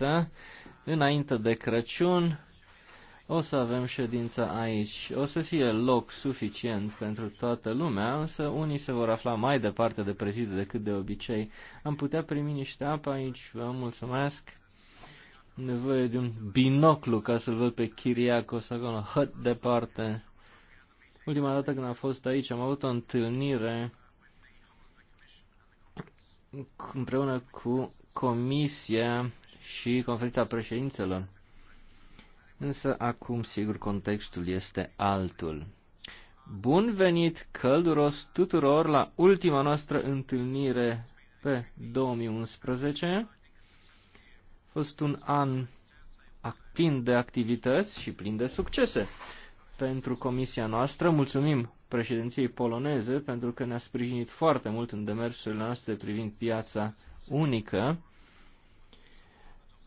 șapte, înainte de Crăciun, o să avem ședința aici. O să fie loc suficient pentru toată lumea, însă unii se vor afla mai departe de prezidă decât de obicei. Am putea primi niște apă aici, vă mulțumesc. Nevoie de un binoclu ca să-l văd pe Chiriacos acolo, hăt departe. Ultima dată când am fost aici am avut o întâlnire împreună cu comisia și conferința președințelor. Însă acum, sigur, contextul este altul. Bun venit călduros tuturor la ultima noastră întâlnire pe 2011. A fost un an plin de activități și plin de succese pentru comisia noastră. Mulțumim președinției poloneze pentru că ne-a sprijinit foarte mult în demersurile noastre privind piața unică.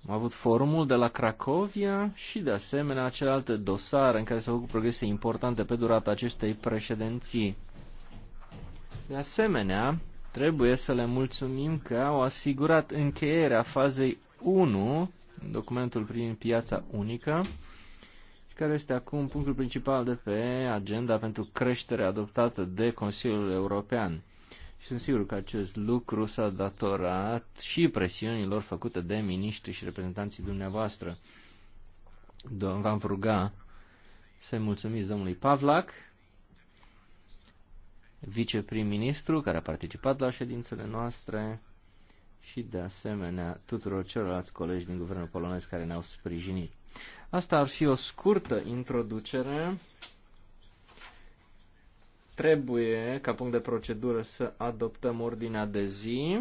Am avut forumul de la Cracovia și, de asemenea, celelalte dosare în care s-au făcut progrese importante pe durata acestei președinții. De asemenea, trebuie să le mulțumim că au asigurat încheierea fazei 1, documentul prin piața unică, care este acum punctul principal de pe agenda pentru creștere adoptată de Consiliul European. Și sunt sigur că acest lucru s-a datorat și presiunilor făcute de miniștri și reprezentanții dumneavoastră. V-am ruga să-i mulțumiți domnului Pavlac, viceprim-ministru care a participat la ședințele noastre și de asemenea tuturor celorlalți colegi din guvernul polonez care ne-au sprijinit. Asta ar fi o scurtă introducere Trebuie, ca punct de procedură, să adoptăm ordinea de zi.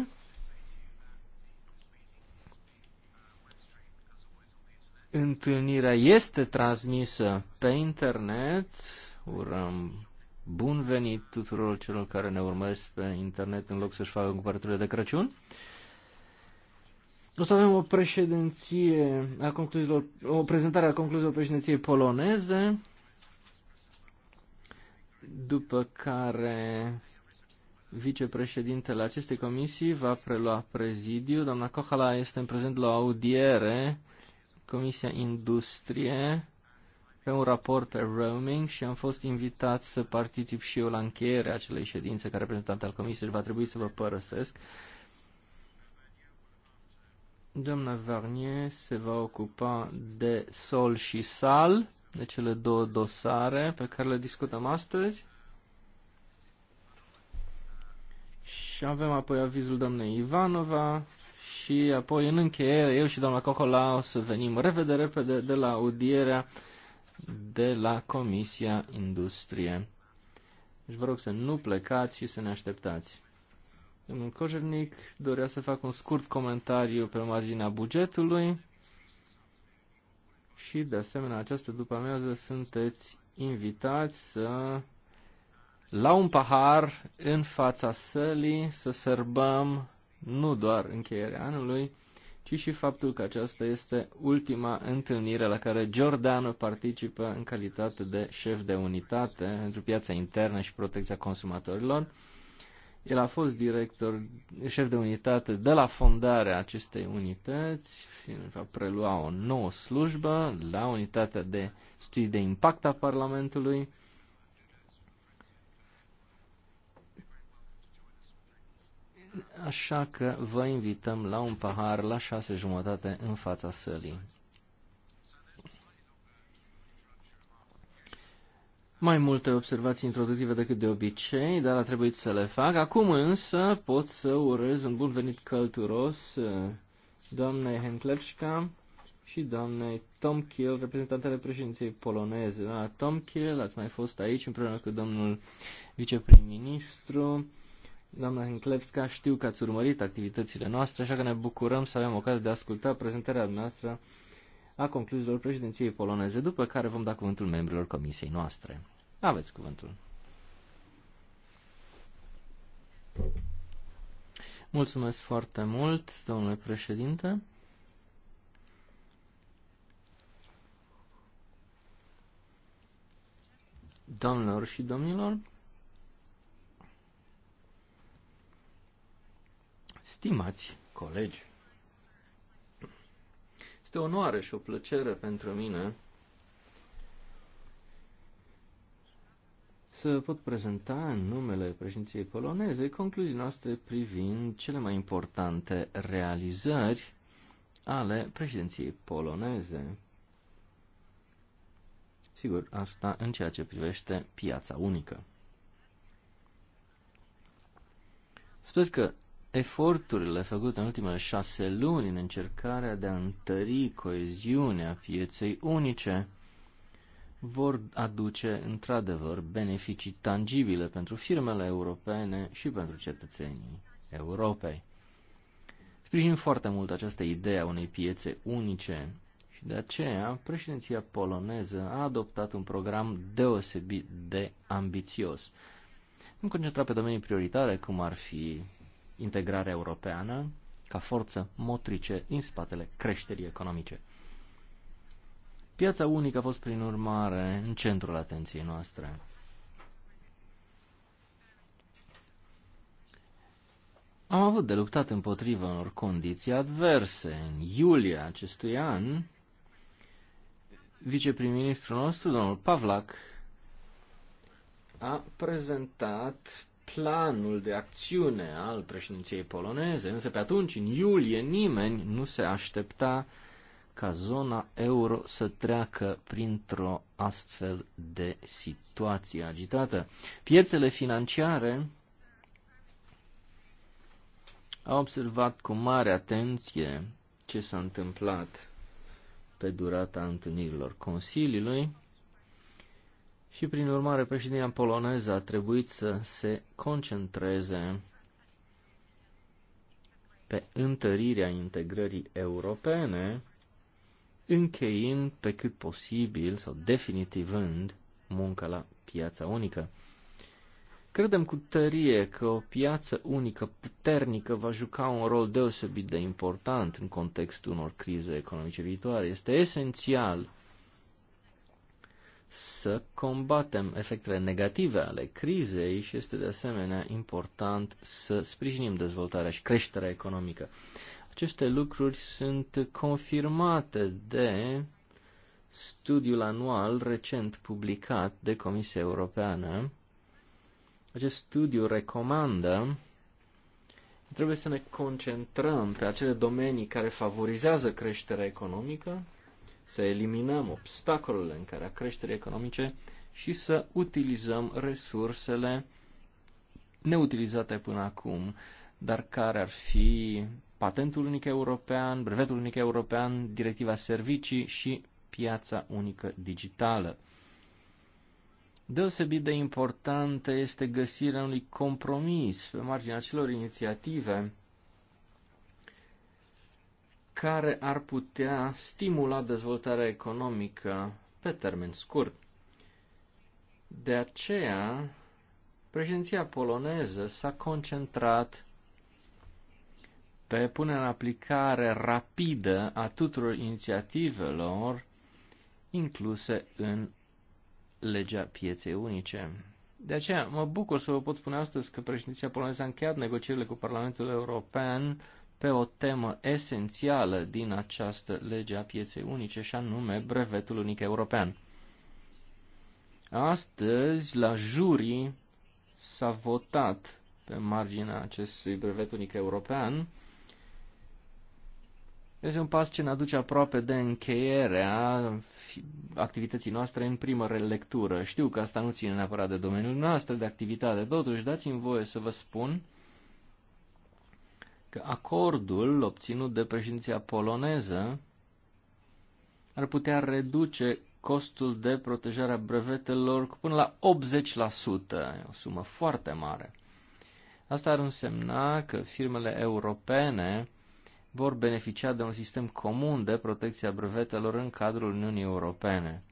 Întâlnirea este transmisă pe internet. Urăm bun venit tuturor celor care ne urmăresc pe internet în loc să-și facă cumpărăturile de Crăciun. O să avem o președinție a concluziilor, o prezentare a concluziilor președinției poloneze după care vicepreședintele acestei comisii va prelua prezidiu. Doamna Cohala este în prezent la audiere, Comisia Industrie, pe un raport pe roaming și am fost invitat să particip și eu la încheierea acelei ședințe ca reprezentant al comisiei. Va trebui să vă părăsesc. Doamna Varnier se va ocupa de sol și sal de cele două dosare pe care le discutăm astăzi. Și avem apoi avizul doamnei Ivanova și apoi în încheiere eu și doamna Cocola o să venim repede, repede de la audierea de la Comisia Industrie. Deci vă rog să nu plecați și să ne așteptați. Domnul Cojernic dorea să fac un scurt comentariu pe marginea bugetului și de asemenea această după amiază sunteți invitați să la un pahar în fața sălii să sărbăm nu doar încheierea anului, ci și faptul că aceasta este ultima întâlnire la care Giordano participă în calitate de șef de unitate pentru piața internă și protecția consumatorilor el a fost director, șef de unitate de la fondarea acestei unități și va prelua o nouă slujbă la unitatea de studii de impact a Parlamentului. Așa că vă invităm la un pahar la șase jumătate în fața sălii. mai multe observații introductive decât de obicei, dar a trebuit să le fac. Acum însă pot să urez un bun venit călturos eh, doamnei Henklerska și doamnei Tomkiel, reprezentantele președinției poloneze. Doamna ah, Tomkiel, ați mai fost aici împreună cu domnul viceprim-ministru. Doamna Hinklevska, știu că ați urmărit activitățile noastre, așa că ne bucurăm să avem ocazia de a asculta prezentarea noastră a concluziilor președinției poloneze, după care vom da cuvântul membrilor comisiei noastre. Aveți cuvântul. Mulțumesc foarte mult, domnule președinte. Doamnelor și domnilor, stimați colegi, este o onoare și o plăcere pentru mine să pot prezenta în numele președinției poloneze concluzii noastre privind cele mai importante realizări ale președinției poloneze. Sigur, asta în ceea ce privește piața unică. Sper că eforturile făcute în ultimele șase luni în încercarea de a întări coeziunea pieței unice vor aduce într-adevăr beneficii tangibile pentru firmele europene și pentru cetățenii Europei. Sprijin foarte mult această idee a unei piețe unice și de aceea președinția poloneză a adoptat un program deosebit de ambițios. Am concentrat pe domenii prioritare cum ar fi integrarea europeană ca forță motrice în spatele creșterii economice. Piața unică a fost, prin urmare, în centrul atenției noastre. Am avut de luptat împotriva unor condiții adverse. În iulie acestui an, viceprim-ministrul nostru, domnul Pavlac, a prezentat planul de acțiune al președinției poloneze, însă pe atunci, în iulie, nimeni nu se aștepta ca zona euro să treacă printr-o astfel de situație agitată. Piețele financiare au observat cu mare atenție ce s-a întâmplat pe durata întâlnirilor Consiliului și, prin urmare, președinia poloneză a trebuit să se concentreze pe întărirea integrării europene încheiind pe cât posibil sau definitivând munca la piața unică. Credem cu tărie că o piață unică puternică va juca un rol deosebit de important în contextul unor crize economice viitoare. Este esențial să combatem efectele negative ale crizei și este de asemenea important să sprijinim dezvoltarea și creșterea economică. Aceste lucruri sunt confirmate de studiul anual recent publicat de Comisia Europeană. Acest studiu recomandă trebuie să ne concentrăm pe acele domenii care favorizează creșterea economică, să eliminăm obstacolele în care a creșterii economice și să utilizăm resursele neutilizate până acum, dar care ar fi patentul unic european, brevetul unic european, directiva servicii și piața unică digitală. Deosebit de importantă este găsirea unui compromis pe marginea celor inițiative care ar putea stimula dezvoltarea economică pe termen scurt. De aceea, președinția poloneză s-a concentrat pe pune în aplicare rapidă a tuturor inițiativelor incluse în legea pieței unice. De aceea mă bucur să vă pot spune astăzi că președinția poloneză a încheiat negocierile cu Parlamentul European pe o temă esențială din această lege a pieței unice, și anume brevetul unic european. Astăzi, la juri, s-a votat pe marginea acestui brevet unic european este un pas ce ne aduce aproape de încheierea activității noastre în primă relectură. Știu că asta nu ține neapărat de domeniul nostru de activitate, totuși dați-mi voie să vă spun că acordul obținut de președinția poloneză ar putea reduce costul de protejare a brevetelor cu până la 80%, o sumă foarte mare. Asta ar însemna că firmele europene vor beneficia de un sistem comun de protecție a brevetelor în cadrul Uniunii Europene.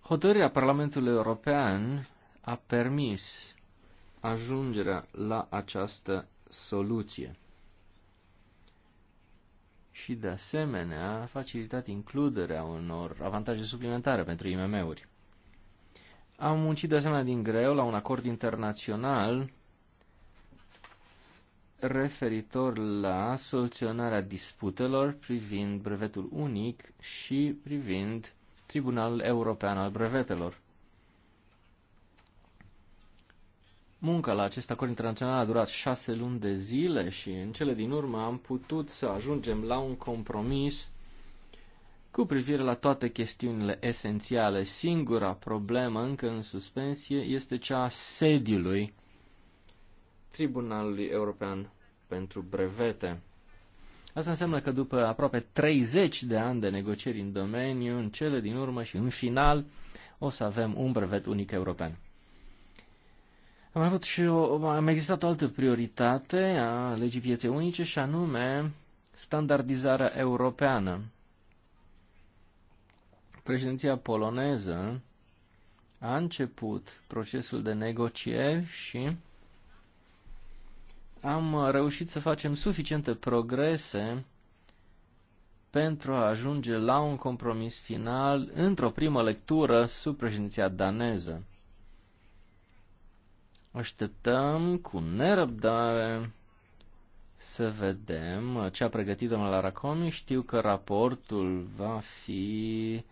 Hotărârea Parlamentului European a permis ajungerea la această soluție. Și, de asemenea, a facilitat includerea unor avantaje suplimentare pentru IMM-uri. Am muncit, de asemenea, din greu la un acord internațional referitor la soluționarea disputelor privind brevetul unic și privind Tribunalul European al Brevetelor. Munca la acest acord internațional a durat șase luni de zile și în cele din urmă am putut să ajungem la un compromis cu privire la toate chestiunile esențiale. Singura problemă încă în suspensie este cea a sediului Tribunalului European pentru Brevete. Asta înseamnă că după aproape 30 de ani de negocieri în domeniu, în cele din urmă și în final, o să avem un brevet unic european. Am avut și o, am existat o altă prioritate a legii pieței unice și anume standardizarea europeană. Președinția poloneză a început procesul de negocieri și am uh, reușit să facem suficiente progrese pentru a ajunge la un compromis final într-o primă lectură sub președinția daneză. Așteptăm cu nerăbdare să vedem ce a pregătit domnul Aracomi. Știu că raportul va fi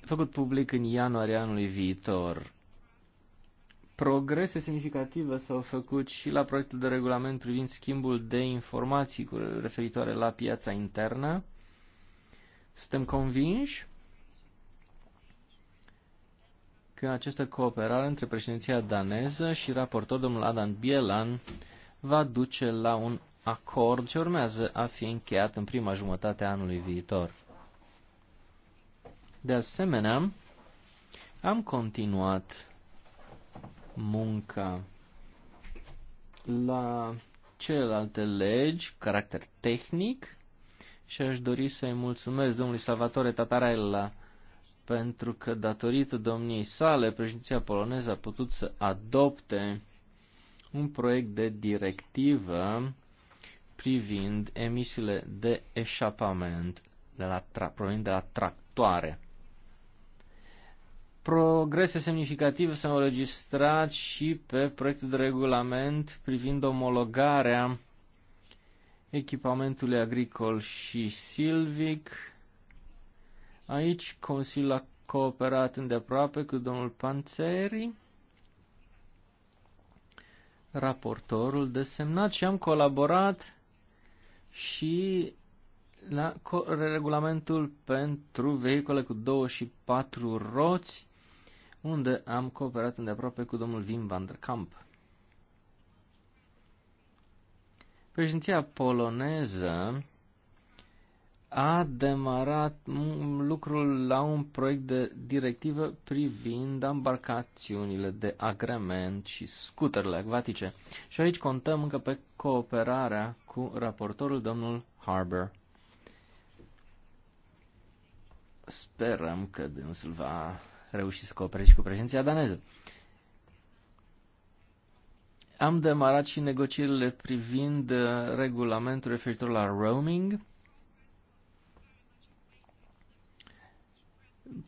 făcut public în ianuarie anului viitor. Progrese semnificative s-au făcut și la proiectul de regulament privind schimbul de informații cu referitoare la piața internă. Suntem convinși că această cooperare între președinția daneză și raportor domnul Adam Bielan va duce la un acord ce urmează a fi încheiat în prima jumătate a anului viitor. De asemenea, am continuat munca. La celelalte legi, caracter tehnic, și aș dori să-i mulțumesc domnului Salvatore Tatarella pentru că datorită domniei sale, președinția poloneză a putut să adopte un proiect de directivă privind emisiile de eșapament de la tra- provenind de la tractoare. Progrese semnificative s-au înregistrat și pe proiectul de regulament privind omologarea echipamentului agricol și silvic. Aici Consiliul a cooperat îndeaproape cu domnul Panțeri, raportorul desemnat și am colaborat și la regulamentul pentru vehicule cu 24 și roți unde am cooperat îndeaproape cu domnul Wim van der Kamp. Președinția poloneză a demarat lucrul la un proiect de directivă privind embarcațiunile de agrement și scuterele acvatice. Și aici contăm încă pe cooperarea cu raportorul domnul Harbour. Sperăm că dânsul va reușit să coopereze și cu președinția daneză. Am demarat și negocierile privind uh, regulamentul referitor la roaming.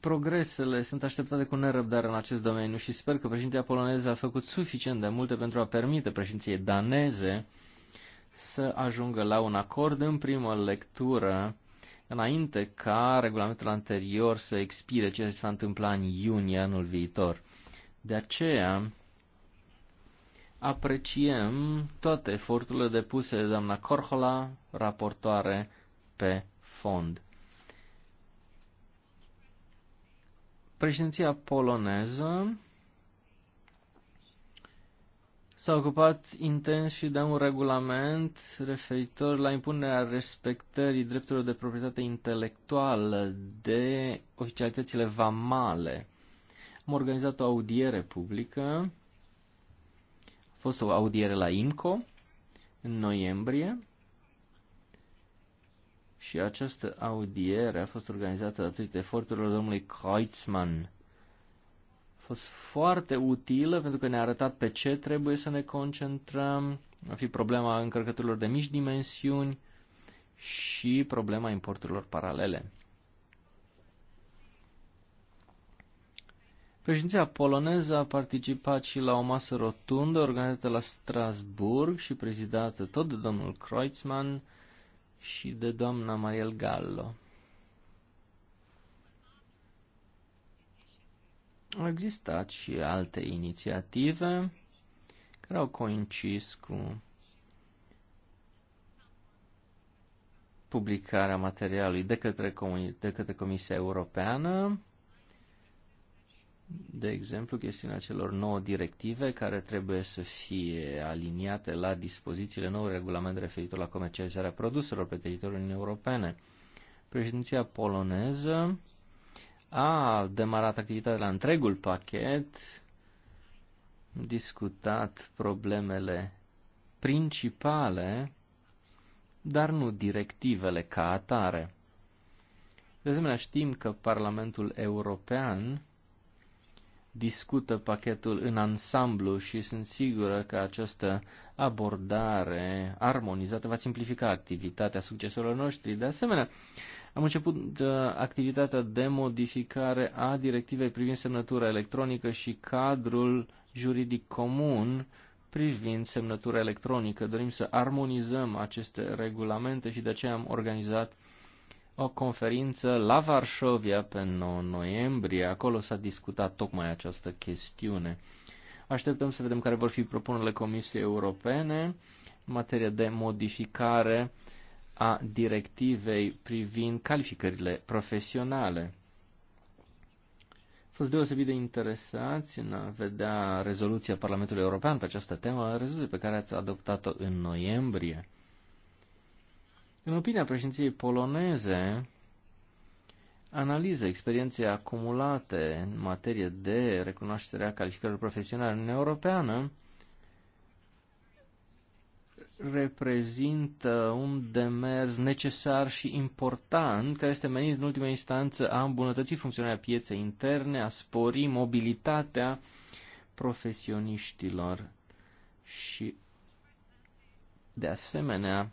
Progresele sunt așteptate cu nerăbdare în acest domeniu și sper că președintele poloneză a făcut suficient de multe pentru a permite președinției daneze să ajungă la un acord în primă lectură înainte ca regulamentul anterior să expire, ceea ce se va întâmpla în iunie anul viitor. De aceea, apreciem toate eforturile depuse de doamna Corhola, raportoare pe fond. Președinția poloneză S-a ocupat intens și de un regulament referitor la impunerea respectării drepturilor de proprietate intelectuală de oficialitățile vamale. Am organizat o audiere publică, a fost o audiere la IMCO în noiembrie și această audiere a fost organizată datorită eforturilor domnului Kreutzmann, fost foarte utilă pentru că ne-a arătat pe ce trebuie să ne concentrăm, a fi problema încărcăturilor de mici dimensiuni și problema importurilor paralele. Președinția poloneză a participat și la o masă rotundă organizată la Strasburg și prezidată tot de domnul Kreutzmann și de doamna Mariel Gallo. Au existat și alte inițiative care au coincis cu publicarea materialului de către, de către Comisia Europeană, de exemplu, chestiunea celor nouă directive care trebuie să fie aliniate la dispozițiile noului regulament referitor la comercializarea produselor pe teritoriul Uniunii Europene. Președinția poloneză a demarat activitatea la întregul pachet, discutat problemele principale, dar nu directivele ca atare. De asemenea, știm că Parlamentul European discută pachetul în ansamblu și sunt sigură că această abordare armonizată va simplifica activitatea succesorilor noștri. De asemenea, am început uh, activitatea de modificare a directivei privind semnătura electronică și cadrul juridic comun privind semnătura electronică. Dorim să armonizăm aceste regulamente și de aceea am organizat o conferință la Varșovia pe 9 noiembrie. Acolo s-a discutat tocmai această chestiune. Așteptăm să vedem care vor fi propunerile Comisiei Europene în materie de modificare a directivei privind calificările profesionale. fost deosebit de interesați în a vedea rezoluția Parlamentului European pe această temă, rezoluție pe care ați adoptat-o în noiembrie. În opinia președinției poloneze, analiză experienței acumulate în materie de recunoașterea calificărilor profesionale în Europeană reprezintă un demers necesar și important, care este menit în ultima instanță a îmbunătăți funcționarea pieței interne, a spori mobilitatea profesioniștilor și, de asemenea,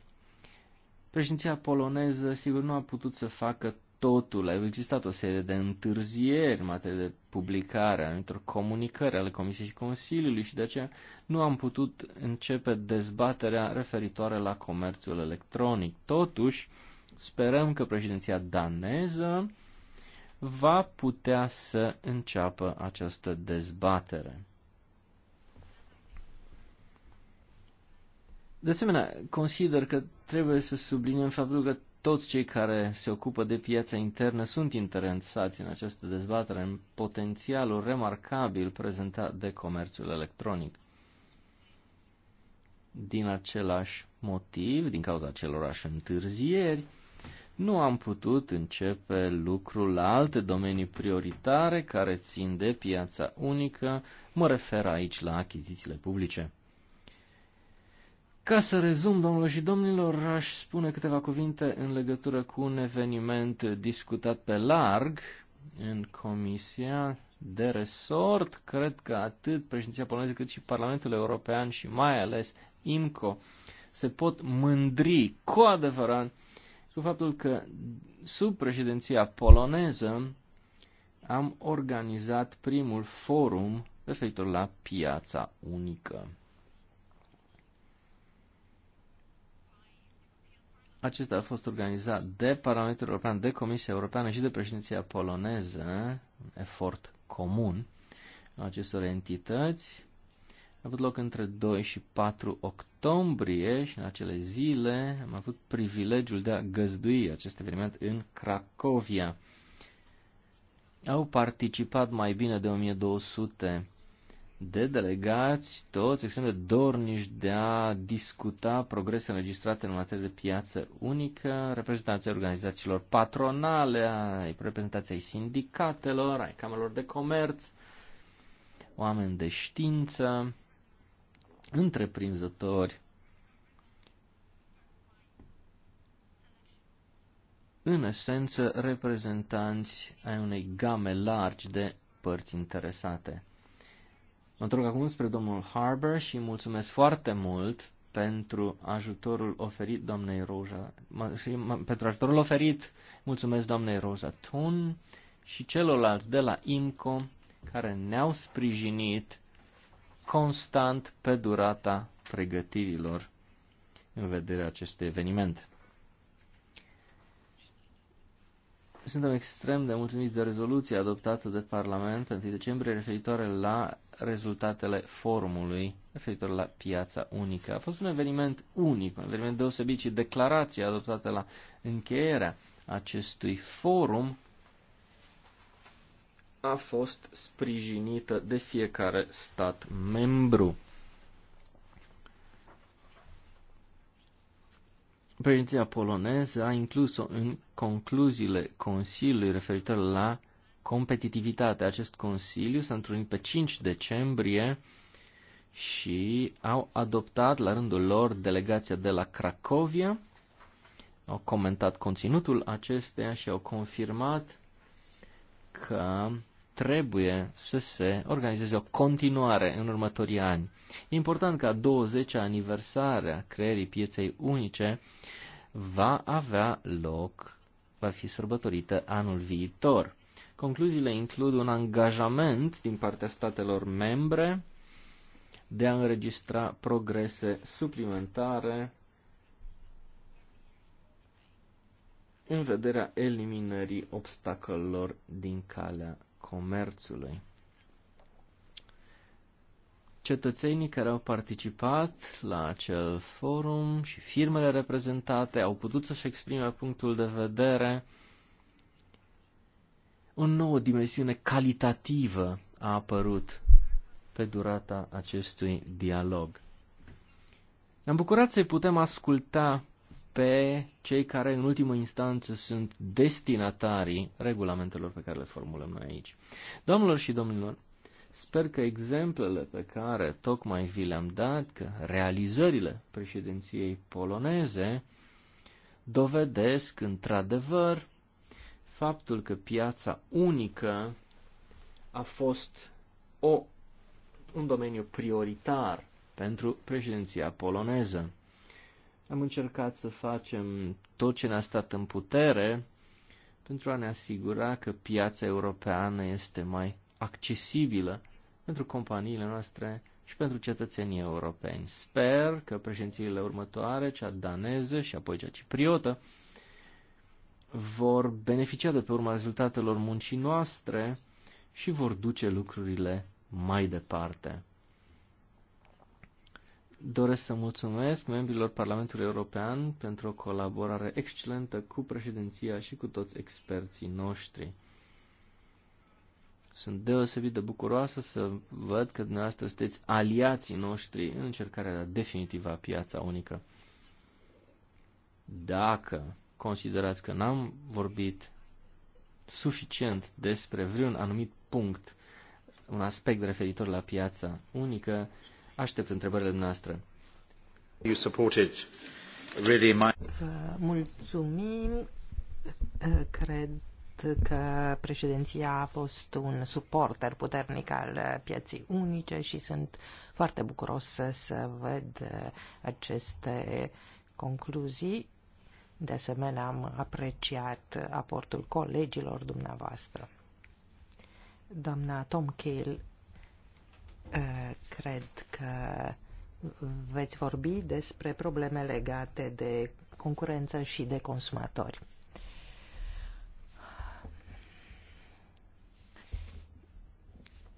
președinția poloneză, sigur, nu a putut să facă totul. Au existat o serie de întârzieri în materie de publicare, anumitor comunicări ale Comisiei și Consiliului și de aceea nu am putut începe dezbaterea referitoare la comerțul electronic. Totuși, sperăm că președinția daneză va putea să înceapă această dezbatere. De asemenea, consider că trebuie să subliniem faptul că toți cei care se ocupă de piața internă sunt interesați în această dezbatere, în potențialul remarcabil prezentat de comerțul electronic. Din același motiv, din cauza acelorași întârzieri, nu am putut începe lucrul la alte domenii prioritare care țin de piața unică, mă refer aici la achizițiile publice. Ca să rezum, domnilor și domnilor, aș spune câteva cuvinte în legătură cu un eveniment discutat pe larg în comisia de resort. Cred că atât președinția poloneză cât și Parlamentul European și mai ales IMCO se pot mândri cu adevărat cu faptul că sub președinția poloneză am organizat primul forum referitor la piața unică. Acesta a fost organizat de Parlamentul European, de Comisia Europeană și de președinția poloneză, efort comun acestor entități. A avut loc între 2 și 4 octombrie și în acele zile am avut privilegiul de a găzdui acest eveniment în Cracovia. Au participat mai bine de 1200 de delegați, toți extrem de dornici de a discuta progrese înregistrate în materie de piață unică, reprezentanții organizațiilor patronale, ai reprezentanții ai sindicatelor, ai camerelor de comerț, oameni de știință, întreprinzători, în esență reprezentanți ai unei game largi de părți interesate. Mă întorc acum spre domnul Harbour și mulțumesc foarte mult pentru ajutorul oferit doamnei Roja, și pentru ajutorul oferit, mulțumesc doamnei Roja Tun și celorlalți de la IMCO care ne-au sprijinit constant pe durata pregătirilor în vederea acestui eveniment. Suntem extrem de mulțumiți de rezoluția adoptată de Parlament în 1 decembrie referitoare la rezultatele forumului referitor la piața unică. A fost un eveniment unic, un eveniment deosebit și declarația adoptată la încheierea acestui forum a fost sprijinită de fiecare stat membru. Președinția poloneză a inclus-o în concluziile Consiliului referitor la competitivitate. Acest Consiliu s-a întrunit pe 5 decembrie și au adoptat la rândul lor delegația de la Cracovia, au comentat conținutul acesteia și au confirmat că trebuie să se organizeze o continuare în următorii ani. E important ca 20 aniversarea aniversare a creierii pieței unice va avea loc, va fi sărbătorită anul viitor. Concluziile includ un angajament din partea statelor membre de a înregistra progrese suplimentare în vederea eliminării obstacolelor din calea comerțului. Cetățenii care au participat la acel forum și firmele reprezentate au putut să-și exprime punctul de vedere, o nouă dimensiune calitativă a apărut pe durata acestui dialog. Ne-am bucurat să-i putem asculta pe cei care în ultimă instanță sunt destinatarii regulamentelor pe care le formulăm noi aici. Domnilor și domnilor, sper că exemplele pe care tocmai vi le-am dat, că realizările președinției poloneze dovedesc într-adevăr faptul că piața unică a fost o, un domeniu prioritar pentru președinția poloneză. Am încercat să facem tot ce ne-a stat în putere pentru a ne asigura că piața europeană este mai accesibilă pentru companiile noastre și pentru cetățenii europeni. Sper că președințiile următoare, cea daneză și apoi cea cipriotă, vor beneficia de pe urma rezultatelor muncii noastre și vor duce lucrurile mai departe. Doresc să mulțumesc membrilor Parlamentului European pentru o colaborare excelentă cu președinția și cu toți experții noștri. Sunt deosebit de bucuroasă să văd că dumneavoastră sunteți aliații noștri în încercarea de a definitiva piața unică. Dacă considerați că n-am vorbit suficient despre vreun anumit punct, un aspect referitor la piața unică, Aștept întrebările noastre. You supported really my... mulțumim. Cred că președinția a fost un suporter puternic al pieții unice și sunt foarte bucuros să văd aceste concluzii. De asemenea, am apreciat aportul colegilor dumneavoastră. Doamna Tom Kale Eh, cred că veți vorbi despre probleme legate de concurență și de consumatori.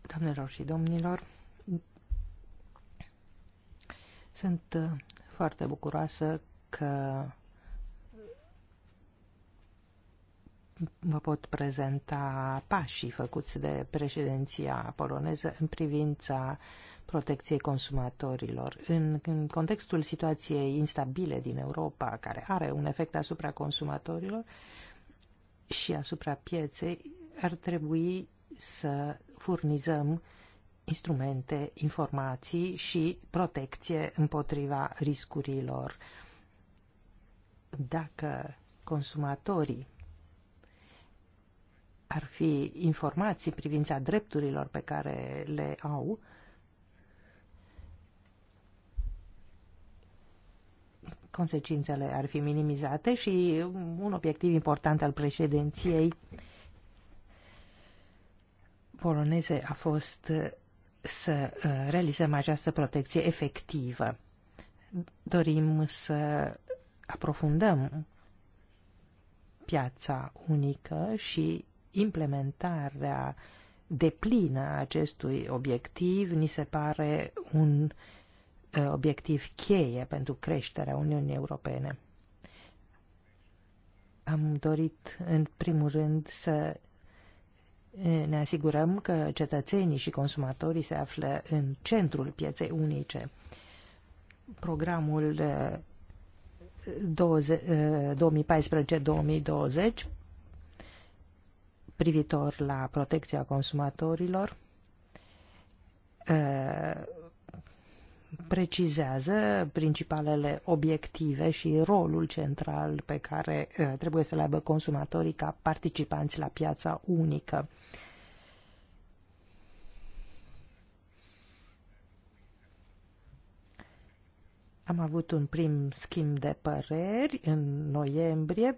Doamnelor și domnilor, sunt foarte bucuroasă că vă pot prezenta pașii făcuți de președinția poloneză în privința protecției consumatorilor. În, în contextul situației instabile din Europa, care are un efect asupra consumatorilor și asupra pieței, ar trebui să furnizăm instrumente, informații și protecție împotriva riscurilor. Dacă consumatorii ar fi informații în privința drepturilor pe care le au, consecințele ar fi minimizate și un obiectiv important al președinției poloneze a fost să uh, realizăm această protecție efectivă. Dorim să aprofundăm piața unică și implementarea deplină a acestui obiectiv ni se pare un uh, obiectiv cheie pentru creșterea Uniunii Europene. Am dorit, în primul rând, să uh, ne asigurăm că cetățenii și consumatorii se află în centrul pieței unice. Programul 2014-2020 uh, privitor la protecția consumatorilor precizează principalele obiective și rolul central pe care trebuie să-l aibă consumatorii ca participanți la piața unică. Am avut un prim schimb de păreri în noiembrie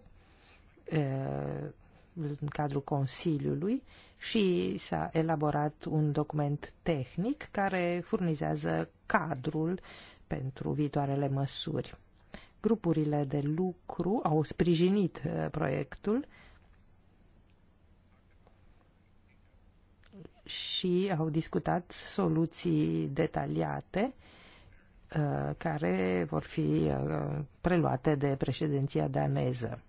în cadrul Consiliului și s-a elaborat un document tehnic care furnizează cadrul pentru viitoarele măsuri. Grupurile de lucru au sprijinit uh, proiectul și au discutat soluții detaliate uh, care vor fi uh, preluate de președinția daneză.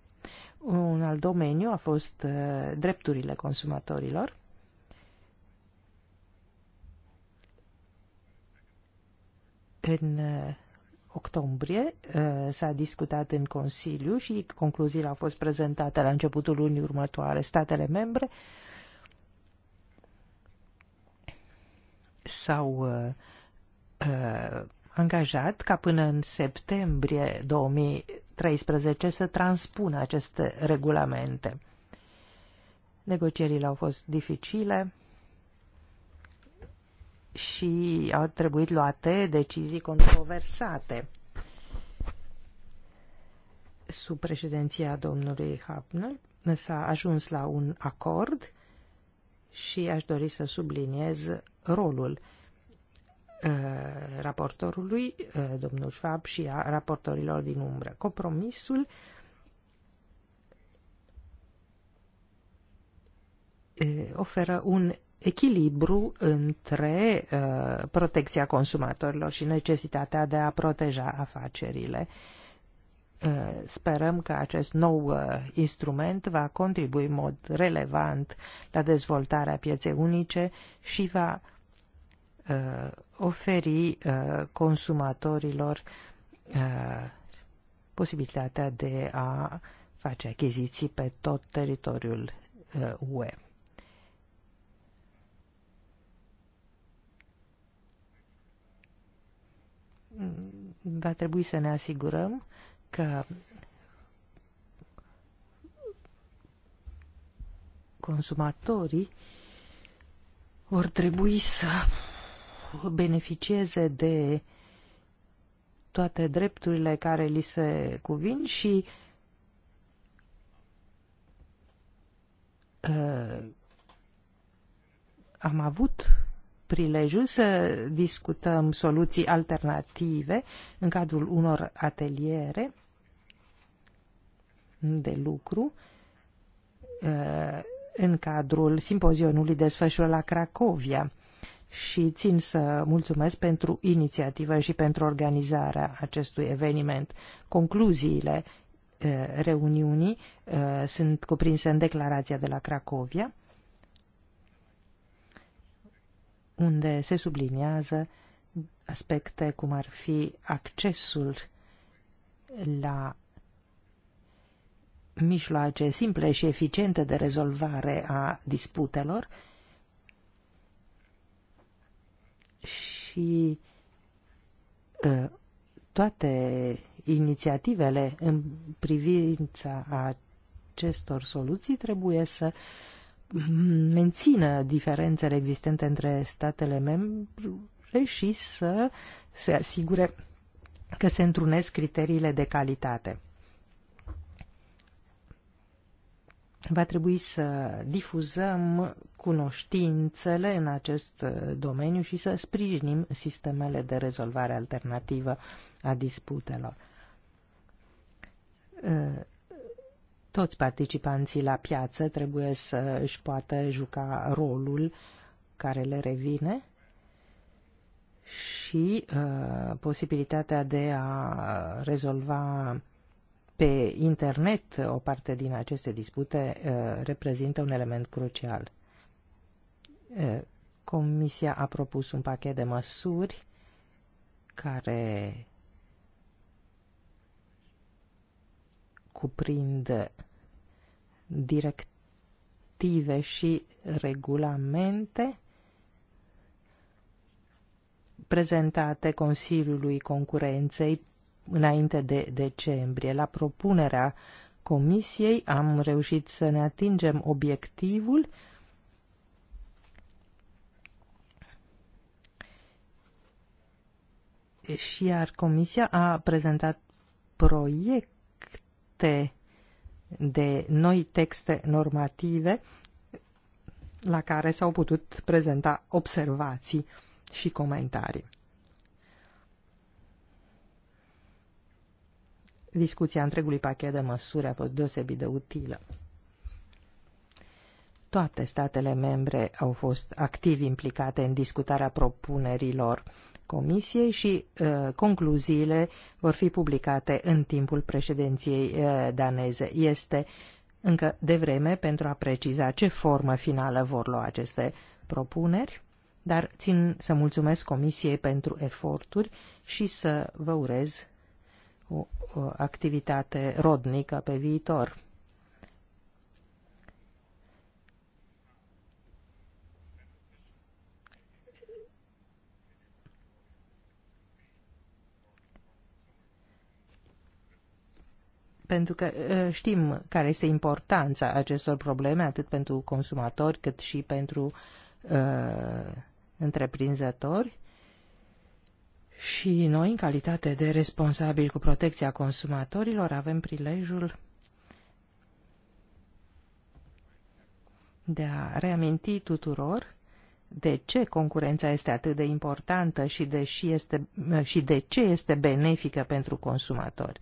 Un alt domeniu a fost uh, drepturile consumatorilor. În uh, octombrie uh, s-a discutat în Consiliu și concluziile au fost prezentate la începutul lunii următoare. Statele membre s-au angajat ca până în septembrie 2000 2013 să transpună aceste regulamente. Negocierile au fost dificile și au trebuit luate decizii controversate sub președinția domnului Hapnel s-a ajuns la un acord și aș dori să subliniez rolul Uh, raportorului, uh, domnul Schwab și a raportorilor din umbră. Compromisul uh, oferă un echilibru între protecția consumatorilor și necesitatea de a proteja afacerile. Sperăm că acest nou instrument va contribui în mod relevant la dezvoltarea pieței unice și va Uh, oferi uh, consumatorilor uh, posibilitatea de a face achiziții pe tot teritoriul UE. Va trebui să ne asigurăm că consumatorii vor trebui să beneficieze de toate drepturile care li se cuvin și uh, am avut prilejul să discutăm soluții alternative în cadrul unor ateliere de lucru uh, în cadrul simpozionului desfășurat la Cracovia și țin să mulțumesc pentru inițiativă și pentru organizarea acestui eveniment. Concluziile eh, reuniunii eh, sunt cuprinse în declarația de la Cracovia, unde se subliniază aspecte cum ar fi accesul la mijloace simple și eficiente de rezolvare a disputelor, și ă, toate inițiativele în privința acestor soluții trebuie să mențină diferențele existente între statele membre și să se asigure că se întrunesc criteriile de calitate. va trebui să difuzăm cunoștințele în acest uh, domeniu și să sprijinim sistemele de rezolvare alternativă a disputelor. Uh, toți participanții la piață trebuie să își poată juca rolul care le revine și uh, posibilitatea de a rezolva pe internet o parte din aceste dispute uh, reprezintă un element crucial. Uh, Comisia a propus un pachet de măsuri care cuprind directive și regulamente prezentate Consiliului Concurenței înainte de decembrie. La propunerea Comisiei am reușit să ne atingem obiectivul și iar Comisia a prezentat proiecte de noi texte normative la care s-au putut prezenta observații și comentarii. discuția întregului pachet de măsuri a fost deosebit de utilă. Toate statele membre au fost activ implicate în discutarea propunerilor Comisiei și uh, concluziile vor fi publicate în timpul președinției uh, daneze. Este încă devreme pentru a preciza ce formă finală vor lua aceste propuneri, dar țin să mulțumesc Comisiei pentru eforturi și să vă urez o uh, activitate rodnică pe viitor. pentru că uh, știm care este importanța acestor probleme atât pentru consumatori cât și pentru uh, întreprinzători și noi, în calitate de responsabili cu protecția consumatorilor, avem prilejul de a reaminti tuturor de ce concurența este atât de importantă și de, și este, și de ce este benefică pentru consumatori.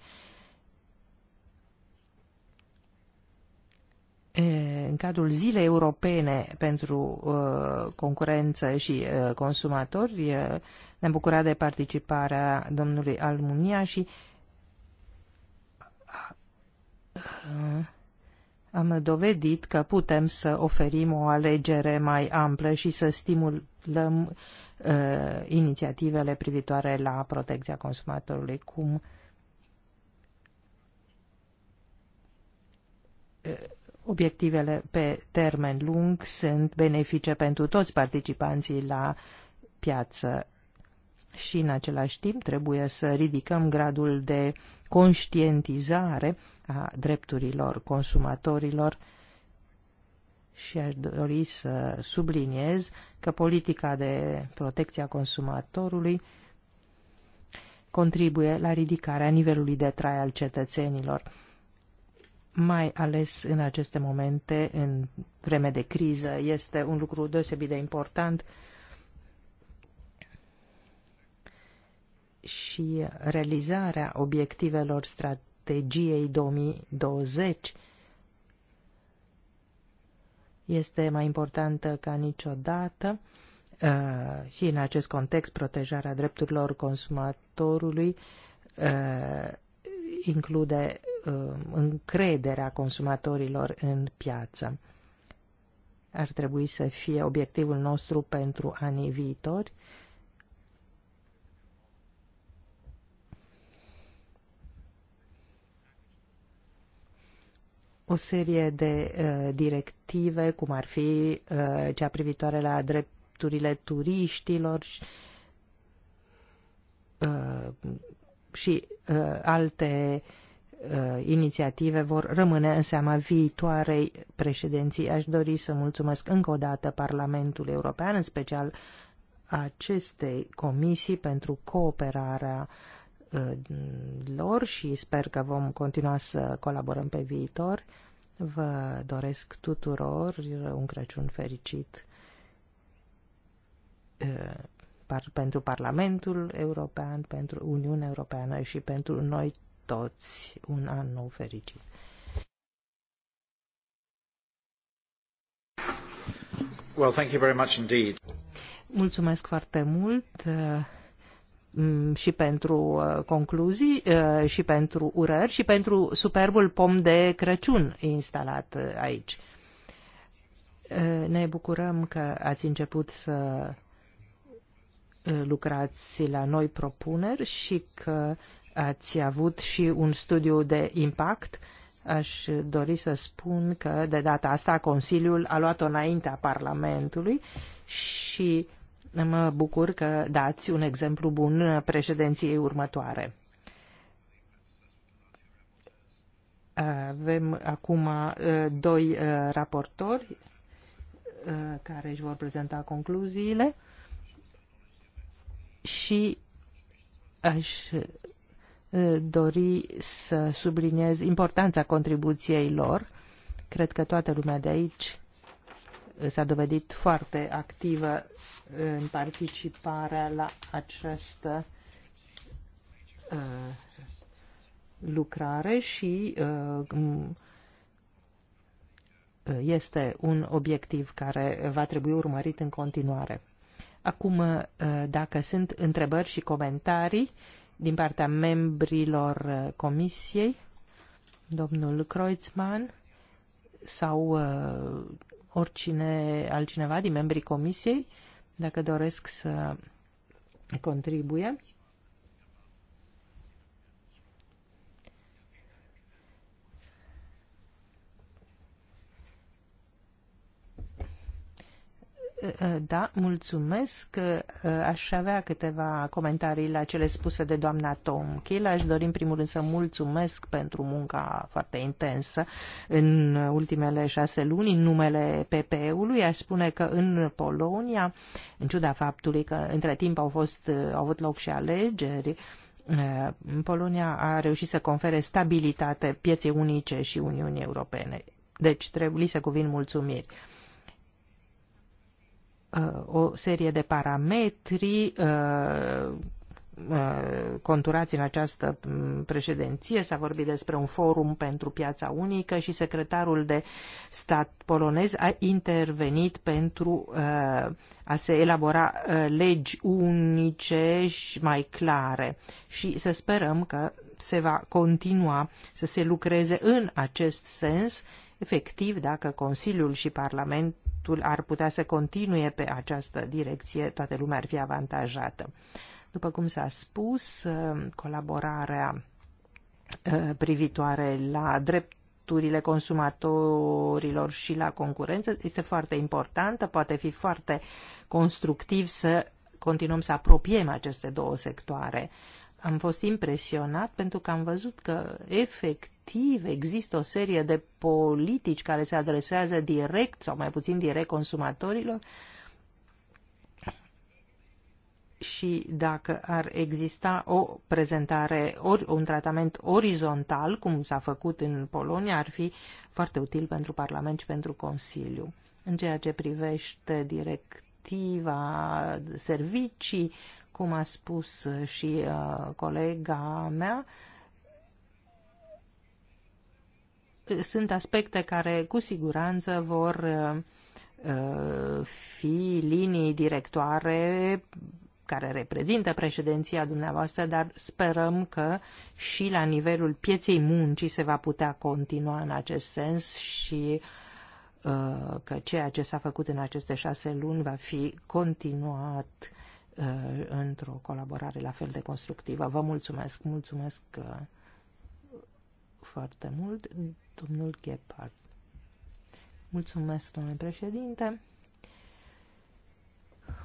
în cadrul Zilei Europene pentru uh, Concurență și uh, Consumatori ne-am bucurat de participarea domnului Almunia și am dovedit că putem să oferim o alegere mai amplă și să stimulăm inițiativele privitoare la protecția consumatorului, cum Obiectivele pe termen lung sunt benefice pentru toți participanții la piață și în același timp trebuie să ridicăm gradul de conștientizare a drepturilor consumatorilor și aș dori să subliniez că politica de protecție a consumatorului contribuie la ridicarea nivelului de trai al cetățenilor mai ales în aceste momente, în vreme de criză, este un lucru deosebit de important și realizarea obiectivelor strategiei 2020 este mai importantă ca niciodată uh, și în acest context protejarea drepturilor consumatorului uh, include Uh, încrederea consumatorilor în piață. Ar trebui să fie obiectivul nostru pentru anii viitori. o serie de uh, directive, cum ar fi uh, cea privitoare la drepturile turiștilor și, uh, și uh, alte Uh, inițiative vor rămâne în seama viitoarei președinții. Aș dori să mulțumesc încă o dată Parlamentul European, în special acestei comisii pentru cooperarea uh, lor și sper că vom continua să colaborăm pe viitor. Vă doresc tuturor un Crăciun fericit uh, pentru Parlamentul European, pentru Uniunea Europeană și pentru noi toți un an nou fericit! Well, thank you very much indeed. Mulțumesc foarte mult uh, mm, și pentru uh, concluzii, uh, și pentru urări, și pentru superbul pom de Crăciun instalat aici. Ne bucurăm că ați început să lucrați la noi propuneri și că ați avut și un studiu de impact. Aș dori să spun că de data asta Consiliul a luat-o înaintea Parlamentului și mă bucur că dați un exemplu bun președinției următoare. Avem acum uh, doi uh, raportori uh, care își vor prezenta concluziile și aș dori să subliniez importanța contribuției lor. Cred că toată lumea de aici s-a dovedit foarte activă în participarea la această uh, lucrare și uh, este un obiectiv care va trebui urmărit în continuare. Acum, uh, dacă sunt întrebări și comentarii, din partea membrilor uh, comisiei, domnul Kreutzmann sau uh, oricine altcineva din membrii comisiei, dacă doresc să contribuie. Eh, eh, da, mulțumesc. Eh, aș avea câteva comentarii la cele spuse de doamna Tomchil. Aș dori în primul rând să mulțumesc pentru munca foarte intensă în ultimele șase luni în numele PPE-ului. Aș spune că în Polonia, în ciuda faptului că între timp au, fost, au avut loc și alegeri, Polonia a reușit să confere stabilitate pieței unice și Uniunii Europene. Deci trebuie să cuvin mulțumiri. Uh, Uh, o serie de parametri uh, uh, conturați în această mm, președinție. S-a vorbit despre un forum pentru piața unică și secretarul de stat polonez a intervenit pentru a se elabora legi unice și mai clare și să sperăm că se va continua să se lucreze în acest sens efectiv dacă Consiliul și Parlament proiectul ar putea să continue pe această direcție, toată lumea ar fi avantajată. După cum s-a spus, uh, colaborarea uh, privitoare la drepturile consumatorilor și la concurență este foarte importantă, poate fi foarte constructiv să continuăm să apropiem aceste două sectoare. Am fost impresionat pentru că am văzut că efectiv motive. Există o serie de politici care se adresează direct sau mai puțin direct consumatorilor și dacă ar exista o prezentare, ori un tratament orizontal, cum s-a făcut în Polonia, ar fi foarte util pentru Parlament și pentru Consiliu. În ceea ce privește directiva servicii, cum a spus și uh, colega mea, uh, sunt aspecte care cu siguranță vor uh, uh, fi linii directoare care reprezintă președinția dumneavoastră, dar sperăm că și la nivelul pieței muncii se va putea continua în acest sens și uh, că ceea ce s-a făcut în aceste șase luni va fi continuat într-o colaborare la fel de constructivă. Vă mulțumesc, mulțumesc foarte mult, domnul Gephardt. Mulțumesc, domnule președinte.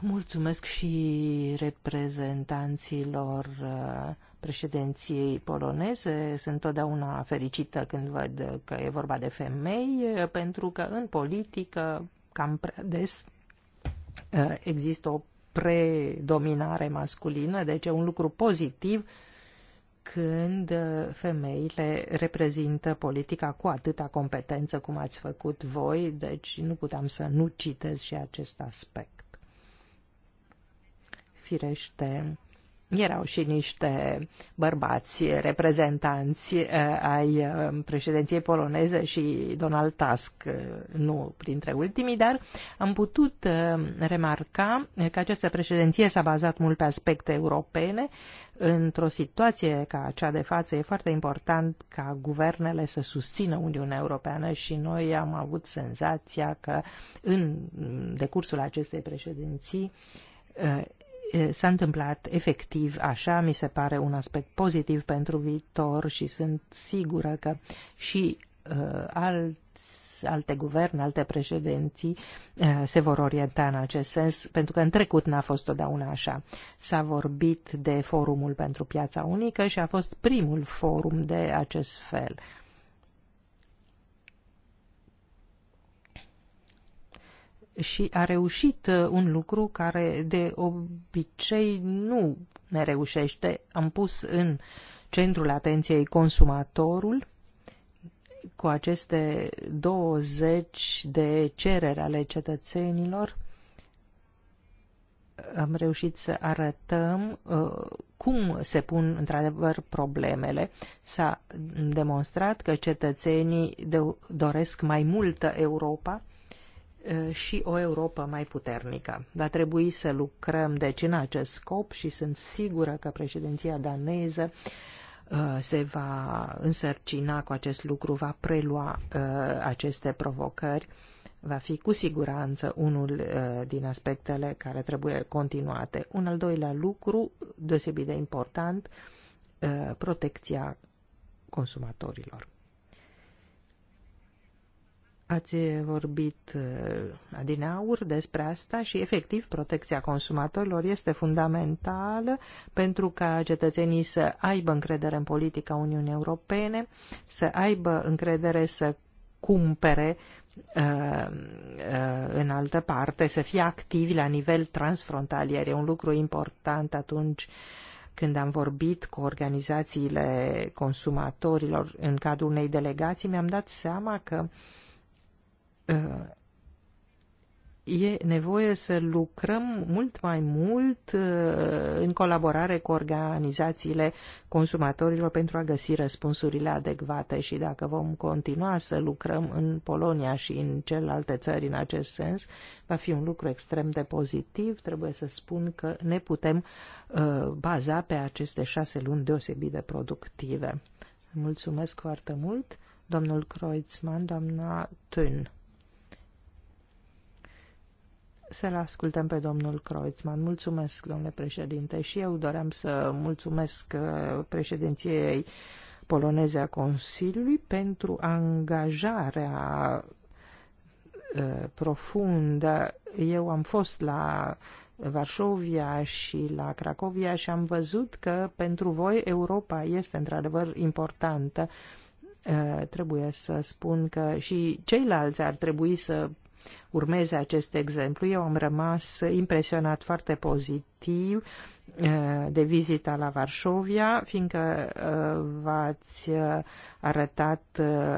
Mulțumesc și reprezentanților uh, președinției poloneze. Sunt totdeauna fericită când văd că e vorba de femei, uh, pentru că în politică, cam prea des, uh, există o predominare masculină, deci e un lucru pozitiv când uh, femeile reprezintă politica cu atâta competență cum ați făcut voi, deci nu puteam să nu citez și acest aspect. Firește, erau și niște bărbați reprezentanți eh, ai eh, președinției poloneze și Donald Tusk eh, nu printre ultimii, dar am putut remarca că această președinție s-a bazat mult pe aspecte europene. Într-o situație ca cea de față e foarte important ca guvernele să susțină Uniunea Europeană și noi am avut senzația că în decursul acestei președinții s-a întâmplat efectiv așa, mi se pare un aspect pozitiv pentru viitor și sunt sigură că și uh, alți, alte guverne, alte președinții uh, se vor orienta în acest sens, pentru că în trecut n-a fost totdeauna așa. S-a vorbit de forumul pentru piața unică și a fost primul forum de acest fel. Uh, și a reușit uh, un lucru care de obicei nu ne reușește. Am pus în centrul atenției consumatorul cu aceste 20 de cereri ale cetățenilor am reușit să arătăm uh, cum se pun într-adevăr problemele. S-a demonstrat că cetățenii de doresc mai multă Europa și o Europa mai puternică. Va trebui să lucrăm deci în acest scop și sunt sigură că președinția daneză se va însărcina cu acest lucru, va prelua aceste provocări va fi cu siguranță unul din aspectele care trebuie continuate. Un al doilea lucru deosebit de important, protecția consumatorilor. Ați vorbit uh, din aur despre asta și, efectiv, protecția consumatorilor este fundamentală pentru ca cetățenii să aibă încredere în politica Uniunii Europene, să aibă încredere să cumpere uh, uh, în altă parte, să fie activi la nivel transfrontalier. E un lucru important atunci când am vorbit cu organizațiile consumatorilor în cadrul unei delegații, mi-am dat seama că uh, e nevoie să lucrăm mult mai mult uh, în colaborare cu organizațiile consumatorilor pentru a găsi răspunsurile adecvate și dacă vom continua să lucrăm în Polonia și în celelalte țări în acest sens, va fi un lucru extrem de pozitiv. Trebuie să spun că ne putem uh, baza pe aceste șase luni deosebit de productive. Mulțumesc foarte mult, domnul Kreutzmann, doamna Tön să-l ascultăm pe domnul Kreutzmann. Mulțumesc, domnule președinte, și eu doream să mulțumesc uh, președinției poloneze a Consiliului pentru angajarea uh, profundă. Eu am fost la Varșovia și la Cracovia și am văzut că pentru voi Europa este într-adevăr importantă. Uh, trebuie să spun că și ceilalți ar trebui să urmeze acest exemplu. Eu am rămas impresionat foarte pozitiv eh, de vizita la Varșovia, fiindcă eh, v-ați eh, arătat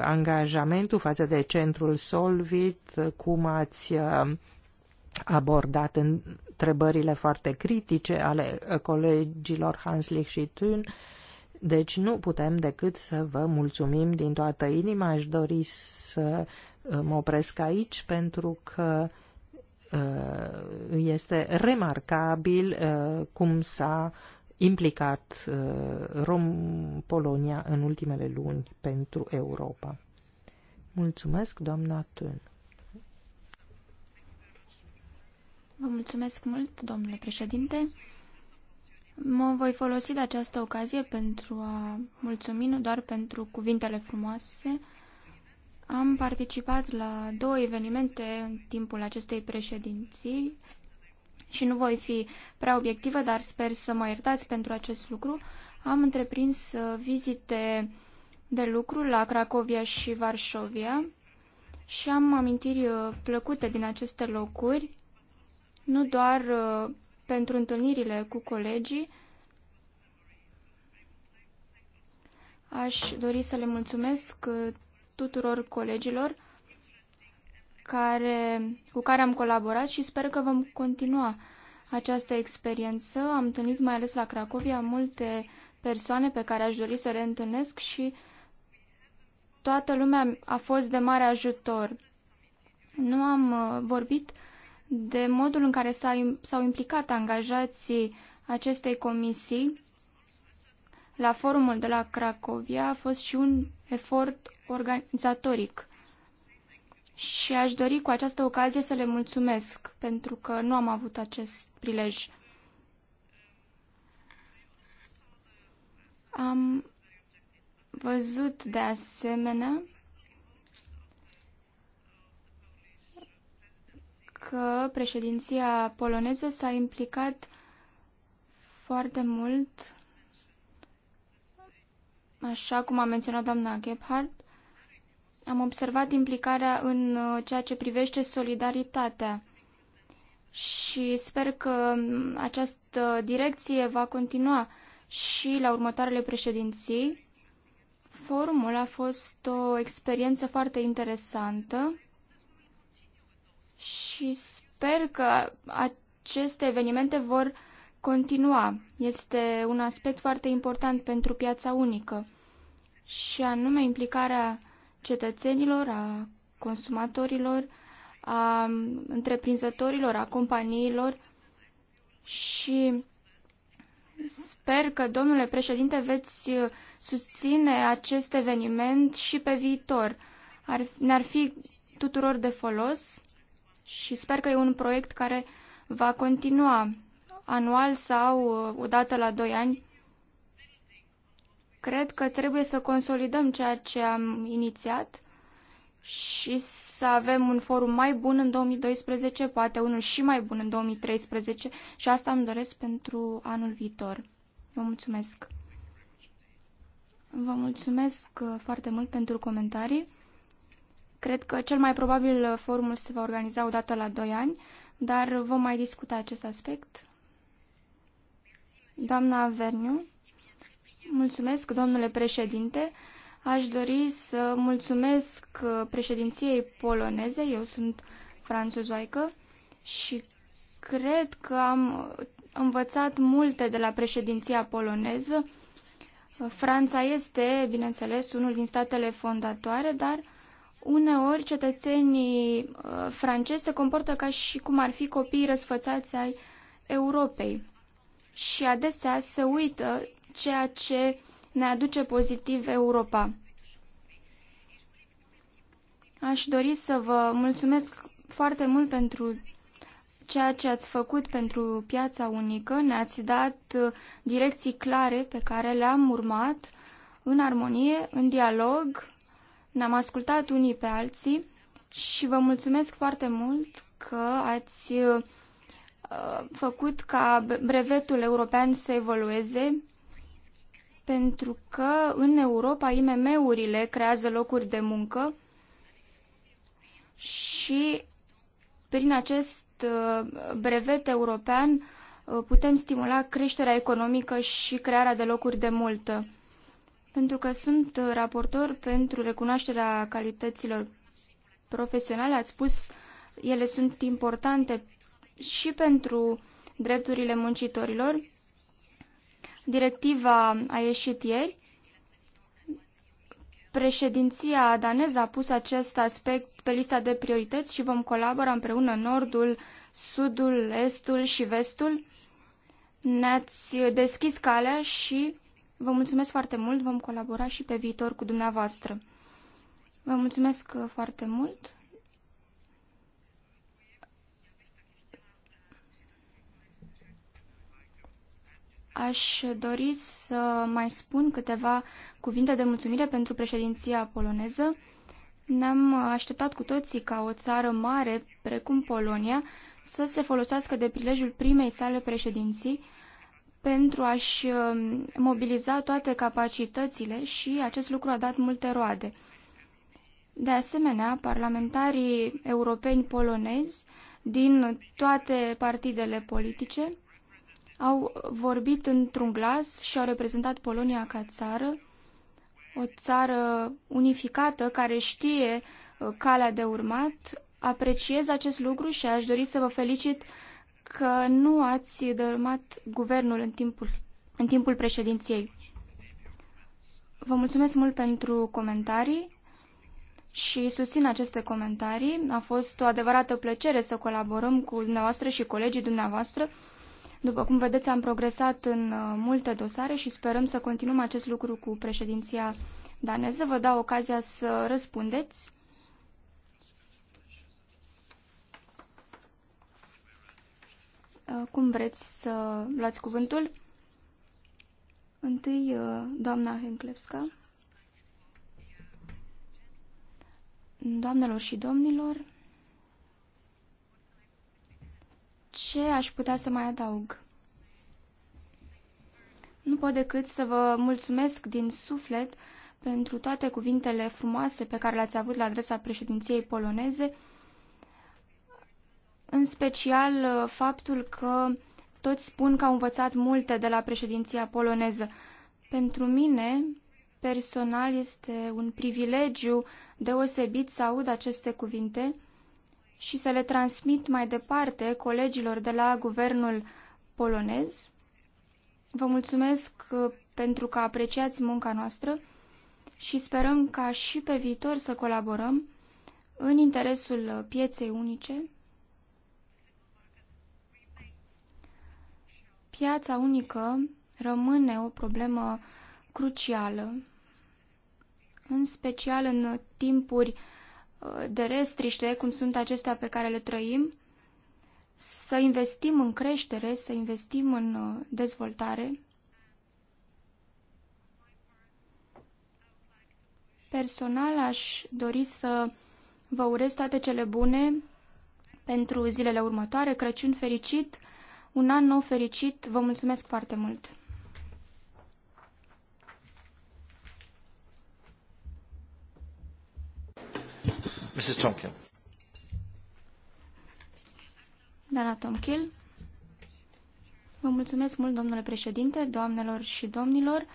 angajamentul față de centrul Solvit, cum ați abordat întrebările foarte critice ale colegilor Hanslich și Thun. Deci nu putem decât să vă mulțumim din toată inima. Aș dori să mă opresc aici pentru că uh, este remarcabil uh, cum s-a implicat uh, Rom-Polonia în ultimele luni pentru Europa. Mulțumesc, doamna Tân. Vă mulțumesc mult, domnule președinte. Mă voi folosi de această ocazie pentru a mulțumi nu doar pentru cuvintele frumoase, am participat la două evenimente în timpul acestei președinții și nu voi fi prea obiectivă, dar sper să mă iertați pentru acest lucru. Am întreprins uh, vizite de lucru la Cracovia și Varșovia și am amintiri uh, plăcute din aceste locuri, nu doar uh, pentru întâlnirile cu colegii. Aș dori să le mulțumesc tuturor colegilor care, cu care am colaborat și sper că vom continua această experiență. Am întâlnit mai ales la Cracovia multe persoane pe care aș dori să le întâlnesc și toată lumea a fost de mare ajutor. Nu am uh, vorbit de modul în care s-au implicat angajații acestei comisii. La forumul de la Cracovia a fost și un efort organizatoric. Și aș dori cu această ocazie să le mulțumesc pentru că nu am avut acest prilej. Am văzut de asemenea că președinția poloneză s-a implicat foarte mult, așa cum a menționat doamna Gebhardt, am observat implicarea în uh, ceea ce privește solidaritatea și sper că mm, această direcție va continua și la următoarele președinții. Forumul a fost o experiență foarte interesantă și sper că aceste evenimente vor continua. Este un aspect foarte important pentru piața unică și anume implicarea cetățenilor, a consumatorilor, a întreprinzătorilor, a companiilor și sper că, domnule președinte, veți susține acest eveniment și pe viitor. Ar, ne-ar fi tuturor de folos și sper că e un proiect care va continua anual sau uh, odată la doi ani Cred că trebuie să consolidăm ceea ce am inițiat și să avem un forum mai bun în 2012, poate unul și mai bun în 2013 și asta îmi doresc pentru anul viitor. Vă mulțumesc! Vă mulțumesc uh, foarte mult pentru comentarii. Cred că cel mai probabil uh, forumul se va organiza odată la 2 ani, dar vom mai discuta acest aspect. Doamna Verniu. Mulțumesc, domnule președinte. Aș dori să mulțumesc uh, președinției poloneze. Eu sunt franțuzoaică și cred că am învățat multe de la președinția poloneză. Uh, Franța este, bineînțeles, unul din statele fondatoare, dar uneori cetățenii uh, francezi se comportă ca și cum ar fi copiii răsfățați ai Europei și adesea se uită ceea ce ne aduce pozitiv Europa. Aș dori să vă mulțumesc foarte mult pentru ceea ce ați făcut pentru piața unică. Ne-ați dat direcții clare pe care le-am urmat în armonie, în dialog. Ne-am ascultat unii pe alții și vă mulțumesc foarte mult că ați uh, făcut ca brevetul european să evolueze pentru că în Europa IMM-urile creează locuri de muncă și prin acest uh, brevet european uh, putem stimula creșterea economică și crearea de locuri de multă. Pentru că sunt uh, raportor pentru recunoașterea calităților profesionale, ați spus, ele sunt importante și pentru drepturile muncitorilor, Directiva a ieșit ieri. Președinția daneză a pus acest aspect pe lista de priorități și vom colabora împreună nordul, sudul, estul și vestul. Ne-ați deschis calea și vă mulțumesc foarte mult. Vom colabora și pe viitor cu dumneavoastră. Vă mulțumesc foarte mult. Aș dori să mai spun câteva cuvinte de mulțumire pentru președinția poloneză. Ne-am așteptat cu toții ca o țară mare, precum Polonia, să se folosească de prilejul primei sale președinții pentru a-și uh, mobiliza toate capacitățile și acest lucru a dat multe roade. De asemenea, parlamentarii europeni polonezi din toate partidele politice au vorbit într-un glas și au reprezentat Polonia ca țară, o țară unificată care știe uh, calea de urmat. Apreciez acest lucru și aș dori să vă felicit că nu ați dărâmat guvernul în timpul, în timpul președinției. Vă mulțumesc mult pentru comentarii și susțin aceste comentarii. A fost o adevărată plăcere să colaborăm cu dumneavoastră și colegii dumneavoastră după cum vedeți, am progresat în uh, multe dosare și sperăm să continuăm acest lucru cu președinția daneză. Vă dau ocazia să răspundeți. Uh, cum vreți să luați cuvântul? Întâi, uh, doamna Henklevska. Doamnelor și domnilor, Ce aș putea să mai adaug? Nu pot decât să vă mulțumesc din suflet pentru toate cuvintele frumoase pe care le-ați avut la adresa președinției poloneze, în special uh, faptul că toți spun că au învățat multe de la președinția poloneză. Pentru mine, personal, este un privilegiu deosebit să aud aceste cuvinte și să le transmit mai departe colegilor de la guvernul polonez. Vă mulțumesc uh, pentru că apreciați munca noastră și sperăm ca și pe viitor să colaborăm în interesul pieței unice. Piața unică rămâne o problemă crucială, în special în timpuri de restriște, cum sunt acestea pe care le trăim, să investim în creștere, să investim în uh, dezvoltare. Personal aș dori să vă urez toate cele bune pentru zilele următoare, Crăciun fericit, un an nou fericit, vă mulțumesc foarte mult! Mrs. Tomkin. Vă mulțumesc mult, domnule președinte, doamnelor și domnilor.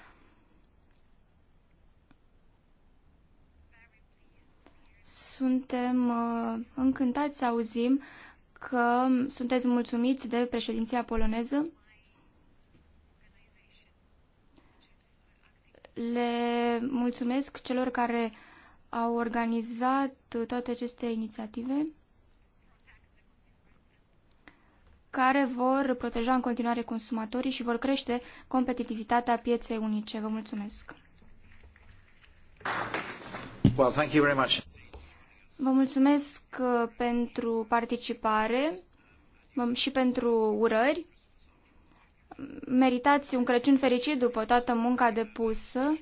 Suntem uh, încântați să auzim că sunteți mulțumiți de președinția poloneză. Le mulțumesc celor care au organizat toate aceste inițiative care vor proteja în continuare consumatorii și vor crește competitivitatea pieței unice. Vă mulțumesc! Well, thank you very much. Vă mulțumesc uh, pentru participare um, și pentru urări. Meritați un Crăciun fericit după toată munca depusă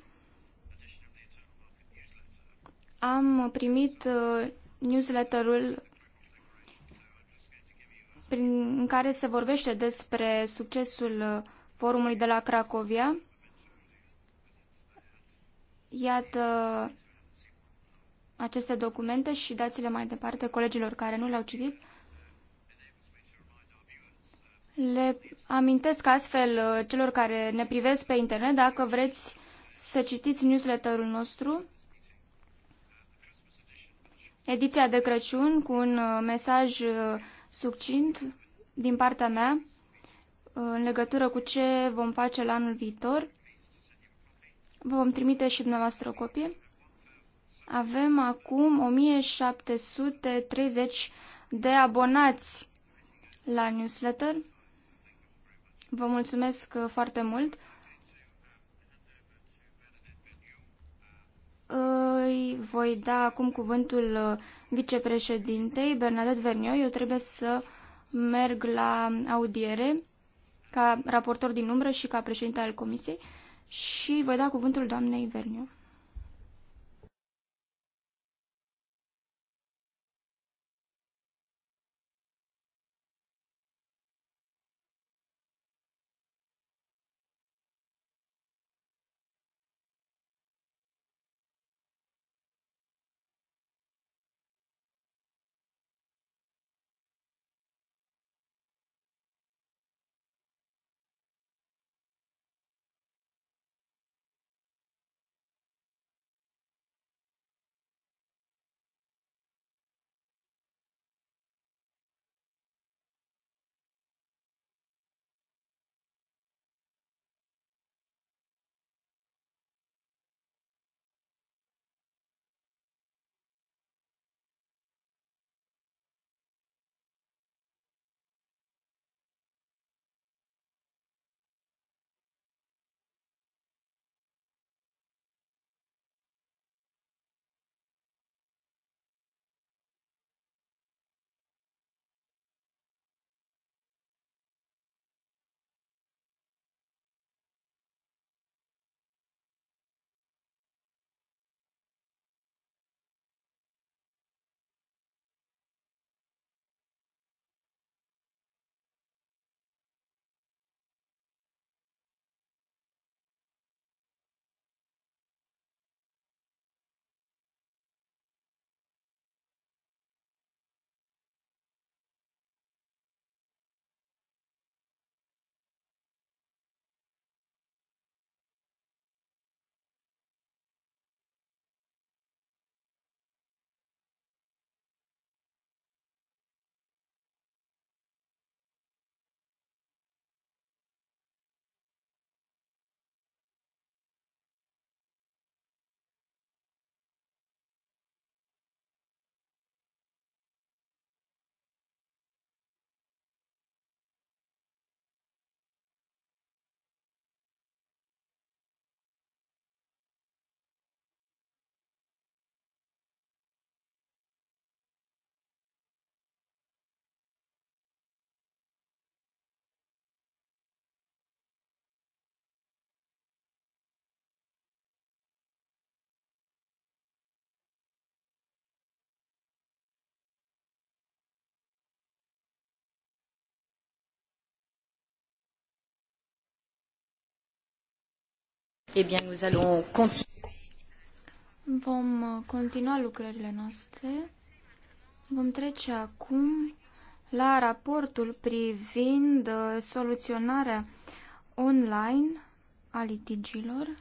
am primit uh, newsletterul prin, în care se vorbește despre succesul uh, forumului de la Cracovia. Iată aceste documente și dați-le mai departe colegilor care nu le-au citit. Le amintesc astfel uh, celor care ne privesc pe internet, dacă vreți să citiți newsletterul nostru, ediția de Crăciun cu un uh, mesaj uh, succint din partea mea uh, în legătură cu ce vom face la anul viitor. Vă vom trimite și dumneavoastră o copie. Avem acum 1730 de abonați la newsletter. Vă mulțumesc foarte mult! îi voi da acum cuvântul uh, vicepreședintei Bernadette Vernioi. Eu trebuie să merg la audiere ca raportor din umbră și ca președinte al comisiei și voi da cuvântul doamnei Vernioi. Eh bien, nous allons continue... Vom uh, continua lucrările noastre. Vom trece acum la raportul privind uh, soluționarea online a litigilor.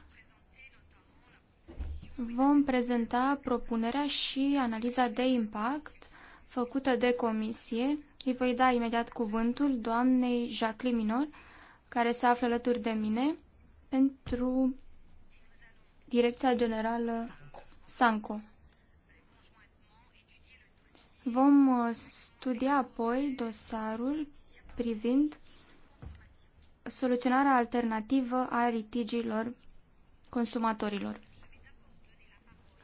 Vom prezenta propunerea și analiza de impact făcută de comisie. Îi voi da imediat cuvântul doamnei Jacqueline Minor, care se află alături de mine, pentru Direcția Generală Sanco. Vom uh, studia apoi dosarul privind soluționarea alternativă a litigiilor consumatorilor.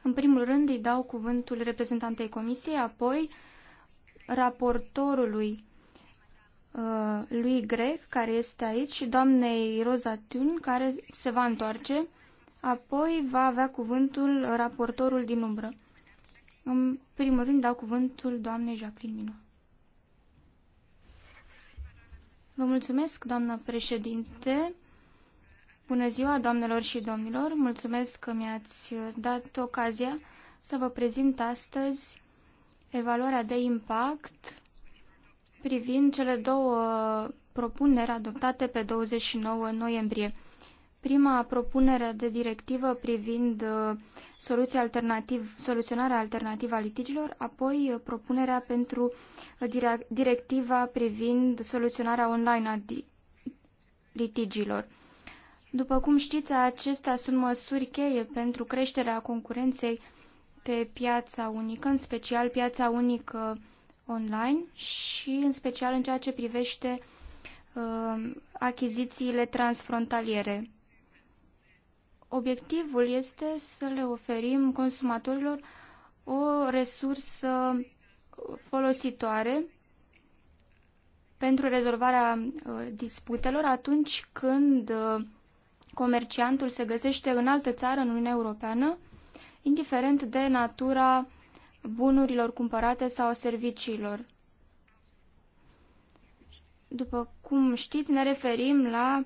În primul rând îi dau cuvântul reprezentantei comisiei, apoi raportorului uh, lui Greg, care este aici, și doamnei Rosa care se va întoarce Apoi va avea cuvântul raportorul din umbră. În primul rând dau cuvântul doamnei Jacqueline Minu. Vă mulțumesc, doamnă președinte. Bună ziua, doamnelor și domnilor. Mulțumesc că mi-ați dat ocazia să vă prezint astăzi evaluarea de impact privind cele două propuneri adoptate pe 29 noiembrie. Prima propunere de directivă privind uh, soluția alternativ, soluționarea alternativă a litigilor, apoi uh, propunerea pentru uh, directiva privind soluționarea online a litigilor. După cum știți, acestea sunt măsuri cheie pentru creșterea concurenței pe piața unică, în special piața unică online și în special în ceea ce privește uh, achizițiile transfrontaliere. Obiectivul este să le oferim consumatorilor o resursă folositoare pentru rezolvarea uh, disputelor atunci când uh, comerciantul se găsește în altă țară, în Uniunea Europeană, indiferent de natura bunurilor cumpărate sau serviciilor. După cum știți, ne referim la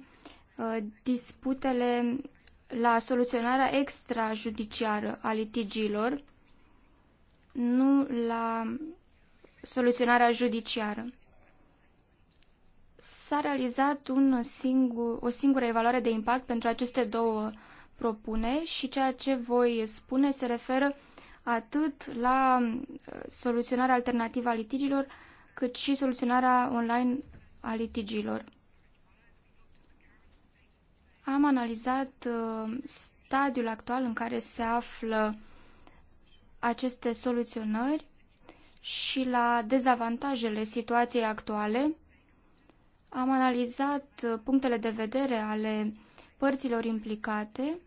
uh, disputele la soluționarea extrajudiciară a litigiilor, nu la soluționarea judiciară. S-a realizat un singur, o singură evaluare de impact pentru aceste două propuneri și ceea ce voi spune se referă atât la uh, soluționarea alternativă a litigilor, cât și soluționarea online a litigiilor am analizat uh, stadiul actual în care se află aceste soluționări și la dezavantajele situației actuale. Am analizat uh, punctele de vedere ale părților implicate.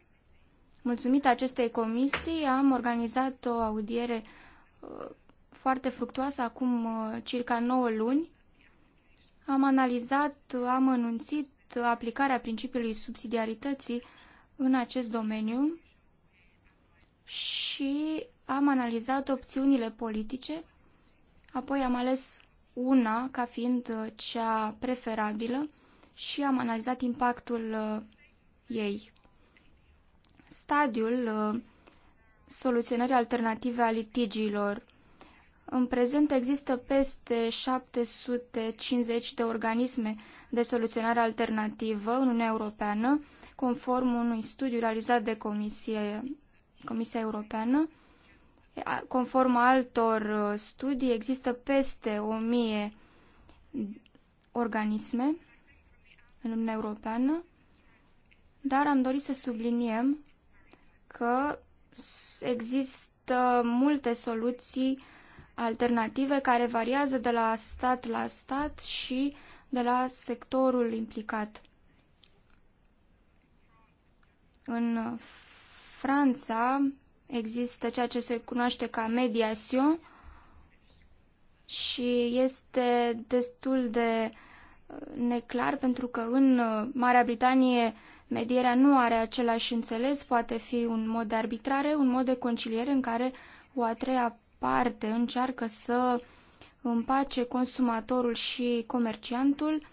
Mulțumită acestei comisii, am organizat o audiere uh, foarte fructuoasă acum circa 9 luni. Am analizat, am anunțit aplicarea principiului subsidiarității în acest domeniu și am analizat opțiunile politice, apoi am ales una ca fiind uh, cea preferabilă și am analizat impactul uh, ei. Stadiul uh, soluționării alternative a litigiilor. În prezent există peste 750 de organisme de soluționare alternativă în Uniunea Europeană, conform unui studiu realizat de Comisie, Comisia Europeană. Conform altor uh, studii, există peste 1000 organisme în Uniunea Europeană, dar am dorit să subliniem că există multe soluții alternative care variază de la stat la stat și de la sectorul implicat. În Franța există ceea ce se cunoaște ca mediation și este destul de uh, neclar pentru că în uh, Marea Britanie medierea nu are același înțeles, poate fi un mod de arbitrare, un mod de conciliere în care o a treia parte încearcă să în pace consumatorul și comerciantul,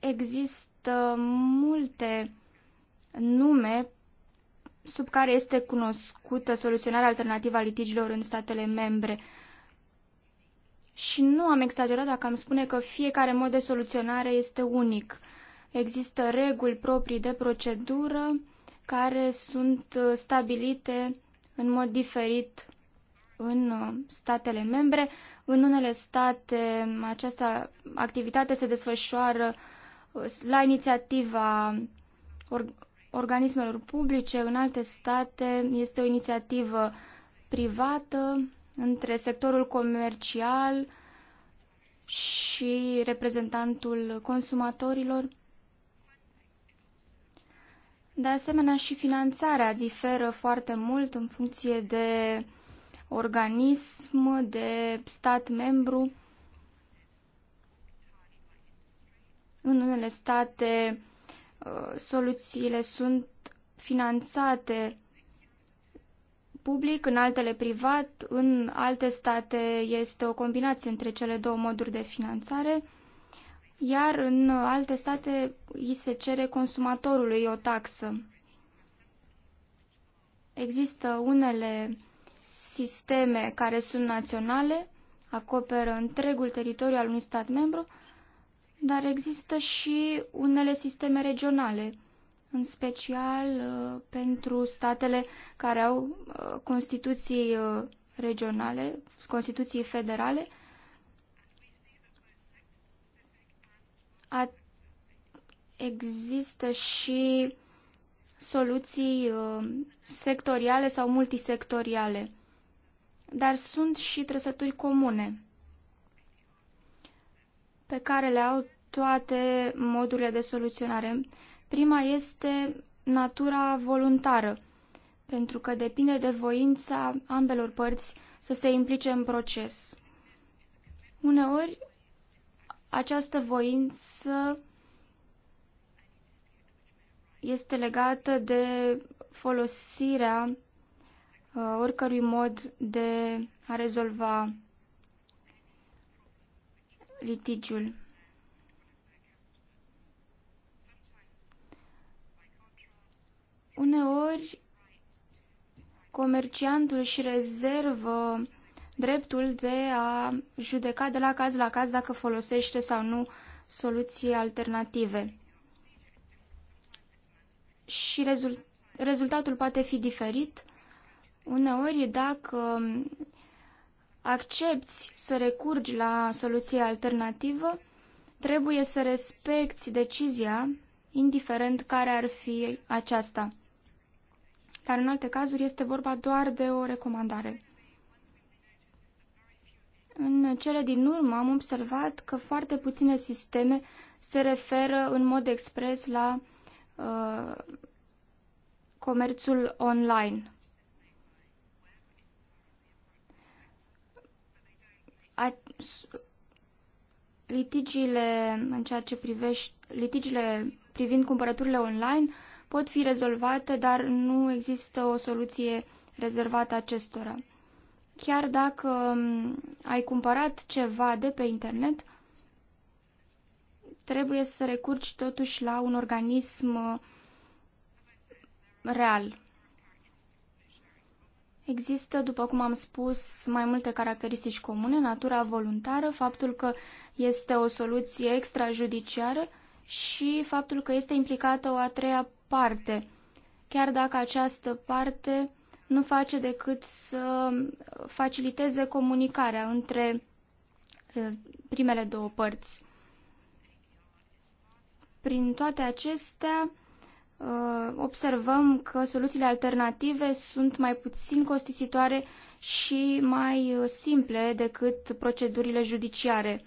există multe nume sub care este cunoscută soluționarea alternativă a litigilor în statele membre. Și nu am exagerat dacă am spune că fiecare mod de soluționare este unic. Există reguli proprii de procedură care sunt stabilite în mod diferit în uh, statele membre. În unele state această activitate se desfășoară uh, la inițiativa uh, organismelor publice, în alte state este o inițiativă privată între sectorul comercial și reprezentantul consumatorilor. De asemenea, și finanțarea diferă foarte mult în funcție de organism, de stat membru. În unele state uh, soluțiile sunt finanțate public, în altele privat, în alte state este o combinație între cele două moduri de finanțare, iar în alte state îi se cere consumatorului o taxă. Există unele sisteme care sunt naționale, acoperă întregul teritoriu al unui stat membru, dar există și unele sisteme regionale, în special uh, pentru statele care au uh, constituții uh, regionale, constituții federale. A, există și soluții uh, sectoriale sau multisectoriale dar sunt și trăsături comune pe care le au toate modurile de soluționare. Prima este natura voluntară, pentru că depinde de voința ambelor părți să se implice în proces. Uneori, această voință este legată de folosirea Uh, oricărui mod de a rezolva litigiul. Uneori, comerciantul își rezervă dreptul de a judeca de la caz la caz dacă folosește sau nu soluții alternative. Și rezult- rezultatul poate fi diferit Uneori, dacă accepti să recurgi la soluție alternativă, trebuie să respecti decizia, indiferent care ar fi aceasta. Dar în alte cazuri este vorba doar de o recomandare. În cele din urmă am observat că foarte puține sisteme se referă în mod expres la uh, comerțul online. a, litigiile în ceea ce privește litigiile privind cumpărăturile online pot fi rezolvate, dar nu există o soluție rezervată acestora. Chiar dacă um, ai cumpărat ceva de pe internet, trebuie să recurgi totuși la un organism uh, real. Există, după cum am spus, mai multe caracteristici comune, natura voluntară, faptul că este o soluție extrajudiciară și faptul că este implicată o a treia parte, chiar dacă această parte nu face decât să faciliteze comunicarea între eh, primele două părți. Prin toate acestea, Uh, observăm că soluțiile alternative sunt mai puțin costisitoare și mai uh, simple decât procedurile judiciare.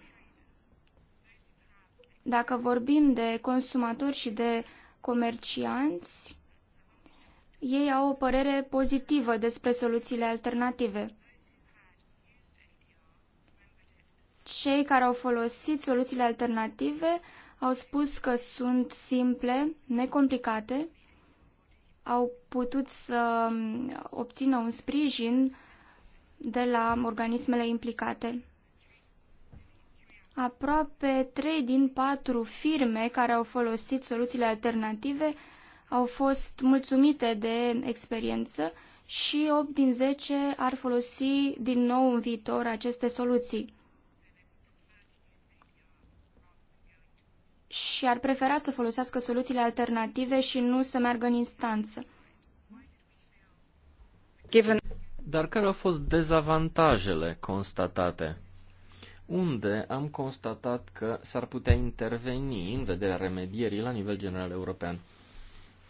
Dacă vorbim de consumatori și de comercianți, ei au o părere pozitivă despre soluțiile alternative. Cei care au folosit soluțiile alternative au spus că sunt simple, necomplicate, au putut să obțină un sprijin de la organismele implicate. Aproape 3 din 4 firme care au folosit soluțiile alternative au fost mulțumite de experiență și 8 din 10 ar folosi din nou în viitor aceste soluții. și ar prefera să folosească soluțiile alternative și nu să meargă în instanță. Dar care au fost dezavantajele constatate? Unde am constatat că s-ar putea interveni în vederea remedierii la nivel general european?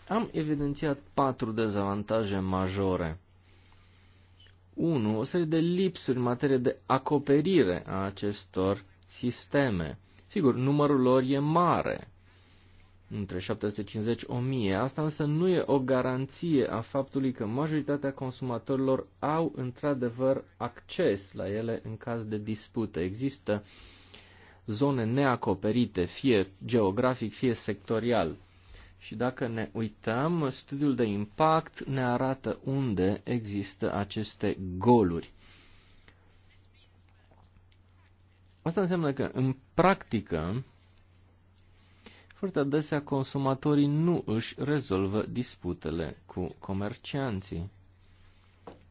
Am evidențiat patru dezavantaje majore. 1. O serie de lipsuri în materie de acoperire a acestor sisteme. Sigur, numărul lor e mare, între 750-1000. Asta însă nu e o garanție a faptului că majoritatea consumatorilor au într-adevăr acces la ele în caz de dispută. Există zone neacoperite, fie geografic, fie sectorial. Și dacă ne uităm, studiul de impact ne arată unde există aceste goluri. Asta înseamnă că, în practică, foarte adesea consumatorii nu își rezolvă disputele cu comercianții.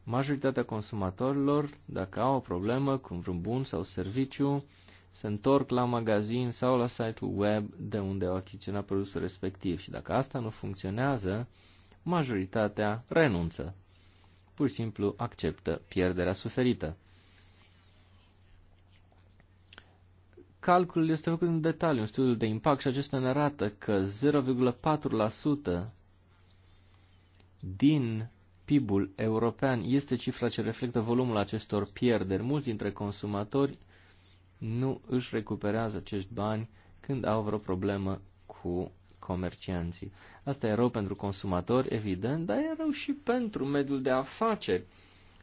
Majoritatea consumatorilor, dacă au o problemă cu vreun bun sau serviciu, se întorc la magazin sau la site-ul web de unde au achiziționat produsul respectiv și dacă asta nu funcționează, majoritatea renunță. Pur și simplu acceptă pierderea suferită. calculul este făcut în detaliu, în studiul de impact și acesta ne arată că 0,4% din PIB-ul european este cifra ce reflectă volumul acestor pierderi. Mulți dintre consumatori nu își recuperează acești bani când au vreo problemă cu comercianții. Asta e rău pentru consumatori, evident, dar e rău și pentru mediul de afaceri.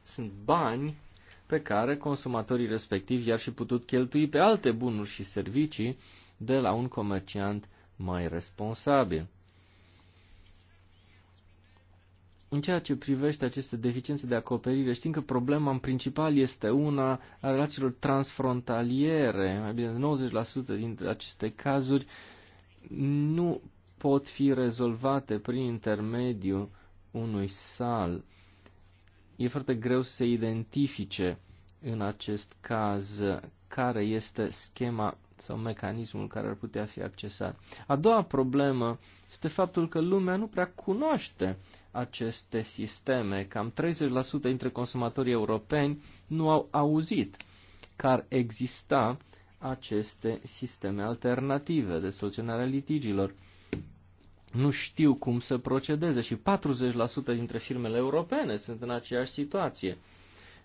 Sunt bani pe care consumatorii respectivi i-ar fi putut cheltui pe alte bunuri și servicii de la un comerciant mai responsabil. În ceea ce privește aceste deficiențe de acoperire, știm că problema în principal este una a relațiilor transfrontaliere. Mai bine, 90% dintre aceste cazuri nu pot fi rezolvate prin intermediul unui sal e foarte greu să se identifice în acest caz care este schema sau mecanismul care ar putea fi accesat. A doua problemă este faptul că lumea nu prea cunoaște aceste sisteme. Cam 30% dintre consumatorii europeni nu au auzit că ar exista aceste sisteme alternative de soluționare a litigiilor nu știu cum să procedeze și 40% dintre firmele europene sunt în aceeași situație.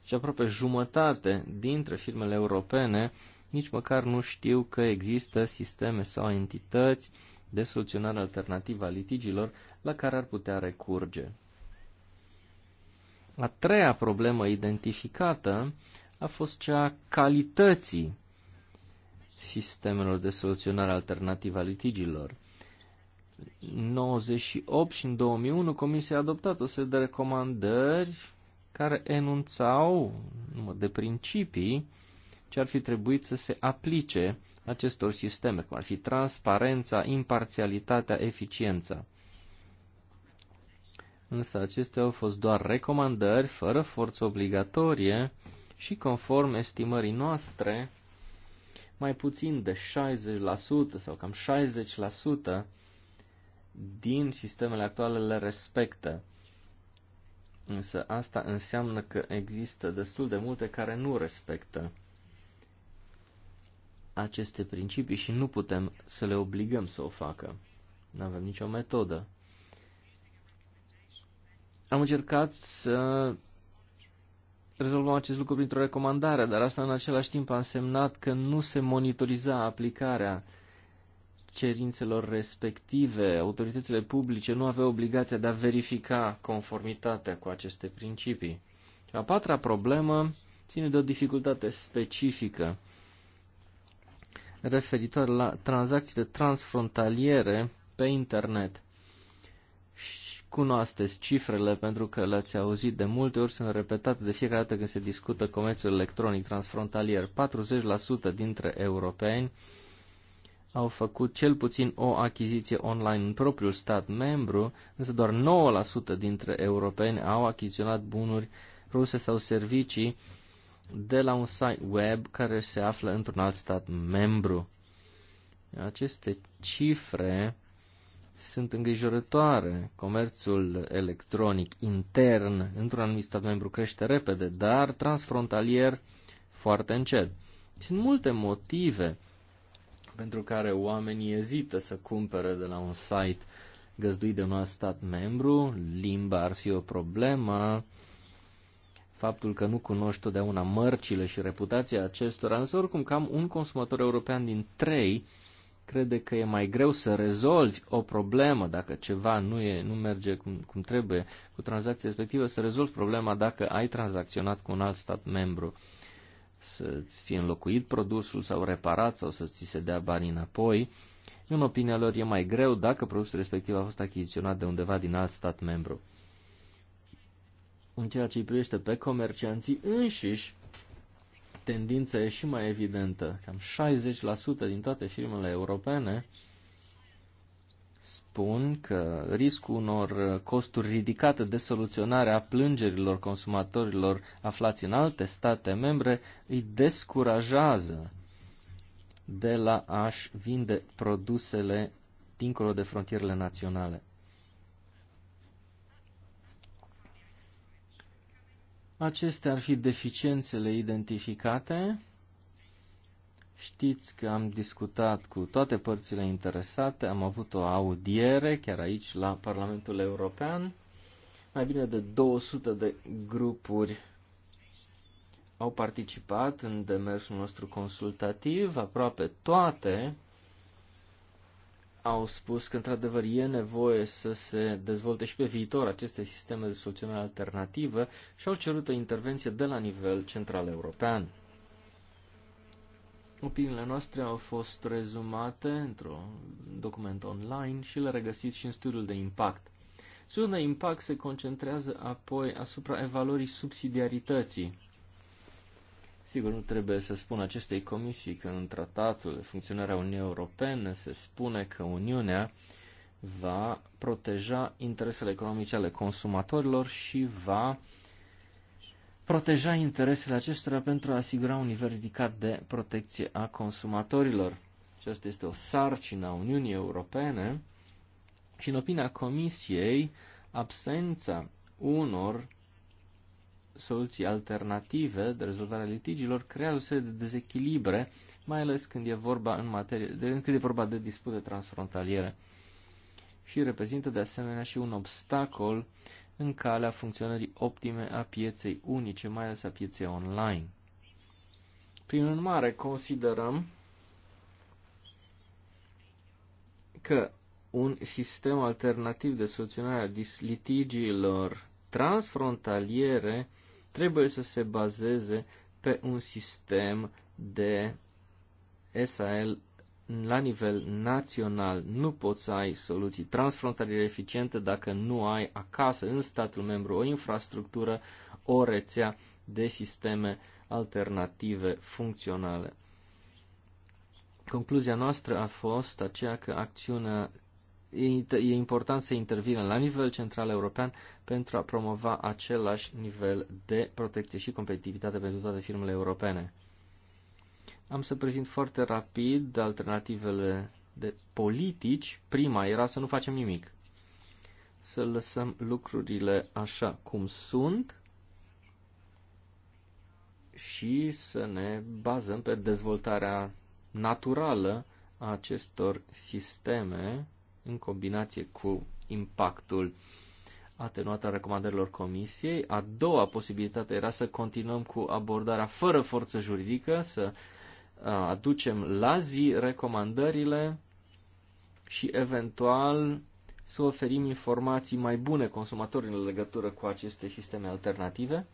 Și aproape jumătate dintre firmele europene nici măcar nu știu că există sisteme sau entități de soluționare alternativă a litigilor la care ar putea recurge. A treia problemă identificată a fost cea calității sistemelor de soluționare alternativă a litigilor. 98 și în 2001 Comisia a adoptat o serie de recomandări care enunțau de principii ce ar fi trebuit să se aplice acestor sisteme, cum ar fi transparența, imparțialitatea, eficiența. Însă acestea au fost doar recomandări, fără forță obligatorie și conform estimării noastre, mai puțin de 60% sau cam 60% din sistemele actuale le respectă. Însă asta înseamnă că există destul de multe care nu respectă aceste principii și nu putem să le obligăm să o facă. Nu avem nicio metodă. Am încercat să rezolvăm acest lucru printr-o recomandare, dar asta în același timp a însemnat că nu se monitoriza aplicarea cerințelor respective. Autoritățile publice nu aveau obligația de a verifica conformitatea cu aceste principii. A patra problemă ține de o dificultate specifică referitoare la tranzacțiile transfrontaliere pe internet. Și cunoașteți cifrele pentru că le-ați auzit de multe ori, sunt repetate de fiecare dată când se discută comerțul electronic transfrontalier. 40% dintre europeni au făcut cel puțin o achiziție online în propriul stat membru, însă doar 9% dintre europeni au achiziționat bunuri, produse sau servicii de la un site web care se află într-un alt stat membru. Aceste cifre sunt îngrijorătoare. Comerțul electronic intern într-un anumit stat membru crește repede, dar transfrontalier foarte încet. Sunt multe motive pentru care oamenii ezită să cumpere de la un site găzduit de un alt stat membru, limba ar fi o problemă, faptul că nu cunoști totdeauna mărcile și reputația acestora, însă oricum cam un consumator european din trei crede că e mai greu să rezolvi o problemă dacă ceva nu, e, nu merge cum, cum trebuie cu tranzacția respectivă, să rezolvi problema dacă ai tranzacționat cu un alt stat membru să-ți fie înlocuit produsul sau reparat sau să ți se dea banii înapoi. În opinia lor e mai greu dacă produsul respectiv a fost achiziționat de undeva din alt stat membru. În ceea ce îi privește pe comercianții înșiși, tendința e și mai evidentă. Cam 60% din toate firmele europene uh, spun că riscul unor costuri ridicate de soluționare a plângerilor consumatorilor aflați în alte state membre îi descurajează de la a-și vinde produsele dincolo de frontierele naționale. Acestea ar fi deficiențele identificate Știți că am discutat cu toate părțile interesate, am avut o audiere chiar aici la Parlamentul European. Mai bine de 200 de grupuri au participat în demersul nostru consultativ, aproape toate au spus că într-adevăr e nevoie să se dezvolte și pe viitor aceste sisteme de soluționare alternativă și au cerut o intervenție de la nivel central european. Opiniile noastre au fost rezumate într-un document online și le regăsiți și în studiul de impact. Studiul de impact se concentrează apoi asupra evaluării subsidiarității. Sigur, nu trebuie să spun acestei comisii că în tratatul de funcționare a Uniunii Europene se spune că Uniunea va proteja interesele economice ale consumatorilor și va proteja interesele acestora pentru a asigura un nivel ridicat de protecție a consumatorilor. Aceasta este o sarcină a Uniunii Europene și, în opinia Comisiei, absența unor soluții alternative de rezolvare a litigilor creează o serie de dezechilibre, mai ales când e vorba, în materie, de, când e vorba de dispute transfrontaliere și reprezintă de asemenea și un obstacol în calea funcționării optime a pieței unice, mai ales a pieței online. Prin urmare, considerăm că un sistem alternativ de soluționare a litigiilor transfrontaliere trebuie să se bazeze pe un sistem de SAL la nivel național nu poți să ai soluții transfrontaliere eficiente dacă nu ai acasă, în statul membru, o infrastructură, o rețea de sisteme alternative funcționale. Concluzia noastră a fost aceea că acțiunea e important să intervină la nivel central european pentru a promova același nivel de protecție și competitivitate pentru toate firmele europene. Am să prezint foarte rapid alternativele de politici. Prima era să nu facem nimic. Să lăsăm lucrurile așa cum sunt și să ne bazăm pe dezvoltarea naturală a acestor sisteme în combinație cu impactul atenuat al recomandărilor comisiei. A doua posibilitate era să continuăm cu abordarea fără forță juridică, să uh, aducem la zi recomandările și eventual să oferim informații mai bune consumatorilor în legătură cu aceste sisteme alternative.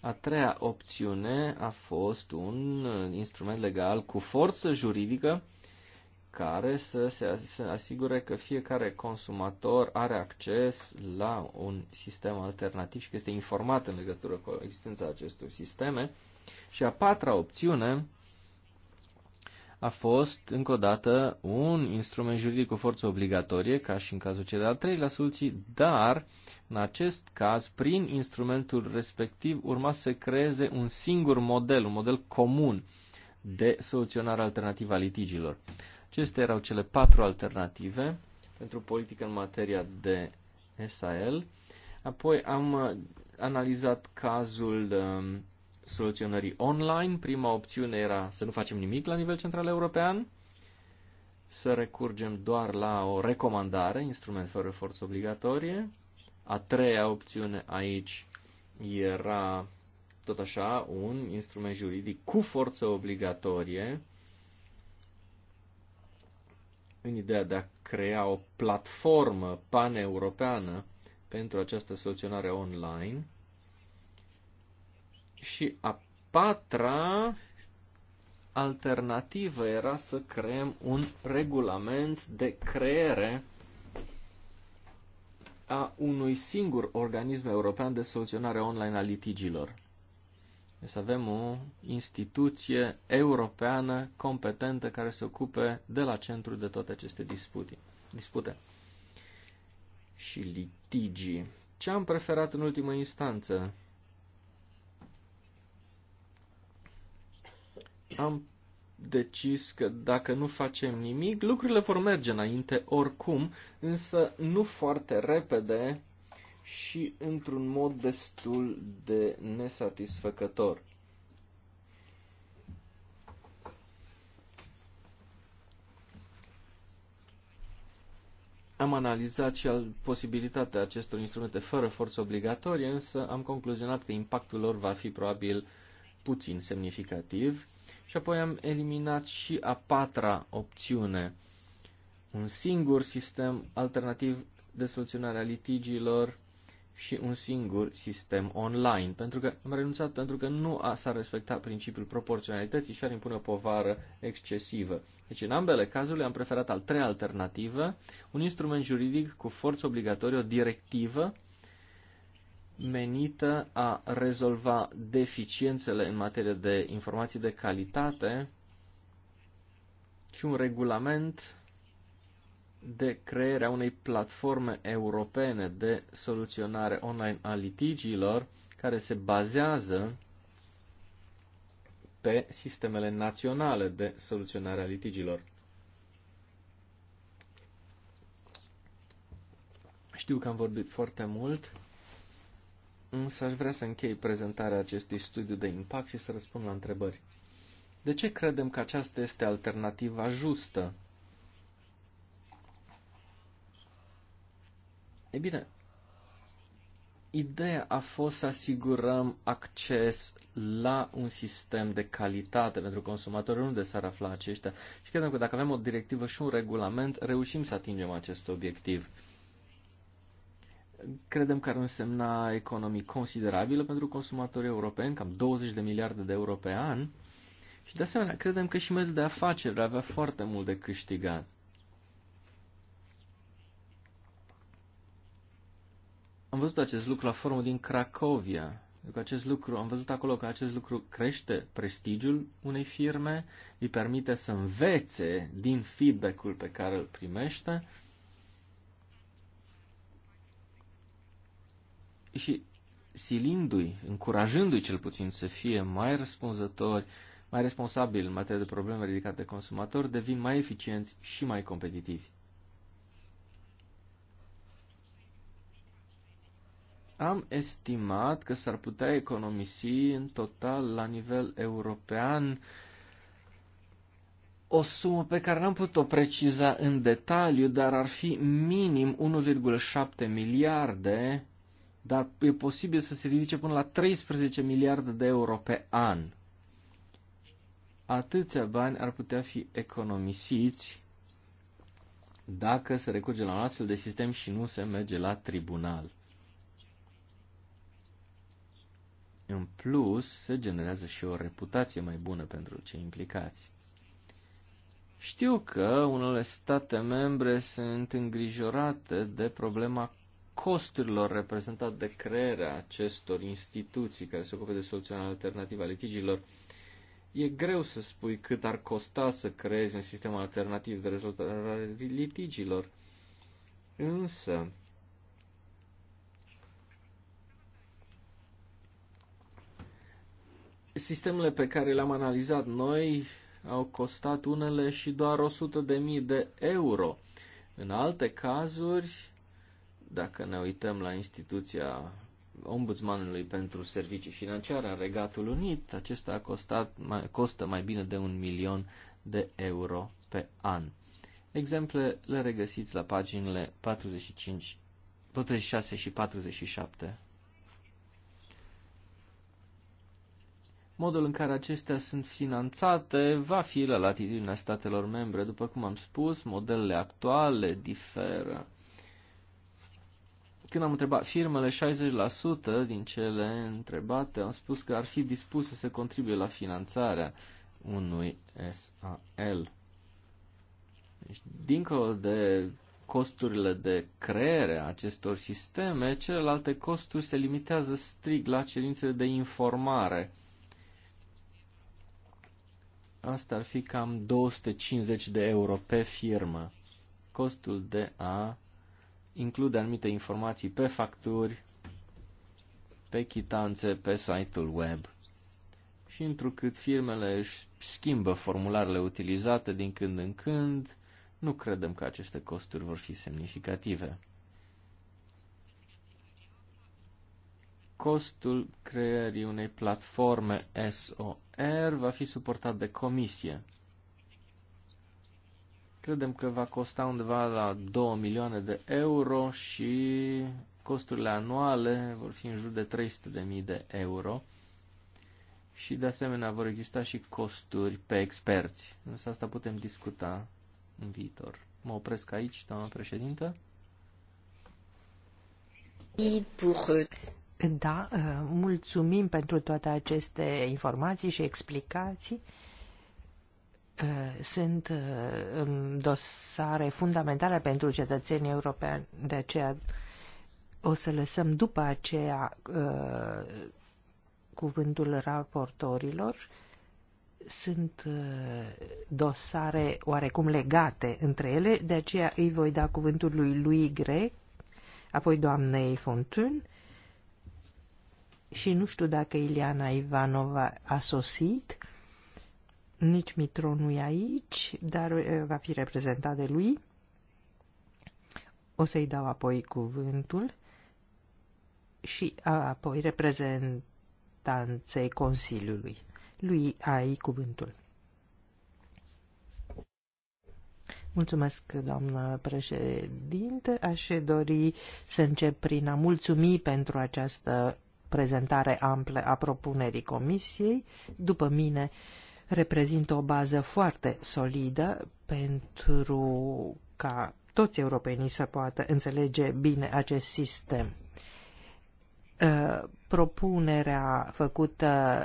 A treia opțiune a fost un instrument legal cu forță juridică care să se asigure că fiecare consumator are acces la un sistem alternativ și că este informat în legătură cu existența acestor sisteme. Și a patra opțiune a fost, încă o dată, un instrument juridic cu forță obligatorie, ca și în cazul celei al treilea soluții, dar, în acest caz, prin instrumentul respectiv, urma să creeze un singur model, un model comun de soluționare alternativă a litigilor. Acestea erau cele patru alternative pentru politică în materia de SAL. Apoi am uh, analizat cazul um, soluționării online. Prima opțiune era să nu facem nimic la nivel central european, să recurgem doar la o recomandare, instrument fără forță obligatorie. A treia opțiune aici era tot așa un instrument juridic cu forță obligatorie în ideea de a crea o platformă paneuropeană pentru această soluționare online. Și a patra alternativă era să creăm un regulament de creere a unui singur organism european de soluționare online a litigilor. Deci să avem o instituție europeană competentă care se ocupe de la centru de toate aceste dispute. dispute. Și litigii. Ce am preferat în ultimă instanță? am decis că dacă nu facem nimic, lucrurile vor merge înainte oricum, însă nu foarte repede și într-un mod destul de nesatisfăcător. Am analizat și posibilitatea acestor instrumente fără forță obligatorie, însă am concluzionat că impactul lor va fi probabil puțin semnificativ și apoi am eliminat și a patra opțiune, un singur sistem alternativ de soluționare a litigiilor și un singur sistem online, pentru că am renunțat pentru că nu a, s-a respectat principiul proporționalității și ar impune o povară excesivă. Deci, în ambele cazuri am preferat al treia alternativă, un instrument juridic cu forță obligatorie, o directivă menită a rezolva deficiențele în materie de informații de calitate și un regulament de crearea unei platforme europene de soluționare online a litigiilor care se bazează pe sistemele naționale de soluționare a litigilor. Știu că am vorbit foarte mult însă aș vrea să închei prezentarea acestui studiu de impact și să răspund la întrebări. De ce credem că aceasta este alternativa justă? E bine, ideea a fost să asigurăm acces la un sistem de calitate pentru consumatori, unde s-ar afla aceștia. Și credem că dacă avem o directivă și un regulament, reușim să atingem acest obiectiv. Credem că ar însemna economii considerabile pentru consumatorii europeni, cam 20 de miliarde de euro pe an. Și de asemenea, credem că și mediul de afaceri avea foarte mult de câștigat. Am văzut acest lucru la forumul din Cracovia. Că acest lucru, am văzut acolo că acest lucru crește prestigiul unei firme, îi permite să învețe din feedback-ul pe care îl primește și silindu-i, încurajându-i cel puțin să fie mai răspunzători, mai responsabili în materie de probleme ridicate de consumatori, devin mai eficienți și mai competitivi. Am estimat că s-ar putea economisi în total la nivel european o sumă pe care n-am putut-o preciza în detaliu, dar ar fi minim 1,7 miliarde dar e posibil să se ridice până la 13 miliarde de euro pe an. Atâția bani ar putea fi economisiți dacă se recurge la un astfel de sistem și nu se merge la tribunal. În plus, se generează și o reputație mai bună pentru cei implicați. Știu că unele state membre sunt îngrijorate de problema costurilor reprezentat de crearea acestor instituții care se ocupe de soluționarea alternativă a litigiilor. E greu să spui cât ar costa să creezi un sistem alternativ de rezolvare litigiilor, însă sistemele pe care le-am analizat noi au costat unele și doar 100.000 de euro. În alte cazuri, dacă ne uităm la instituția ombudsmanului pentru servicii financiare în Regatul Unit, acesta a costat, mai, costă mai bine de un milion de euro pe an. Exemple le regăsiți la paginile 45, 46 și 47. Modul în care acestea sunt finanțate va fi la latitudinea statelor membre. După cum am spus, modelele actuale diferă când am întrebat firmele, 60% din cele întrebate au spus că ar fi dispuse să contribuie la finanțarea unui SAL. Deci, dincolo de costurile de creere a acestor sisteme, celelalte costuri se limitează strict la cerințele de informare. Asta ar fi cam 250 de euro pe firmă. Costul de a include anumite informații pe facturi, pe chitanțe, pe site-ul web. Și întrucât firmele își schimbă formularele utilizate din când în când, nu credem că aceste costuri vor fi semnificative. Costul creării unei platforme SOR va fi suportat de comisie. Credem că va costa undeva la 2 milioane de euro și costurile anuale vor fi în jur de 300.000 de euro și de asemenea vor exista și costuri pe experți. Însă asta putem discuta în viitor. Mă opresc aici, doamna președintă. Da, mulțumim pentru toate aceste informații și explicații. Eh, sunt eh, dosare fundamentale pentru cetățenii europeni, de aceea o să lăsăm după aceea eh, cuvântul raportorilor. Sunt dosare oarecum legate între ele, de aceea îi voi da cuvântul lui lui Grec, apoi doamnei Fontun și nu știu dacă Iliana Ivanova a sosit, nici Mitro nu e aici, dar va fi reprezentat de lui. O să-i dau apoi cuvântul și apoi reprezentanței Consiliului. Lui ai cuvântul. Mulțumesc, doamnă președinte. Aș dori să încep prin a mulțumi pentru această prezentare amplă a propunerii comisiei. După mine, uh, reprezintă o bază foarte solidă pentru ca toți europenii să poată înțelege bine acest sistem. Uh, propunerea făcută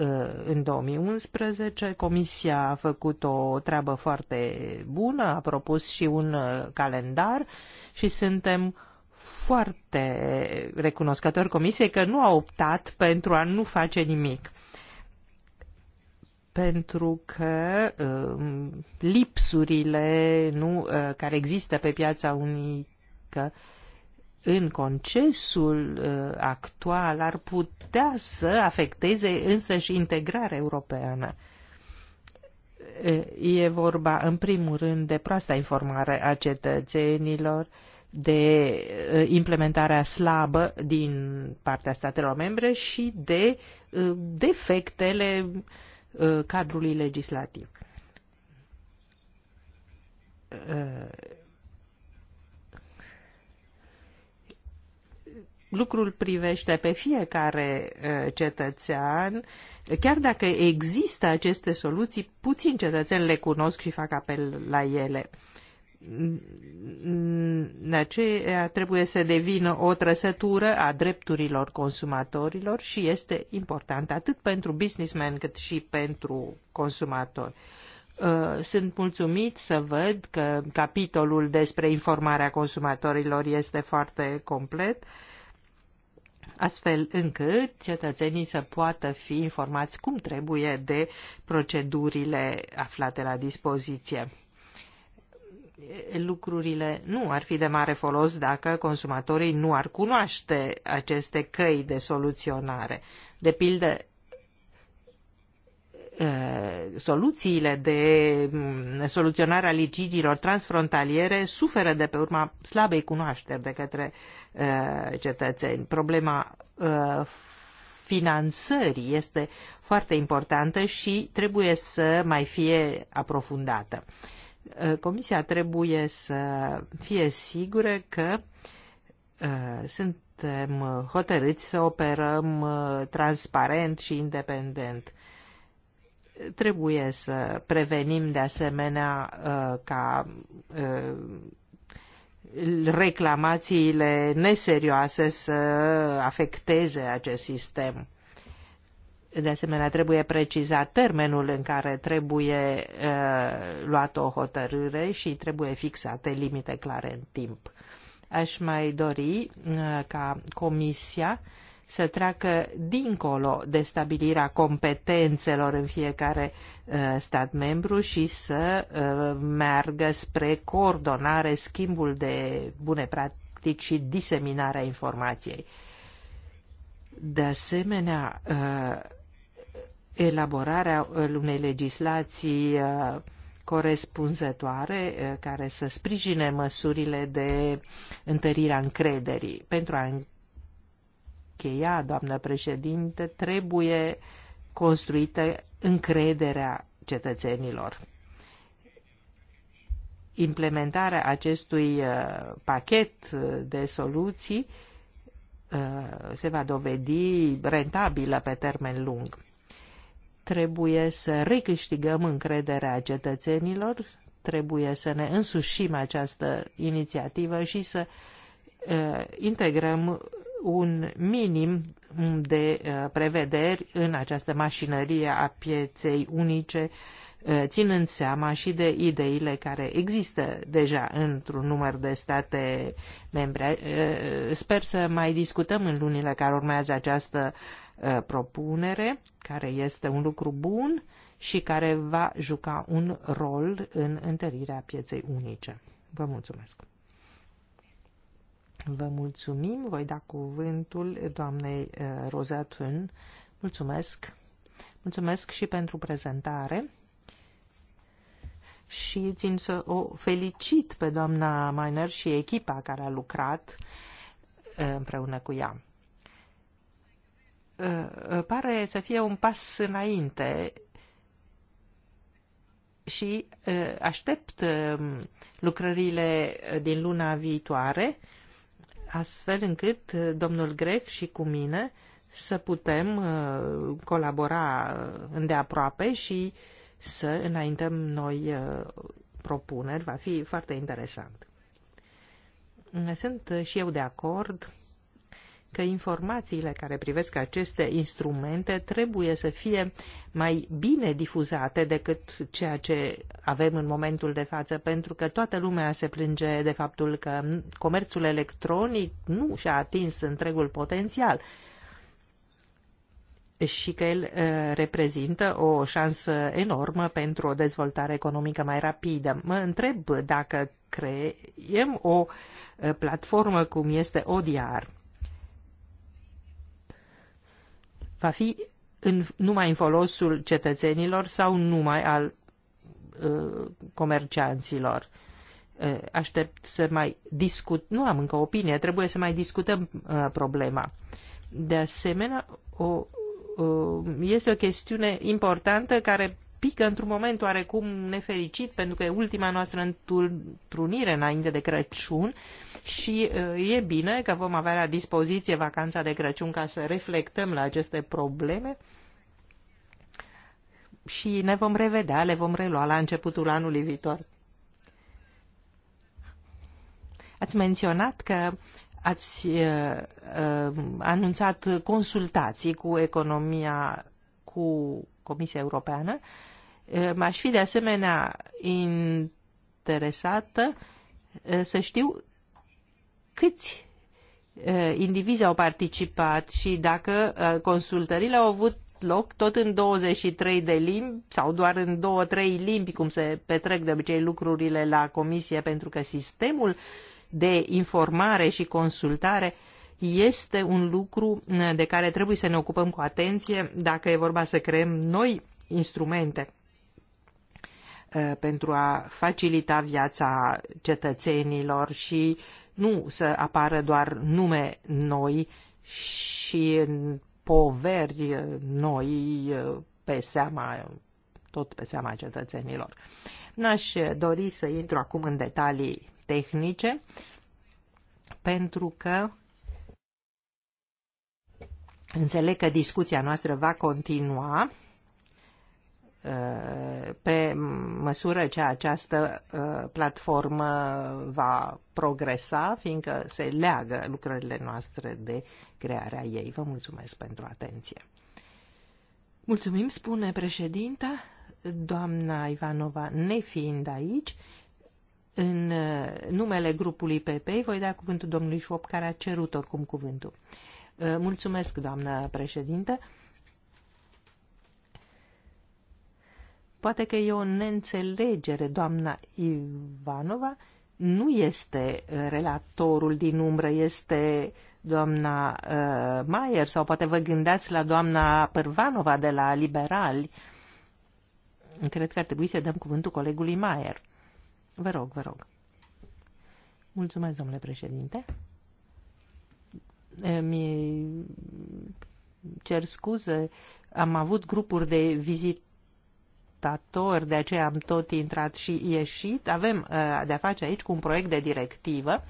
uh, în 2011. Comisia a făcut o treabă foarte bună, a propus și un uh, calendar și suntem foarte recunoscători Comisiei că nu a optat pentru a nu face nimic pentru că um, lipsurile nu, uh, care există pe piața unică în concesul uh, actual ar putea să afecteze însă și integrarea europeană. Uh, e vorba, în primul rând, de proasta informare a cetățenilor, de implementarea slabă din partea statelor membre și de defectele uh, Uh, cadrului legislativ. Uh, lucrul privește pe fiecare uh, cetățean, chiar dacă există aceste soluții, puțin cetățeni le cunosc și fac apel la ele aceea trebuie să devină o trăsătură a drepturilor consumatorilor și este important atât pentru businessmen cât și pentru consumatori. Uh, sunt mulțumit să văd că capitolul despre informarea consumatorilor este foarte complet, astfel încât cetățenii să poată fi informați cum trebuie de procedurile aflate la dispoziție lucrurile nu ar fi de mare folos dacă consumatorii nu ar cunoaște aceste căi de soluționare. De pildă, soluțiile de mm, soluționare a litigiilor transfrontaliere suferă de pe urma slabei cunoașteri de către cetățeni. Problema finanțării este foarte importantă și trebuie să mai fie aprofundată. Eh, comisia trebuie să fie sigură că eh, suntem hotărâți să operăm eh, transparent și independent. Trebuie să prevenim de asemenea ca reclamațiile neserioase să afecteze acest sistem de asemenea, trebuie precizat termenul în care trebuie uh, luată o hotărâre și trebuie fixate limite clare în timp. Aș mai dori uh, ca Comisia să treacă dincolo de stabilirea competențelor în fiecare uh, stat membru și să uh, meargă spre coordonare, schimbul de bune practici și diseminarea informației. De asemenea, uh, elaborarea uh, unei legislații uh, corespunzătoare uh, care să sprijine măsurile de întărire a încrederii. Pentru a încheia, doamnă președinte, trebuie construită încrederea cetățenilor. Implementarea acestui pachet de soluții se va dovedi rentabilă pe termen lung Trebuie să recâștigăm încrederea cetățenilor, trebuie să ne însușim această inițiativă și să uh, integrăm un minim de uh, prevederi în această mașinărie a pieței unice, uh, ținând seama și de ideile care există deja într-un număr de state membre. Uh, sper să mai discutăm în lunile care urmează această uh, Uh, propunere, care este un lucru bun și care va juca un rol în întărirea pieței unice. Vă mulțumesc! Vă mulțumim, voi da cuvântul doamnei uh, Rozatun. Mulțumesc! Mulțumesc și pentru prezentare și țin să o felicit pe doamna Miner și echipa care a lucrat uh, împreună cu ea. Uh, uh, pare să fie un pas înainte și uh, aștept lucrările din luna viitoare, astfel încât domnul Grec și cu mine să putem colabora îndeaproape și să înaintăm noi propuneri. Va fi foarte interesant. Sunt și eu de acord că informațiile care privesc aceste instrumente trebuie să fie mai bine difuzate decât ceea ce avem în momentul de față, pentru că toată lumea se plânge de faptul că comerțul electronic nu și-a atins întregul potențial și că el uh, reprezintă o șansă enormă pentru o dezvoltare economică mai rapidă. Mă întreb dacă creiem o uh, platformă cum este ODR. va fi în, numai în folosul cetățenilor sau numai al uh, comercianților. Uh, aștept să mai discut, nu am încă opinie, trebuie să mai discutăm uh, problema. De asemenea, o, uh, este o chestiune importantă care pică într-un moment oarecum nefericit, pentru că e ultima noastră întrunire înainte de Crăciun și uh, e bine că vom avea la dispoziție vacanța de Crăciun ca să reflectăm la aceste probleme și ne vom revedea, le vom relua la începutul anului viitor. Ați menționat că ați uh, uh, anunțat consultații cu economia, cu Comisia Europeană. Uh, M-aș fi de asemenea interesată eh, să știu câți eh, indivizi au participat și dacă eh, consultările au avut loc tot în 23 de limbi sau doar în 2-3 limbi, cum se petrec de obicei lucrurile la comisie, pentru că sistemul de informare și consultare este un lucru de care trebuie să ne ocupăm cu atenție dacă e vorba să creăm noi instrumente Uh, pentru a facilita viața cetățenilor și nu să apară doar nume noi și poveri noi uh, pe seama, tot pe seama cetățenilor. N-aș dori să intru acum în detalii tehnice, pentru că înțeleg că discuția noastră va continua pe măsură ce această uh, platformă va progresa, fiindcă se leagă lucrările noastre de crearea ei. Vă mulțumesc pentru atenție. Mulțumim, spune președinta, doamna Ivanova nefiind aici, în uh, numele grupului PP, voi da cuvântul domnului Șop, care a cerut oricum cuvântul. Uh, mulțumesc, doamnă președintă. Poate că e o neînțelegere, doamna Ivanova nu este uh, relatorul din umbră, este uh, doamna uh, Maier sau poate vă gândeați la doamna Pârvanova de la Liberali. Cred că ar trebui să dăm cuvântul colegului Maier. Vă rog, vă rog. Mulțumesc, domnule președinte. Mi cer scuze, am avut grupuri de vizit dictatori, de aceea am tot intrat și ieșit. Avem uh, de-a face aici cu un proiect de directivă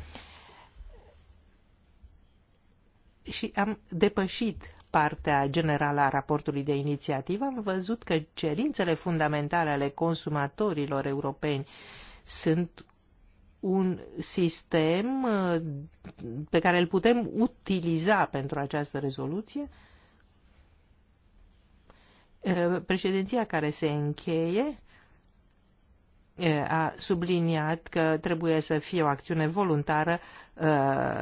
și am depășit partea generală a raportului de inițiativă, am văzut că cerințele fundamentale ale consumatorilor europeni sunt un sistem uh, pe care îl putem utiliza pentru această rezoluție Președinția care se încheie a subliniat că trebuie să fie o acțiune voluntară,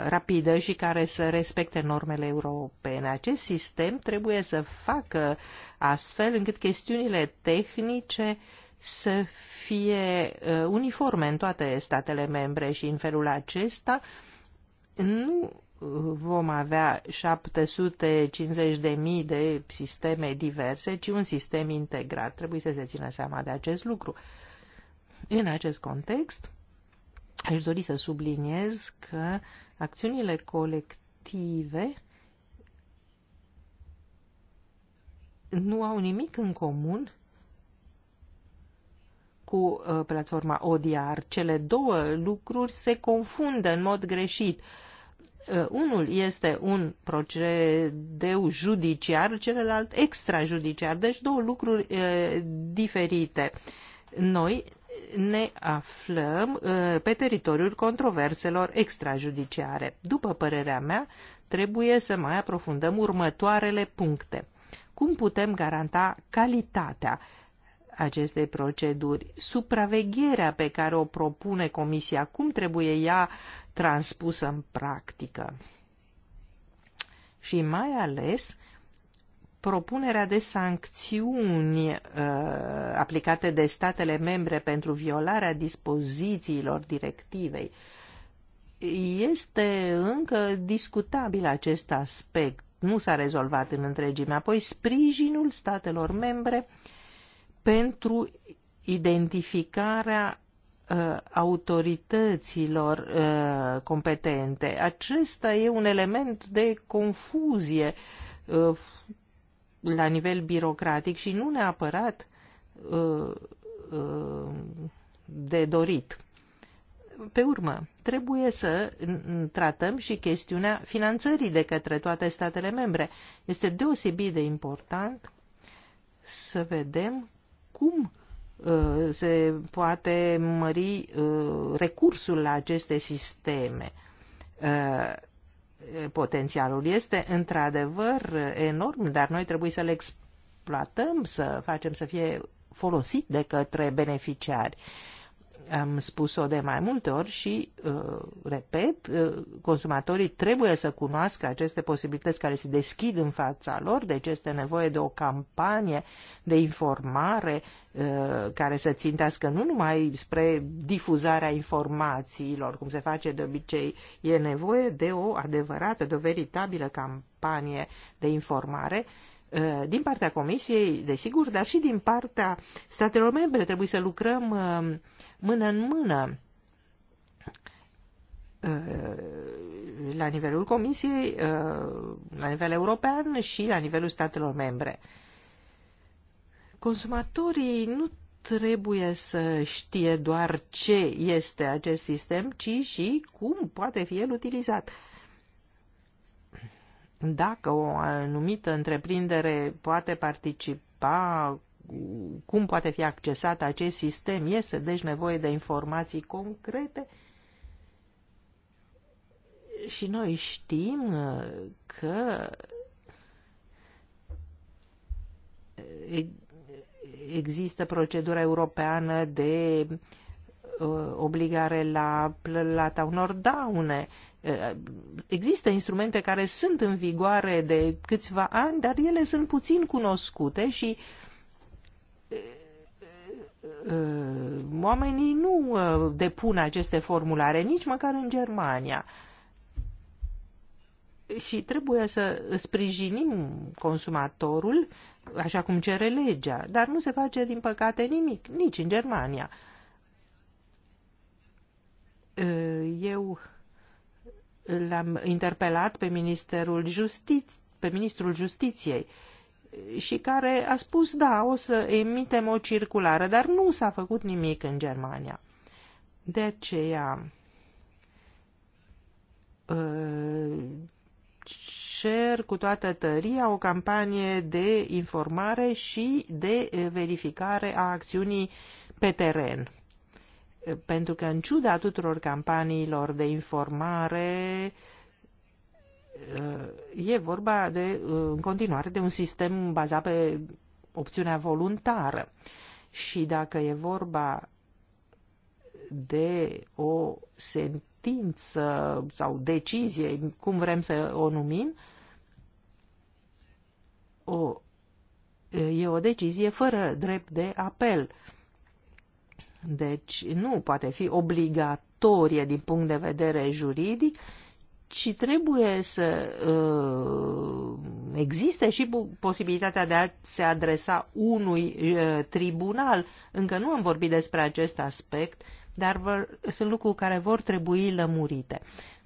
rapidă și care să respecte normele europene. Acest sistem trebuie să facă astfel încât chestiunile tehnice să fie uniforme în toate statele membre și în felul acesta nu vom avea 750.000 de, de sisteme diverse, ci un sistem integrat. Trebuie să se țină seama de acest lucru. În acest context, aș dori să subliniez că acțiunile colective nu au nimic în comun cu uh, platforma ODR. Cele două lucruri se confundă în mod greșit. Uh, Uh, unul este un procedeu judiciar, celălalt extrajudiciar, deci două lucruri uh, diferite. Noi ne aflăm uh, pe teritoriul controverselor extrajudiciare. După părerea mea, trebuie să mai aprofundăm următoarele puncte. Cum putem garanta calitatea acestei proceduri, supravegherea pe care o propune Comisia, cum trebuie ea transpusă în practică. Și mai ales propunerea de sancțiuni uh, aplicate de statele membre pentru violarea dispozițiilor directivei. Este încă discutabil acest aspect, nu s-a rezolvat în întregime. Apoi sprijinul statelor membre pentru identificarea Uh, autorităților uh, competente. Acesta e un element de confuzie uh, la nivel birocratic și nu neapărat de dorit. Pe urmă, trebuie să tratăm și chestiunea finanțării de către toate statele membre. Este deosebit de important să vedem cum Uh, se poate mări uh, recursul la aceste sisteme. Uh, potențialul este într-adevăr enorm, dar noi trebuie să le exploatăm, să facem să fie folosit de către beneficiari. Am spus-o de mai multe ori și, repet, consumatorii trebuie să cunoască aceste posibilități care se deschid în fața lor, deci este nevoie de o campanie de informare Uh, care să țintească nu numai spre difuzarea informațiilor, cum se face de obicei, e nevoie de o adevărată, de o veritabilă campanie de informare uh, din partea Comisiei, desigur, dar și din partea statelor membre. Trebuie să lucrăm uh, mână în mână la nivelul Comisiei, la nivel european și la nivelul statelor membre. Consumatorii nu trebuie să știe doar ce este acest sistem, ci și cum poate fi el utilizat. Dacă o anumită întreprindere poate participa, cum poate fi accesat acest sistem, este deci nevoie de informații concrete și noi știm că există procedura europeană de uh, obligare la plata unor daune. Uh, există instrumente care sunt în vigoare de câțiva ani, dar ele sunt puțin cunoscute și uh, oamenii nu depun aceste formulare, nici măcar în Germania. Și trebuie să sprijinim consumatorul uh, așa cum cere legea, dar nu se face, din păcate, nimic, nici în Germania. Ă, eu l-am interpelat pe ministerul justiției, pe ministrul justiției și care a spus, da, o să emitem o circulară, dar nu s-a făcut nimic în Germania. De aceea, ă, cer cu toată tăria o campanie de informare și de verificare a acțiunii pe teren. Pentru că în ciuda tuturor campaniilor de informare uh, e vorba de, uh, în continuare de un sistem bazat pe opțiunea voluntară. Și dacă e vorba de o sentință sentință sau decizie, cum vrem să o numim, o, e o decizie fără drept de apel. Deci nu poate fi obligatorie din punct de vedere juridic, ci trebuie să uh, existe și posibilitatea de a se adresa unui uh, tribunal. Încă nu am vorbit despre acest aspect dar vă, sunt lucruri care vor trebui lămurite.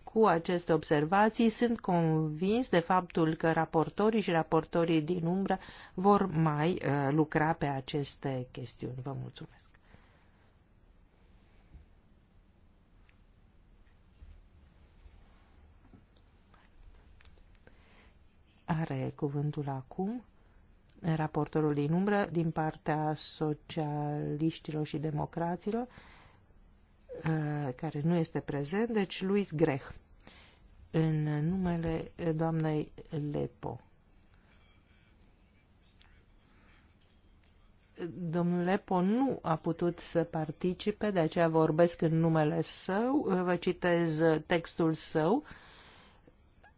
Cu aceste observații sunt convins de faptul că raportorii și raportorii din umbră vor mai uh, lucra pe aceste chestiuni. Vă mulțumesc! Are cuvântul acum raportorul din umbră din partea socialiștilor și democraților, Uh, care nu este prezent, deci Luis Greh, în numele doamnei Lepo. Domnul Lepo nu a putut să participe, de aceea vorbesc în numele său, uh, vă citez textul său,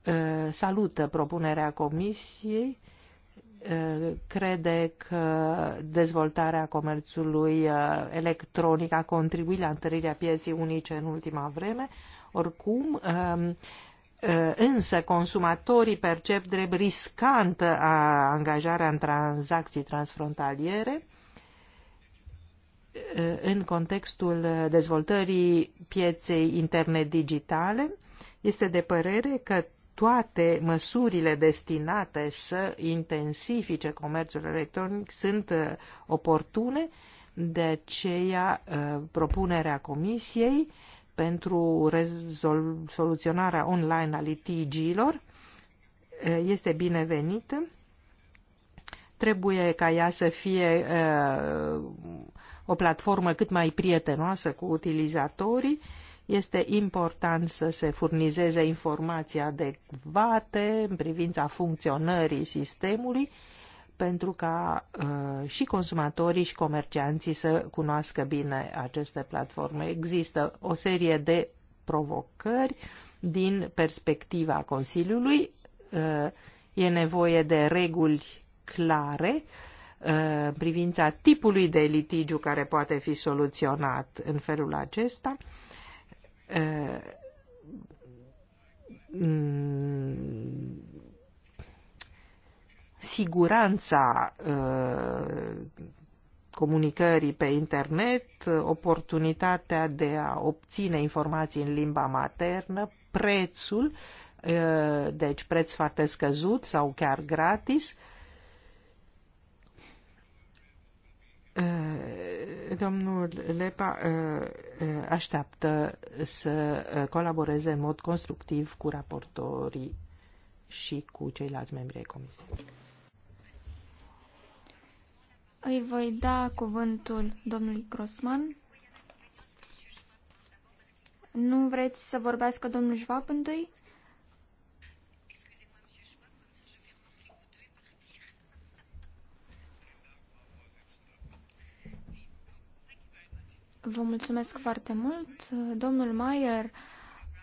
uh, salută propunerea comisiei, crede că dezvoltarea comerțului uh, electronic a contribuit la întărirea pieții unice în ultima vreme. Oricum, um, uh, însă consumatorii percep drept riscant uh, a angajarea în tranzacții transfrontaliere în contextul dezvoltării pieței interne digitale, este de părere că toate măsurile destinate să intensifice comerțul electronic sunt uh, oportune, de aceea uh, propunerea Comisiei pentru soluționarea online a litigiilor uh, este binevenită. Trebuie ca ea să fie o platformă cât mai prietenoasă cu utilizatorii este important să se furnizeze informații adecvate în privința funcționării sistemului pentru ca uh, și consumatorii și comercianții să cunoască bine aceste platforme. Există o serie de provocări din perspectiva Consiliului. Uh, e nevoie de reguli clare uh, în privința tipului de litigiu care poate fi soluționat în felul acesta. Eh, mm, siguranța eh, comunicării pe internet, oportunitatea de a obține informații în limba maternă, prețul, eh, deci preț foarte scăzut sau chiar gratis, Domnul Lepa uh, uh, așteaptă să uh, colaboreze în mod constructiv cu raportorii și cu ceilalți membri ai comisiei. Îi voi da cuvântul domnului Grossman. Nu vreți să vorbească domnul Schwab întâi? Vă mulțumesc foarte mult. Domnul Mayer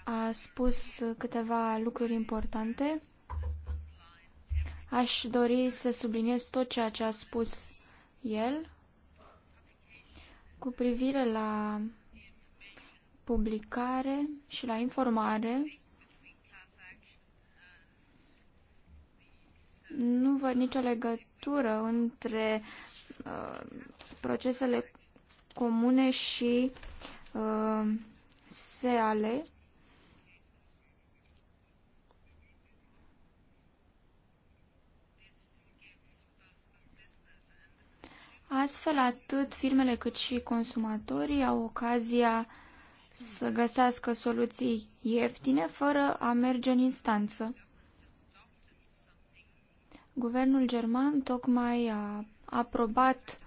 a spus câteva lucruri importante. Aș dori să subliniez tot ceea ce a spus el cu privire la publicare și la informare. Nu văd nicio legătură între uh, procesele comune și uh, SEALE. Astfel, atât firmele cât și consumatorii au ocazia să găsească soluții ieftine fără a merge în instanță. Guvernul german tocmai a aprobat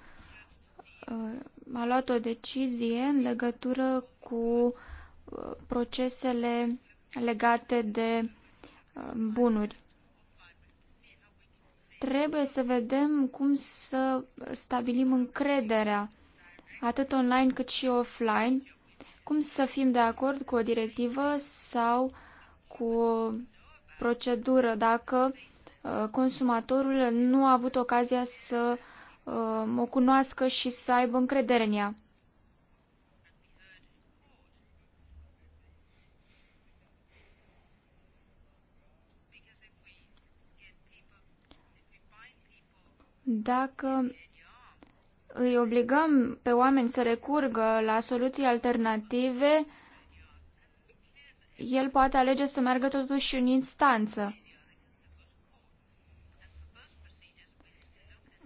Uh, a luat o decizie în legătură cu uh, procesele legate de uh, bunuri. Trebuie să vedem cum să stabilim încrederea, atât online cât și offline, cum să fim de acord cu o directivă sau cu o procedură dacă consumatorul nu a avut ocazia să uh, Uh, o cunoască și să aibă încredere în ea. Dacă îi obligăm pe oameni să recurgă la soluții alternative, el poate alege să meargă totuși în instanță.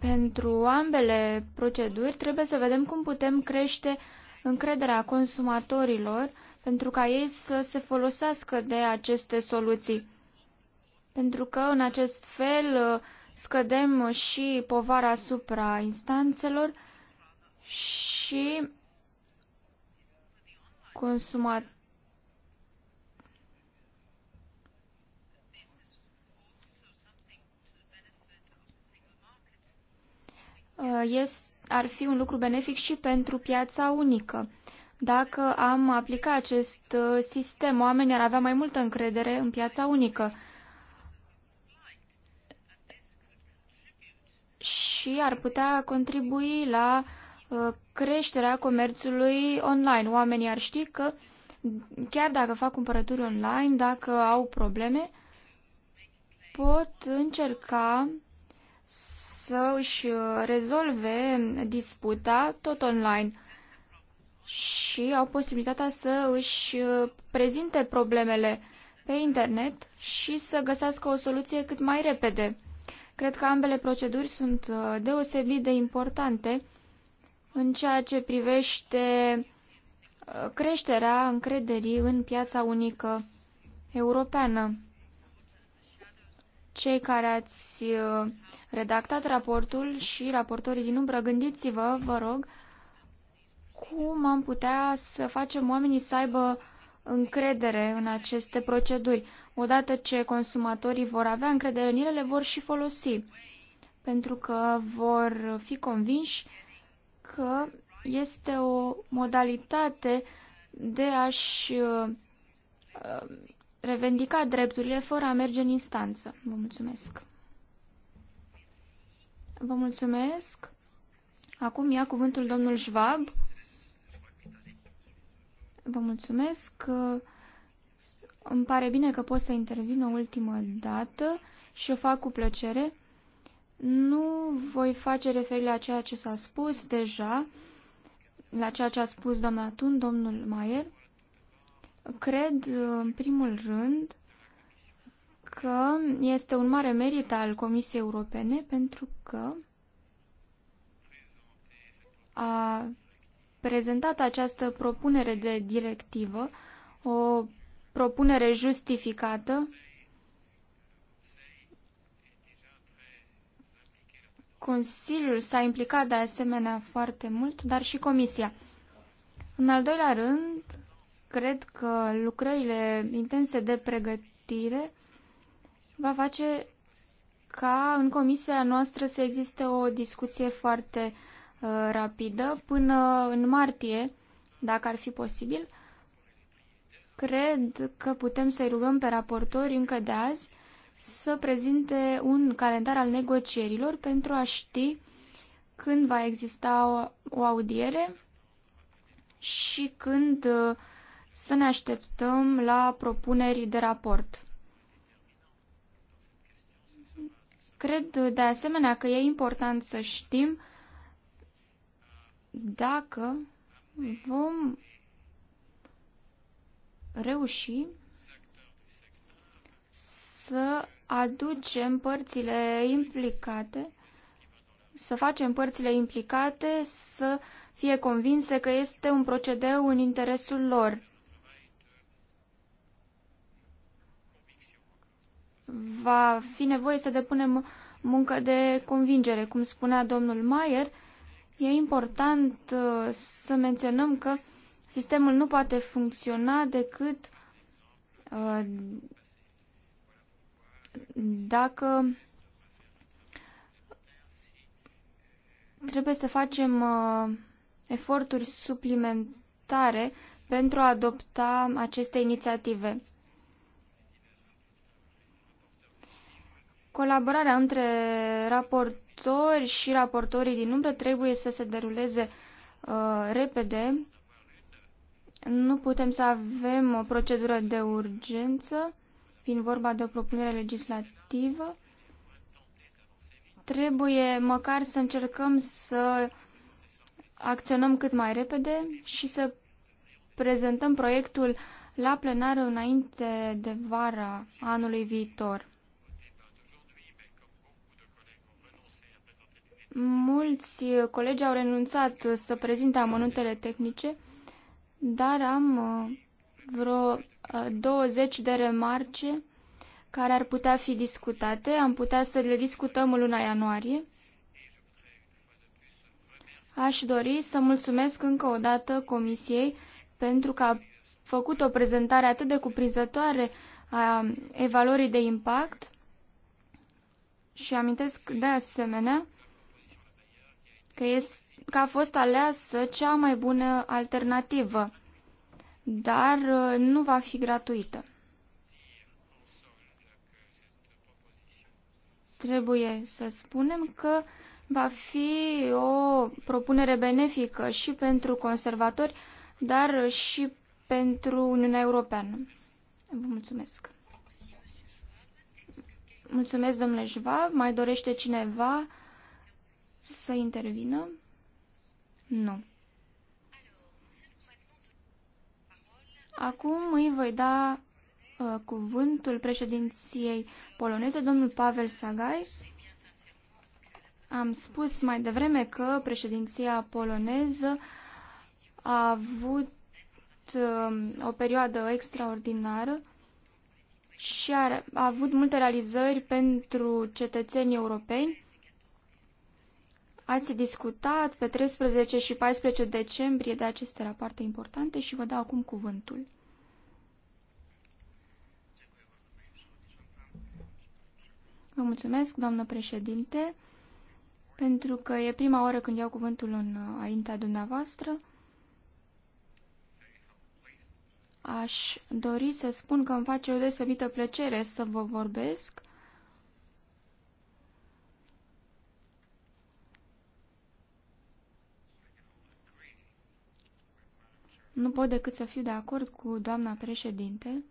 Pentru ambele proceduri trebuie să vedem cum putem crește încrederea consumatorilor pentru ca ei să se folosească de aceste soluții. Pentru că în acest fel scădem și povara asupra instanțelor și consumatorilor. Uh, ar fi un lucru benefic și pentru piața unică. Dacă am aplica acest uh, sistem, oamenii ar avea mai multă încredere în piața unică. Și ar putea contribui la uh, creșterea comerțului online. Oamenii ar ști că chiar dacă fac cumpărături online, dacă au probleme, pot încerca să își uh, rezolve disputa tot online și au posibilitatea să își uh, prezinte problemele pe internet și să găsească o soluție cât mai repede. Cred că ambele proceduri sunt uh, deosebit de importante în ceea ce privește creșterea încrederii în piața unică europeană cei care ați uh, redactat raportul și raportorii din umbră, gândiți-vă, vă rog, cum am putea să facem oamenii să aibă încredere în aceste proceduri. Odată ce consumatorii vor avea încredere în ele, le vor și folosi, pentru că vor fi convinși că este o modalitate de a-și uh, revendica drepturile fără a merge în instanță. Vă mulțumesc. Vă mulțumesc. Acum ia cuvântul domnul Schwab. Vă mulțumesc. Îmi pare bine că pot să intervin o ultimă dată și o fac cu plăcere. Nu voi face referire la ceea ce s-a spus deja, la ceea ce a spus doamna Tun, domnul Maier. Cred, în primul rând, că este un mare merit al Comisiei Europene pentru că a prezentat această propunere de directivă, o propunere justificată, Consiliul s-a implicat de asemenea foarte mult, dar și Comisia. În al doilea rând, cred că lucrările intense de pregătire va face ca în comisia noastră să existe o discuție foarte uh, rapidă până în martie, dacă ar fi posibil. Cred că putem să-i rugăm pe raportori încă de azi să prezinte un calendar al negocierilor pentru a ști când va exista o, o audiere și când uh, să ne așteptăm la propuneri de raport. Cred de asemenea că e important să știm dacă vom reuși să aducem părțile implicate, să facem părțile implicate să fie convinse că este un procedeu în interesul lor. va fi nevoie să depunem muncă de convingere. Cum spunea domnul Mayer, e important uh, să menționăm că sistemul nu poate funcționa decât uh, dacă trebuie să facem uh, eforturi suplimentare pentru a adopta aceste inițiative. Colaborarea între raportori și raportorii din umbră trebuie să se deruleze uh, repede. Nu putem să avem o procedură de urgență, fiind vorba de o propunere legislativă. Trebuie măcar să încercăm să acționăm cât mai repede și să prezentăm proiectul la plenară înainte de vara anului viitor. Mulți colegi au renunțat să prezinte amănuntele tehnice, dar am uh, vreo 20 uh, de remarce care ar putea fi discutate. Am putea să le discutăm în luna ianuarie. Aș dori să mulțumesc încă o dată Comisiei pentru că a făcut o prezentare atât de cuprinzătoare a evaluării de impact și amintesc de asemenea că, este, că a fost aleasă cea mai bună alternativă, dar uh, nu va fi gratuită. Trebuie să spunem că va fi o propunere benefică și pentru conservatori, dar și pentru Uniunea Europeană. Vă mulțumesc. Mulțumesc, domnule Schwab. Mai dorește cineva să intervină? Nu. Acum îi voi da uh, cuvântul președinției poloneze, domnul Pavel Sagai. Am spus mai devreme că președinția poloneză a avut uh, o perioadă extraordinară și a, a avut multe realizări pentru cetățenii europeni Ați discutat pe 13 și 14 decembrie de aceste rapoarte importante și vă dau acum cuvântul. Vă mulțumesc, doamnă președinte, pentru că e prima oară când iau cuvântul în uh, aintea dumneavoastră. Aș dori să spun că îmi face o deosebită plăcere să vă vorbesc Nu pot decât să fiu de acord cu doamna președinte.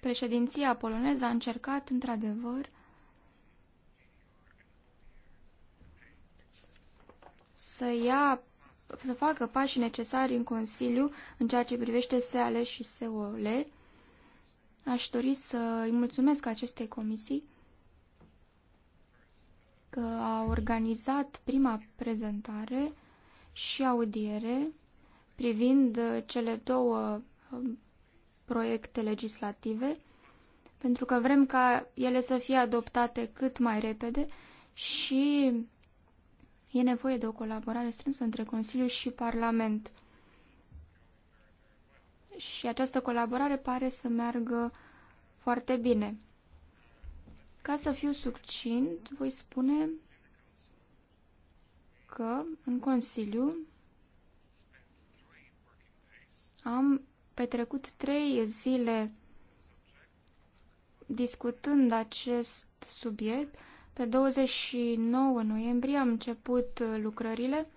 Președinția poloneză a încercat, într-adevăr, să ia, să facă pașii necesari în Consiliu în ceea ce privește SEALE și SEOLE. Aș dori să îi mulțumesc acestei comisii că a organizat prima prezentare și audiere privind uh, cele două um, proiecte legislative, pentru că vrem ca ele să fie adoptate cât mai repede și e nevoie de o colaborare strânsă între Consiliu și Parlament. Și această colaborare pare să meargă foarte bine. Ca să fiu succint, voi spune că în Consiliu am petrecut trei zile discutând acest subiect. Pe 29 noiembrie am început lucrările,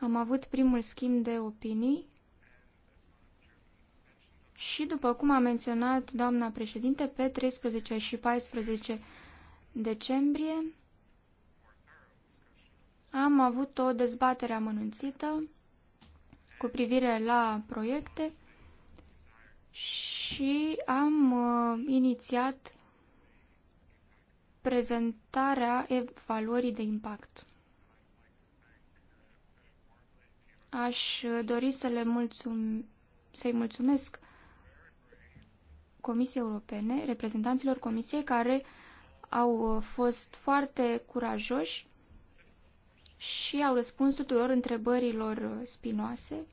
am avut primul schimb de opinii și, după cum a menționat doamna președinte, pe 13 și 14 decembrie am avut o dezbatere amănunțită cu privire la proiecte și am uh, inițiat prezentarea evaluării de impact. Aș dori să le mulțum, să-i mulțumesc Comisiei Europene, reprezentanților Comisiei care au uh, fost foarte curajoși și au răspuns tuturor întrebărilor spinoase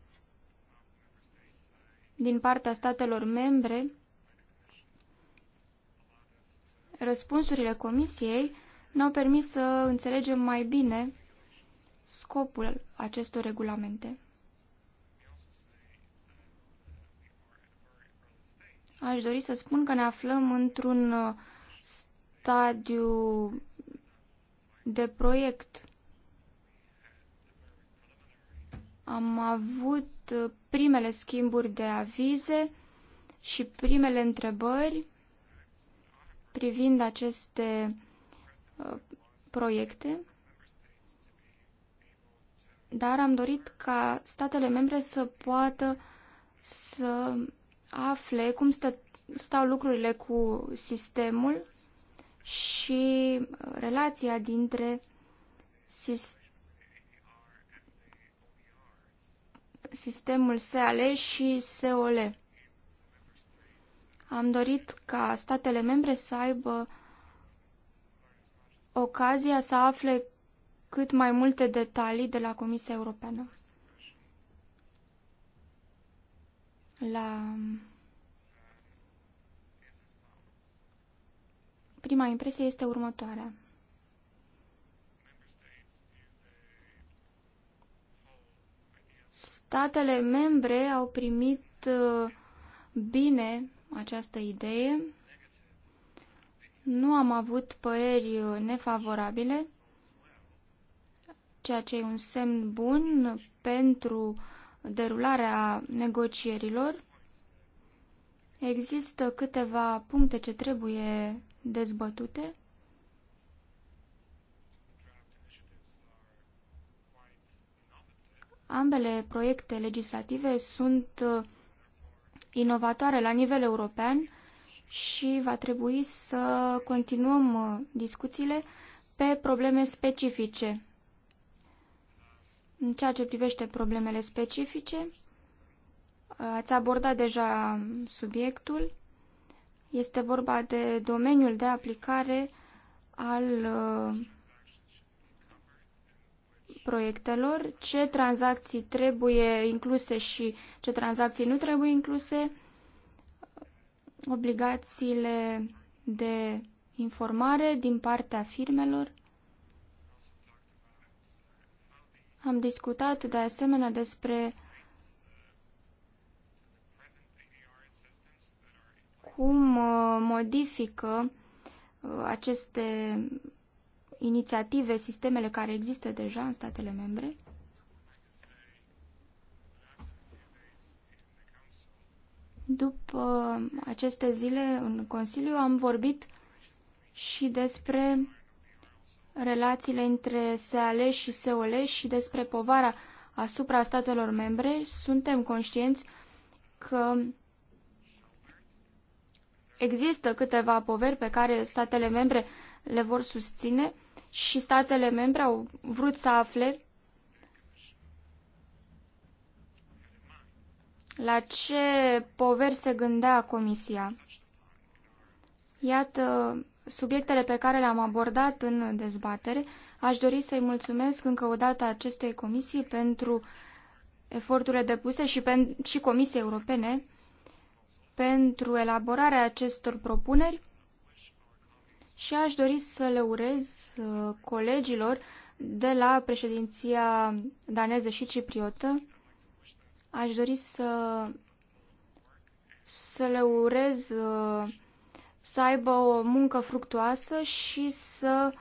din partea statelor membre. Răspunsurile Comisiei ne-au permis să înțelegem mai bine scopul acestor regulamente. Aș dori să spun că ne aflăm într-un uh, stadiu de proiect Am avut uh, primele schimburi de avize și primele întrebări privind aceste uh, proiecte, dar am dorit ca statele membre să poată să afle cum stă, stau lucrurile cu sistemul și uh, relația dintre sistem sistemul SEALE și SEOLE. Am dorit ca statele membre să aibă ocazia să afle cât mai multe detalii de la Comisia Europeană. La prima impresie este următoarea. Statele membre au primit uh, bine această idee. Nu am avut păreri uh, nefavorabile, ceea ce e un semn bun pentru derularea negocierilor. Există câteva puncte ce trebuie dezbătute. Ambele proiecte legislative sunt uh, inovatoare la nivel european și va trebui să continuăm uh, discuțiile pe probleme specifice. În ceea ce privește problemele specifice, ați abordat deja subiectul. Este vorba de domeniul de aplicare al uh, proiectelor, ce tranzacții trebuie incluse și ce tranzacții nu trebuie incluse, obligațiile de informare din partea firmelor. Am discutat de asemenea despre cum uh, modifică uh, aceste inițiative, sistemele care există deja în statele membre? După aceste zile în Consiliu am vorbit și despre relațiile între SEALE și SEOLE și despre povara asupra statelor membre. Suntem conștienți că există câteva poveri pe care statele membre le vor susține și statele membre au vrut să afle la ce poveri se gândea Comisia. Iată subiectele pe care le-am abordat în dezbatere. Aș dori să-i mulțumesc încă o dată acestei comisii pentru eforturile depuse și, pen- și Comisiei Europene pentru elaborarea acestor propuneri și aș dori să le urez uh, colegilor de la președinția daneză și cipriotă. Aș dori să, să le urez uh, să aibă o muncă fructuoasă și să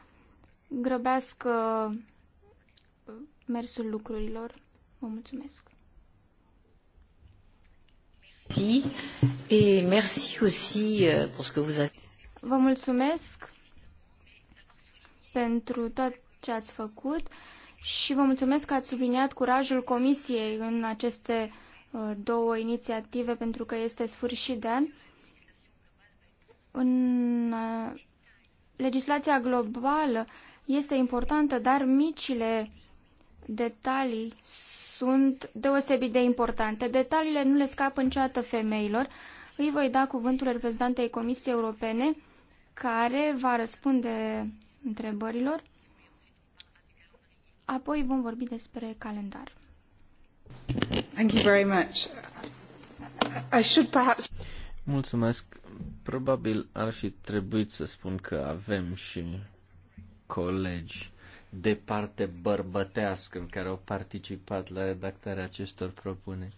grăbească mersul lucrurilor. Vă mulțumesc! Merci et merci aussi euh, pour ce que vous avez. Vă mulțumesc pentru tot ce ați făcut și vă mulțumesc că ați subliniat curajul Comisiei în aceste uh, două inițiative pentru că este sfârșit de an. În uh, legislația globală este importantă, dar micile detalii sunt deosebit de importante. Detaliile nu le scapă niciodată femeilor. Îi voi da cuvântul reprezentantei Comisiei Europene care va răspunde întrebărilor. Apoi vom vorbi despre calendar. Thank you very much. I should perhaps... Mulțumesc. Probabil ar fi trebuit să spun că avem și colegi de parte bărbătească care au participat la redactarea acestor propuneri.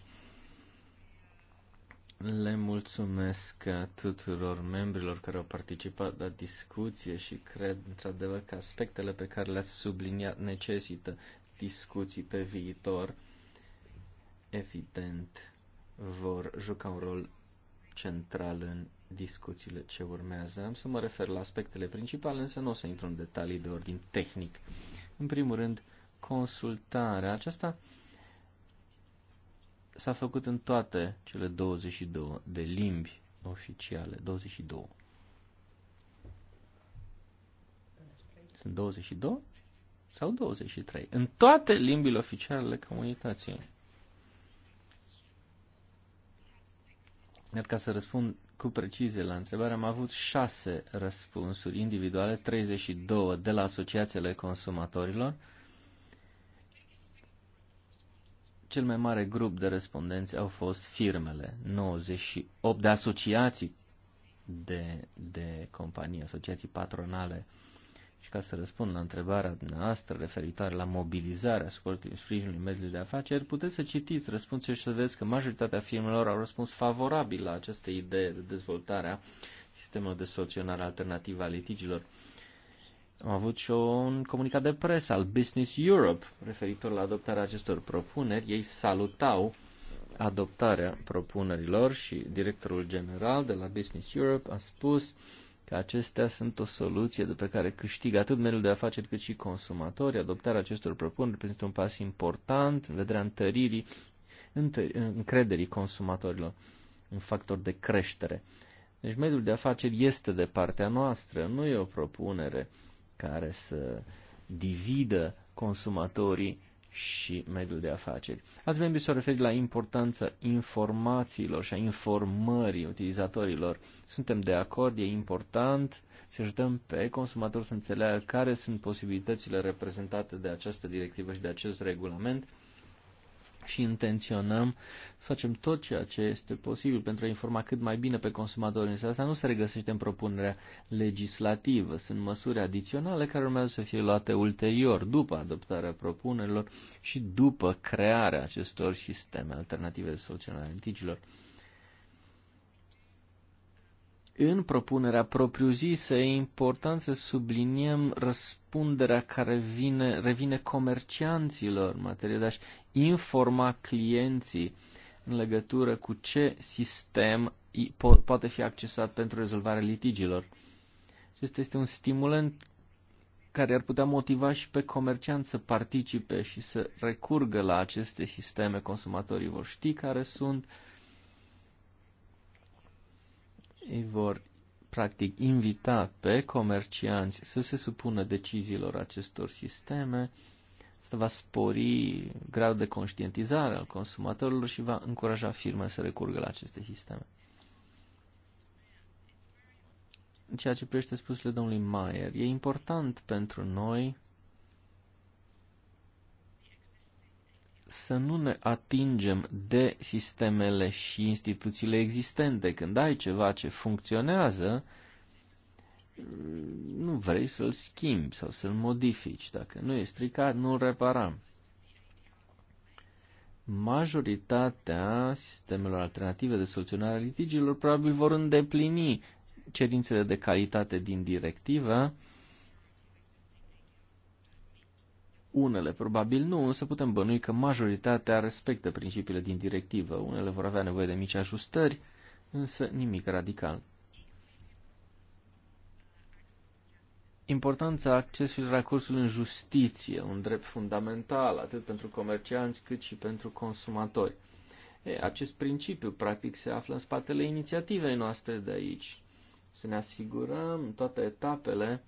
Le mulțumesc tuturor membrilor care au participat la discuție și cred într-adevăr că aspectele pe care le-ați subliniat necesită discuții pe viitor. Evident, vor juca un rol central în discuțiile ce urmează. Am să mă refer la aspectele principale, însă nu o să intru în detalii de ordin tehnic. În primul rând, consultarea. Aceasta s-a făcut în toate cele 22 de limbi oficiale, 22. Sunt 22 sau 23? În toate limbile oficiale ale comunității. Iar ca să răspund cu precizie la întrebare, am avut șase răspunsuri individuale, 32 de la asociațiile consumatorilor, cel mai mare grup de respondenți au fost firmele, 98 de asociații de, de companii, asociații patronale. Și ca să răspund la întrebarea dumneavoastră referitoare la mobilizarea sprijinului mediului de afaceri, puteți să citiți răspunsul și să vezi că majoritatea firmelor au răspuns favorabil la această idee de dezvoltare a de soluționare alternativă a litigilor. Am avut și un comunicat de presă al Business Europe referitor la adoptarea acestor propuneri. Ei salutau adoptarea propunerilor și directorul general de la Business Europe a spus că acestea sunt o soluție de pe care câștigă atât mediul de afaceri cât și consumatorii. Adoptarea acestor propuneri reprezintă un pas important în vederea întăririi încrederii consumatorilor în factor de creștere. Deci mediul de afaceri este de partea noastră, nu e o propunere uh, care să dividă consumatorii și mediul de afaceri. Ați venit să referi la importanța informațiilor și a informării utilizatorilor. Suntem de acord, e important să ajutăm pe consumator să înțeleagă care sunt posibilitățile reprezentate de această directivă și de acest regulament și intenționăm să facem tot ceea ce este posibil pentru a informa cât mai bine pe consumatori. Însă asta nu se regăsește în propunerea legislativă. Sunt măsuri adiționale care urmează să fie luate ulterior, după adoptarea propunerilor și după crearea acestor sisteme alternative de soluționare litigilor. În propunerea propriu-zisă e important să subliniem răspunderea care vine, revine comercianților în materie de a informa clienții în legătură cu ce sistem po- poate fi accesat pentru rezolvarea litigilor. Acesta este un stimulant care ar putea motiva și pe comercianți să participe și să recurgă la aceste sisteme. Consumatorii vor ști care sunt, ei vor practic invita pe comercianți să se supună deciziilor acestor sisteme, asta va spori gradul de conștientizare al consumatorilor și va încuraja firme să recurgă la aceste sisteme. În ceea ce privește spusele domnului Mayer, e important pentru noi să nu ne atingem de sistemele și instituțiile existente. Când ai ceva ce funcționează, nu vrei să-l schimbi sau să-l modifici. Dacă nu e stricat, nu-l reparăm. Majoritatea sistemelor alternative de soluționare a litigiilor probabil vor îndeplini cerințele de calitate din directivă, Unele probabil nu, însă putem bănui că majoritatea respectă principiile din directivă. Unele vor avea nevoie de mici ajustări, însă nimic radical. Importanța accesului la cursul în justiție, un drept fundamental atât pentru comercianți cât și pentru consumatori. E, acest principiu, practic, se află în spatele inițiativei noastre de aici. Să ne asigurăm toate etapele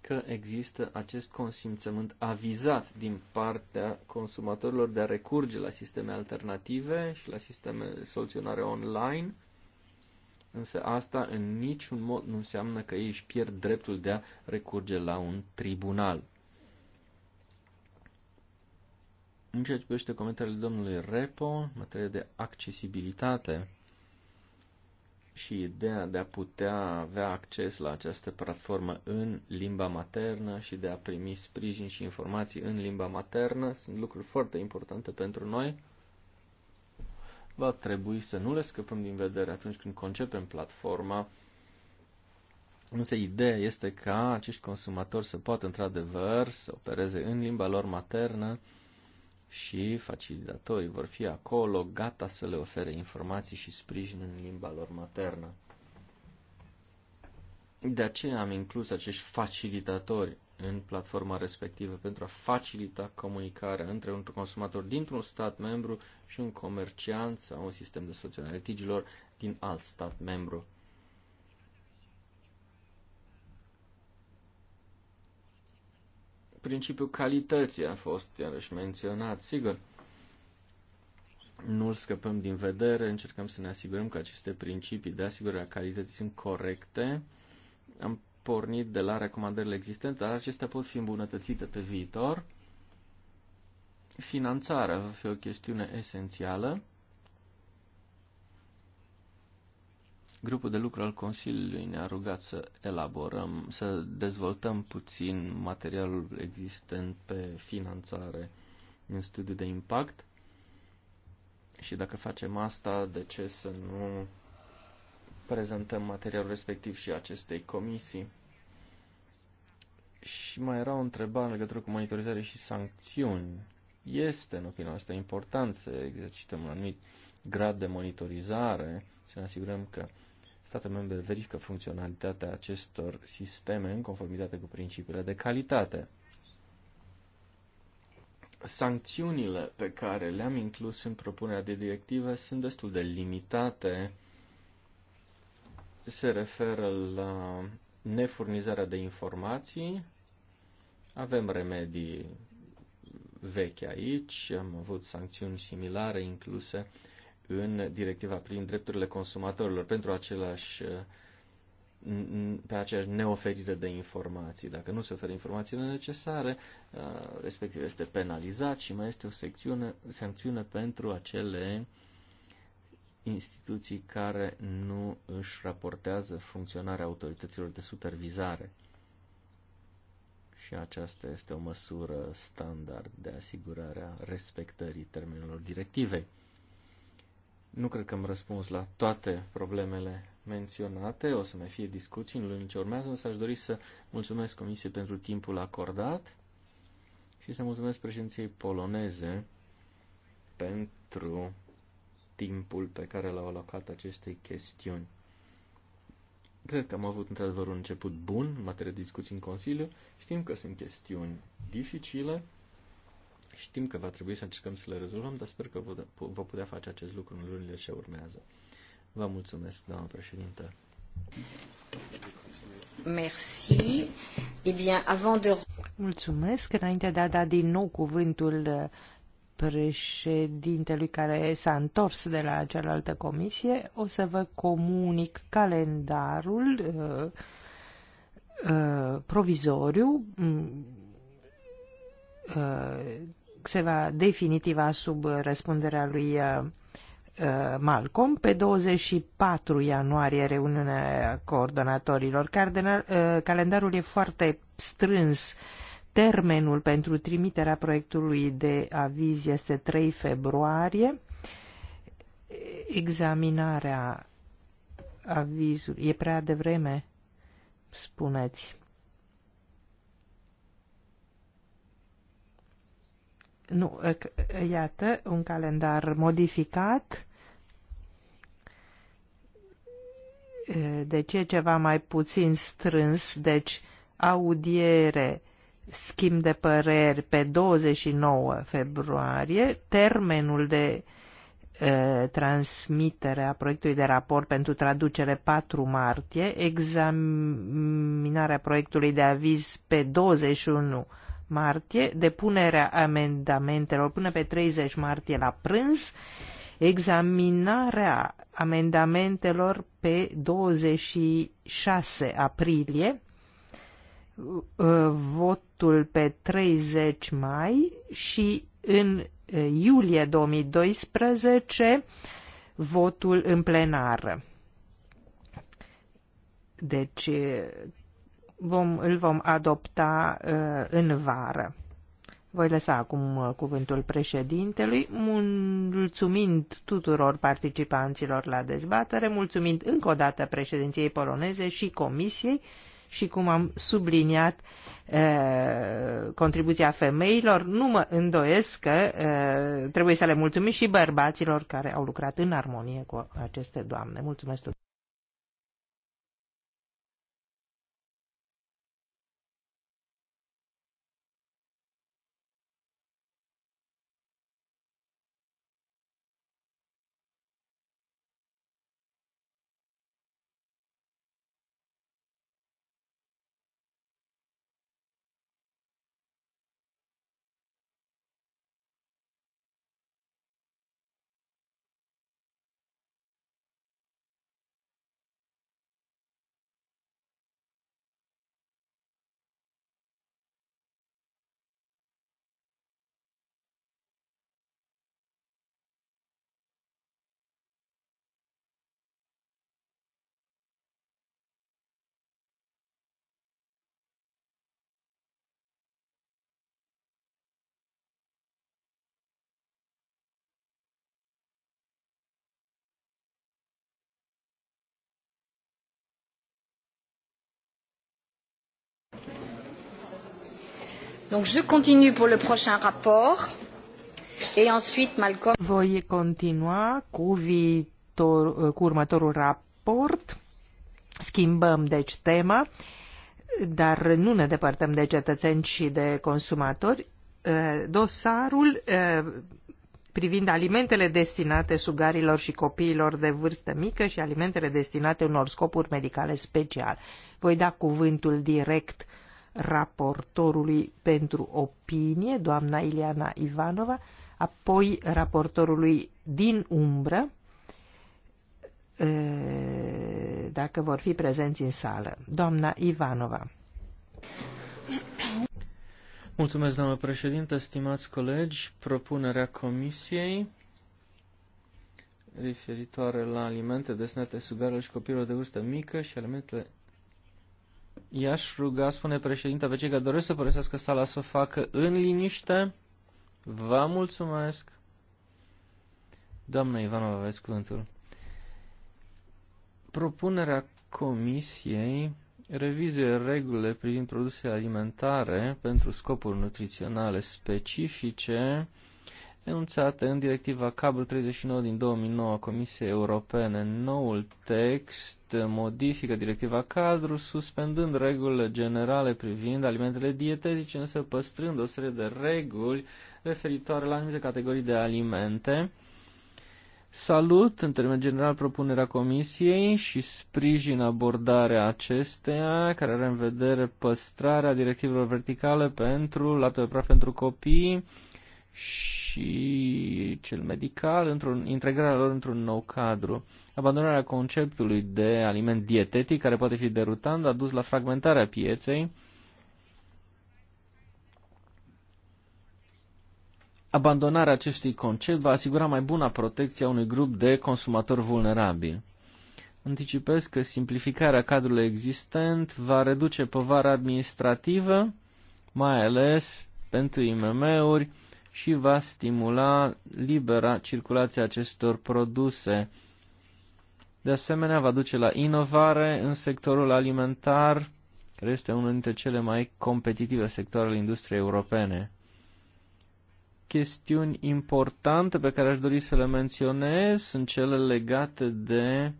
că există acest consimțământ avizat din partea consumatorilor de a recurge la sisteme alternative și la sisteme de soluționare online, însă asta în niciun mod nu înseamnă că ei își pierd dreptul de a recurge la un tribunal. În ceea ce privește comentariile domnului Repo, în materie de accesibilitate, și ideea de a putea avea acces la această platformă în limba maternă și de a primi sprijin și informații în limba maternă sunt lucruri foarte importante pentru noi. Va trebui să nu le scăpăm din vedere atunci când concepem platforma, însă ideea este ca acești consumatori să poată într-adevăr să opereze în limba lor maternă și facilitatorii vor fi acolo gata să le ofere informații și sprijin în limba lor maternă. De aceea am inclus acești facilitatori în platforma respectivă pentru a facilita comunicarea între un consumator dintr-un stat membru și un comerciant sau un sistem de soluționare litigilor din alt stat membru. Principiul calității a fost iarăși menționat, sigur. Nu îl scăpăm din vedere, încercăm să ne asigurăm că aceste principii de asigurare a calității sunt corecte. Am pornit de la recomandările existente, dar acestea pot fi îmbunătățite pe viitor. Finanțarea va fi o chestiune esențială. Grupul de lucru al Consiliului ne-a rugat să elaborăm, să dezvoltăm puțin materialul existent pe finanțare în studiu de impact și dacă facem asta, de ce să nu prezentăm materialul respectiv și acestei comisii? Și mai era o întrebare în legătură cu monitorizare și sancțiuni. Este, în opinia noastră, important să exercităm un anumit grad de monitorizare, să ne asigurăm că Statele membre verifică funcționalitatea acestor sisteme în conformitate cu principiile de calitate. Sancțiunile pe care le-am inclus în propunerea de directivă sunt destul de limitate. Se referă la nefurnizarea de informații. Avem remedii vechi aici, am avut sancțiuni similare incluse în directiva prin drepturile consumatorilor pentru același uh, pe aceeași neoferire de informații. Dacă nu se oferă informațiile necesare, uh, respectiv este penalizat și mai este o secțiune, sancțiune pentru acele instituții care nu își raportează funcționarea autorităților de supervizare. Și aceasta este o măsură standard de asigurare a respectării termenelor directivei. Nu cred că am răspuns la toate problemele menționate, o să mai fie discuții în luni ce urmează, însă aș dori să mulțumesc Comisiei pentru timpul acordat și să mulțumesc președinției poloneze pentru timpul pe care l-au alocat acestei chestiuni. Cred că am avut într-adevăr un început bun în materie de discuții în Consiliu. Știm că sunt chestiuni dificile, Știm că va trebui să încercăm să le rezolvăm, dar sper că vă putea face acest lucru în lunile ce urmează. Vă mulțumesc, doamnă președintă. Merci. Eh bien, avant de... Mulțumesc. Înainte de a da din nou cuvântul eh, președintelui care s-a întors de la cealaltă comisie, o să vă comunic calendarul uh, uh, provizoriu uh, se va definitiva sub răspunderea lui uh, uh, Malcolm. Pe 24 ianuarie reuniunea coordonatorilor. Cardinal, uh, calendarul e foarte strâns. Termenul pentru trimiterea proiectului de aviz este 3 februarie. Examinarea avizului e prea devreme, spuneți. Nu, iată, un calendar modificat. Deci e ceva mai puțin strâns, deci audiere, schimb de păreri pe 29 februarie, termenul de transmitere a proiectului de raport pentru traducere 4 martie, examinarea proiectului de aviz pe 21 martie, depunerea amendamentelor până pe 30 martie la prânz, examinarea amendamentelor pe 26 aprilie, uh, votul pe 30 mai și în uh, iulie 2012 votul în plenară. Deci vom, îl vom adopta uh, în vară. Voi lăsa acum uh, cuvântul președintelui, mulțumind tuturor participanților la dezbatere, mulțumind încă o dată președinției poloneze și comisiei și cum am subliniat e, uh, contribuția femeilor, nu mă îndoiesc că e, trebuie să le mulțumim și bărbaților care au lucrat în armonie cu aceste doamne. Mulțumesc tuturor! Donc je continue pour le prochain rapport. Et ensuite, Malcolm... Voi continua cu, viitor, cu următorul raport. Schimbăm, deci, tema, dar nu ne depărtăm de cetățeni și de consumatori. Eh, dosarul eh, privind alimentele destinate sugarilor și copiilor de vârstă mică și alimentele destinate unor scopuri medicale speciale. Voi da cuvântul direct uh, raportorului pentru opinie, doamna Iliana Ivanova, apoi raportorului din umbră, dacă vor fi prezenți în sală. Doamna Ivanova. Mulțumesc, doamnă președintă, stimați colegi. Propunerea comisiei referitoare la alimente destinate sugarelor și copilor de vârstă mică și alimentele I-aș ruga, spune președinte pe cei care doresc să părăsească sala să o facă în liniște. Vă mulțumesc. Doamna Ivanova, aveți cuvântul. Propunerea comisiei revizuie regulile privind produsele alimentare pentru scopuri nutriționale specifice enunțate în directiva Cabru 39 din 2009 a Comisiei Europene. Noul text modifică directiva cadru, suspendând regulile generale privind alimentele dietetice, însă păstrând o serie de reguli referitoare la anumite categorii de alimente. Salut, în termen general, propunerea Comisiei și sprijin abordarea acesteia, care are în vedere păstrarea directivelor verticale pentru lapte praf pentru copii, și cel medical, într-un, integrarea lor într-un nou cadru. Abandonarea conceptului de aliment dietetic, care poate fi derutant, a dus la fragmentarea pieței, Abandonarea acestui concept va asigura mai bună a unui grup de consumatori vulnerabili. Anticipez că simplificarea cadrului existent va reduce povara administrativă, mai ales pentru IMM-uri, și va stimula libera circulația acestor produse. De asemenea, va duce la inovare în sectorul alimentar, care este unul dintre cele mai competitive sectoare ale industriei europene. Chestiuni importante pe care aș dori să le menționez sunt cele legate de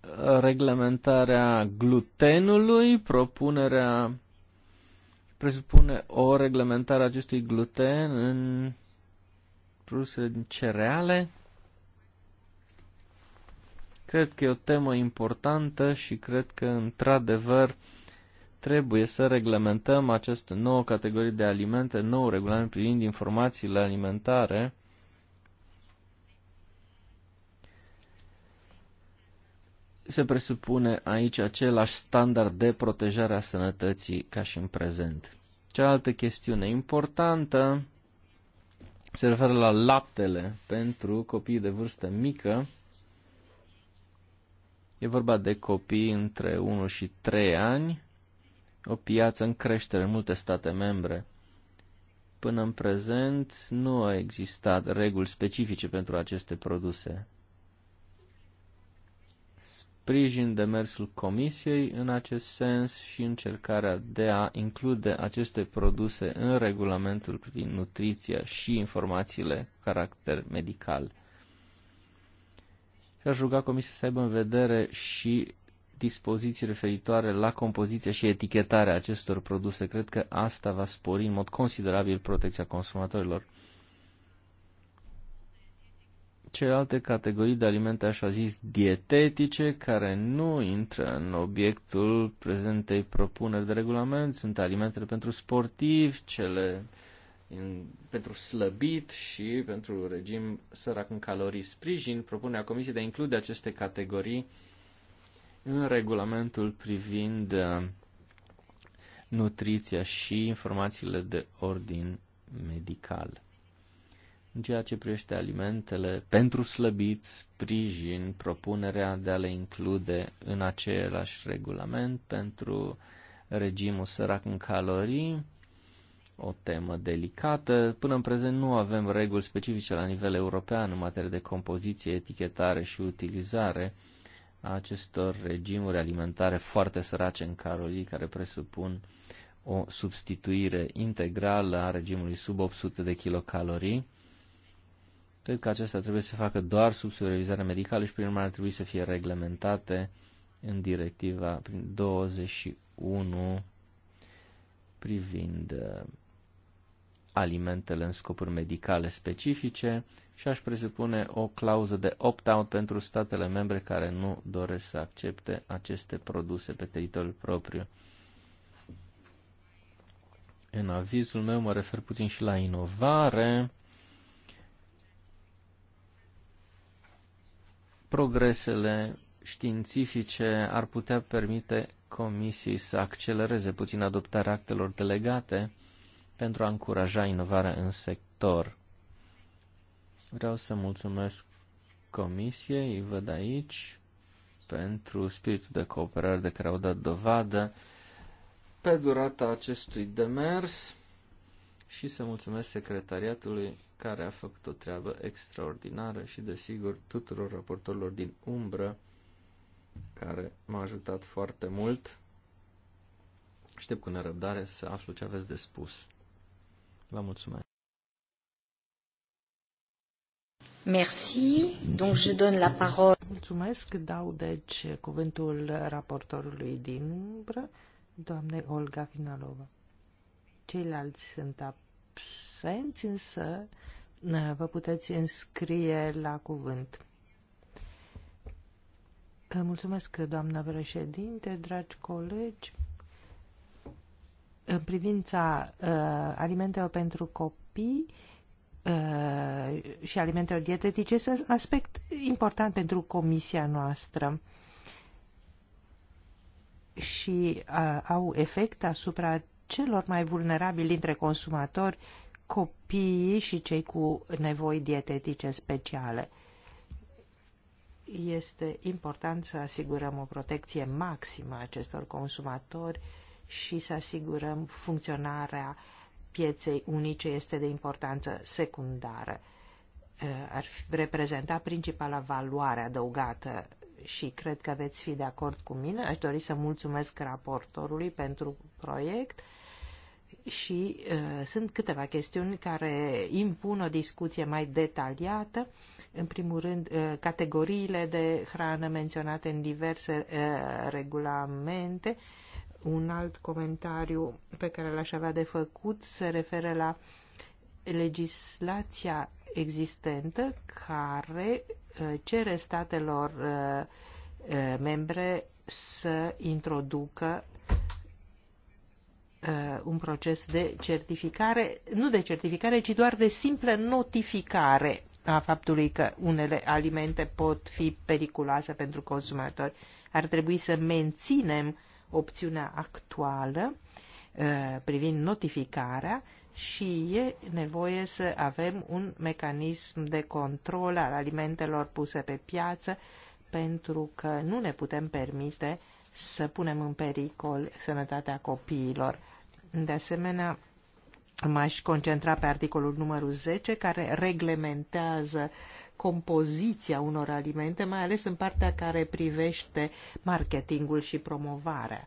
uh, reglementarea glutenului, propunerea presupune o reglementare a acestui gluten în produsele din cereale. Cred că e o temă importantă și cred că, într-adevăr, trebuie să reglementăm această nouă categorie de alimente, nou regulament privind informațiile alimentare, se presupune aici același standard de protejare a sănătății ca și în prezent. Cealaltă chestiune importantă se referă la laptele pentru copii de vârstă mică. E vorba de copii între 1 și 3 ani, o piață în creștere în multe state membre. Până în prezent nu au existat reguli specifice pentru aceste produse sprijin demersul Comisiei în acest sens și încercarea de a include aceste produse în regulamentul privind nutriția și informațiile cu caracter medical. Și aș ruga Comisia să aibă în vedere și dispoziții referitoare la compoziția și etichetarea acestor produse. Cred că asta va spori în mod considerabil protecția consumatorilor celelalte categorii de alimente, așa zis, dietetice, care nu intră în obiectul prezentei propuneri de regulament, sunt alimentele pentru sportivi, cele în, pentru slăbit și pentru regim sărac în calorii. Sprijin propunerea Comisiei de a include aceste categorii în regulamentul privind uh, nutriția și informațiile de ordin medical. În ceea ce privește alimentele pentru slăbiți, sprijin propunerea de a le include în același regulament pentru regimul sărac în calorii, o temă delicată. Până în prezent nu avem reguli specifice la nivel european în materie de compoziție, etichetare și utilizare a acestor regimuri alimentare foarte sărace în calorii, care presupun o substituire integrală a regimului sub 800 de kilocalorii Cred că acestea trebuie să se facă doar sub supervizare medicală și prin urmare ar trebui să fie reglementate în directiva prin 21 privind uh, alimentele în scopuri medicale specifice și aș presupune o clauză de opt-out pentru statele membre care nu doresc să accepte aceste produse pe teritoriul propriu. În avizul meu mă refer puțin și la inovare. progresele științifice ar putea permite Comisiei să accelereze puțin adoptarea actelor delegate pentru a încuraja inovarea în sector. Vreau să mulțumesc Comisiei, îi văd aici, pentru spiritul de cooperare de care au dat dovadă pe durata acestui demers și să mulțumesc secretariatului care a făcut o treabă extraordinară și, desigur, tuturor raportorilor din umbră care m-a ajutat foarte mult. Aștept cu nerăbdare să aflu ce aveți de spus. Vă mulțumesc. Merci. Donc je donne la parole. Mulțumesc. Dau deci cuvântul raportorului din umbră, doamne Olga Finalova. Ceilalți sunt absenți, însă vă puteți înscrie la cuvânt. Mulțumesc, doamna președinte, dragi colegi. În privința uh, alimentelor pentru copii uh, și alimentelor dietetice, este un aspect important pentru comisia noastră și uh, au efect asupra celor mai vulnerabili dintre consumatori, copiii și cei cu nevoi dietetice speciale. Este important să asigurăm o protecție maximă a acestor consumatori și să asigurăm funcționarea pieței unice este de importanță secundară. Eh, ar reprezenta principala valoare adăugată și cred că veți fi de acord cu mine. Aș dori să mulțumesc raportorului pentru proiect și uh, sunt câteva chestiuni care impun o discuție mai detaliată. În primul rând, uh, categoriile de hrană menționate în diverse uh, regulamente. Un alt comentariu pe care l-aș avea de făcut se referă la legislația existentă care uh, cere statelor uh, uh membre să introducă Uh, un proces de certificare, nu de certificare, ci doar de simplă notificare a faptului că unele alimente pot fi periculoase pentru consumatori. Ar trebui să menținem opțiunea actuală uh, privind notificarea și e nevoie să avem un mecanism de control al alimentelor puse pe piață pentru că nu ne putem permite să punem în pericol sănătatea copiilor de asemenea, m-aș concentra pe articolul numărul 10, care reglementează compoziția unor alimente, mai ales în partea care privește marketingul și promovarea.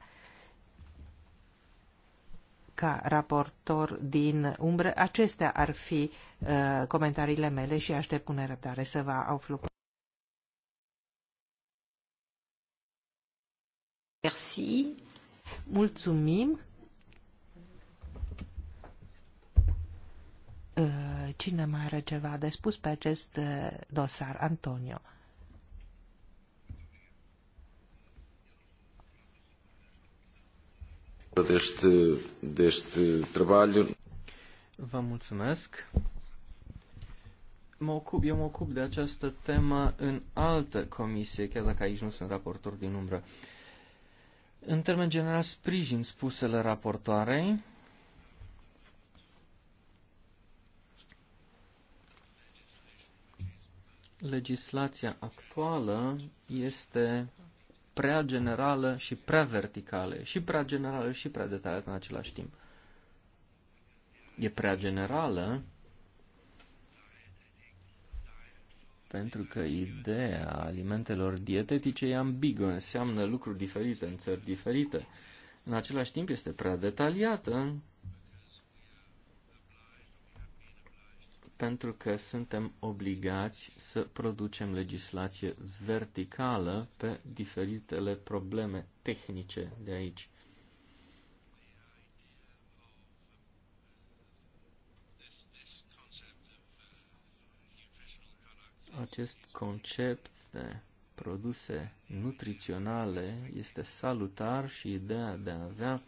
Ca raportor din umbră, acestea ar fi uh, comentariile mele și aștept cu nerăbdare să vă aflu. Merci. Mulțumim. Eh, cine mai are ceva de spus pe acest eh, dosar? Antonio. Deste, deste trabalho. Vă mulțumesc. Mă ocup, eu mă ocup de această temă în altă comisie, chiar dacă aici nu sunt raportor din umbră. În termen general, sprijin spusele raportoarei legislația actuală este prea generală și prea verticală, și prea generală și prea detaliată în același timp. E prea generală pentru că ideea alimentelor dietetice e ambigă, înseamnă lucruri diferite în țări diferite. În același timp este prea detaliată pentru că suntem obligați să producem legislație verticală pe diferitele probleme tehnice de aici. Acest concept de produse nutriționale este salutar și ideea de a avea uh,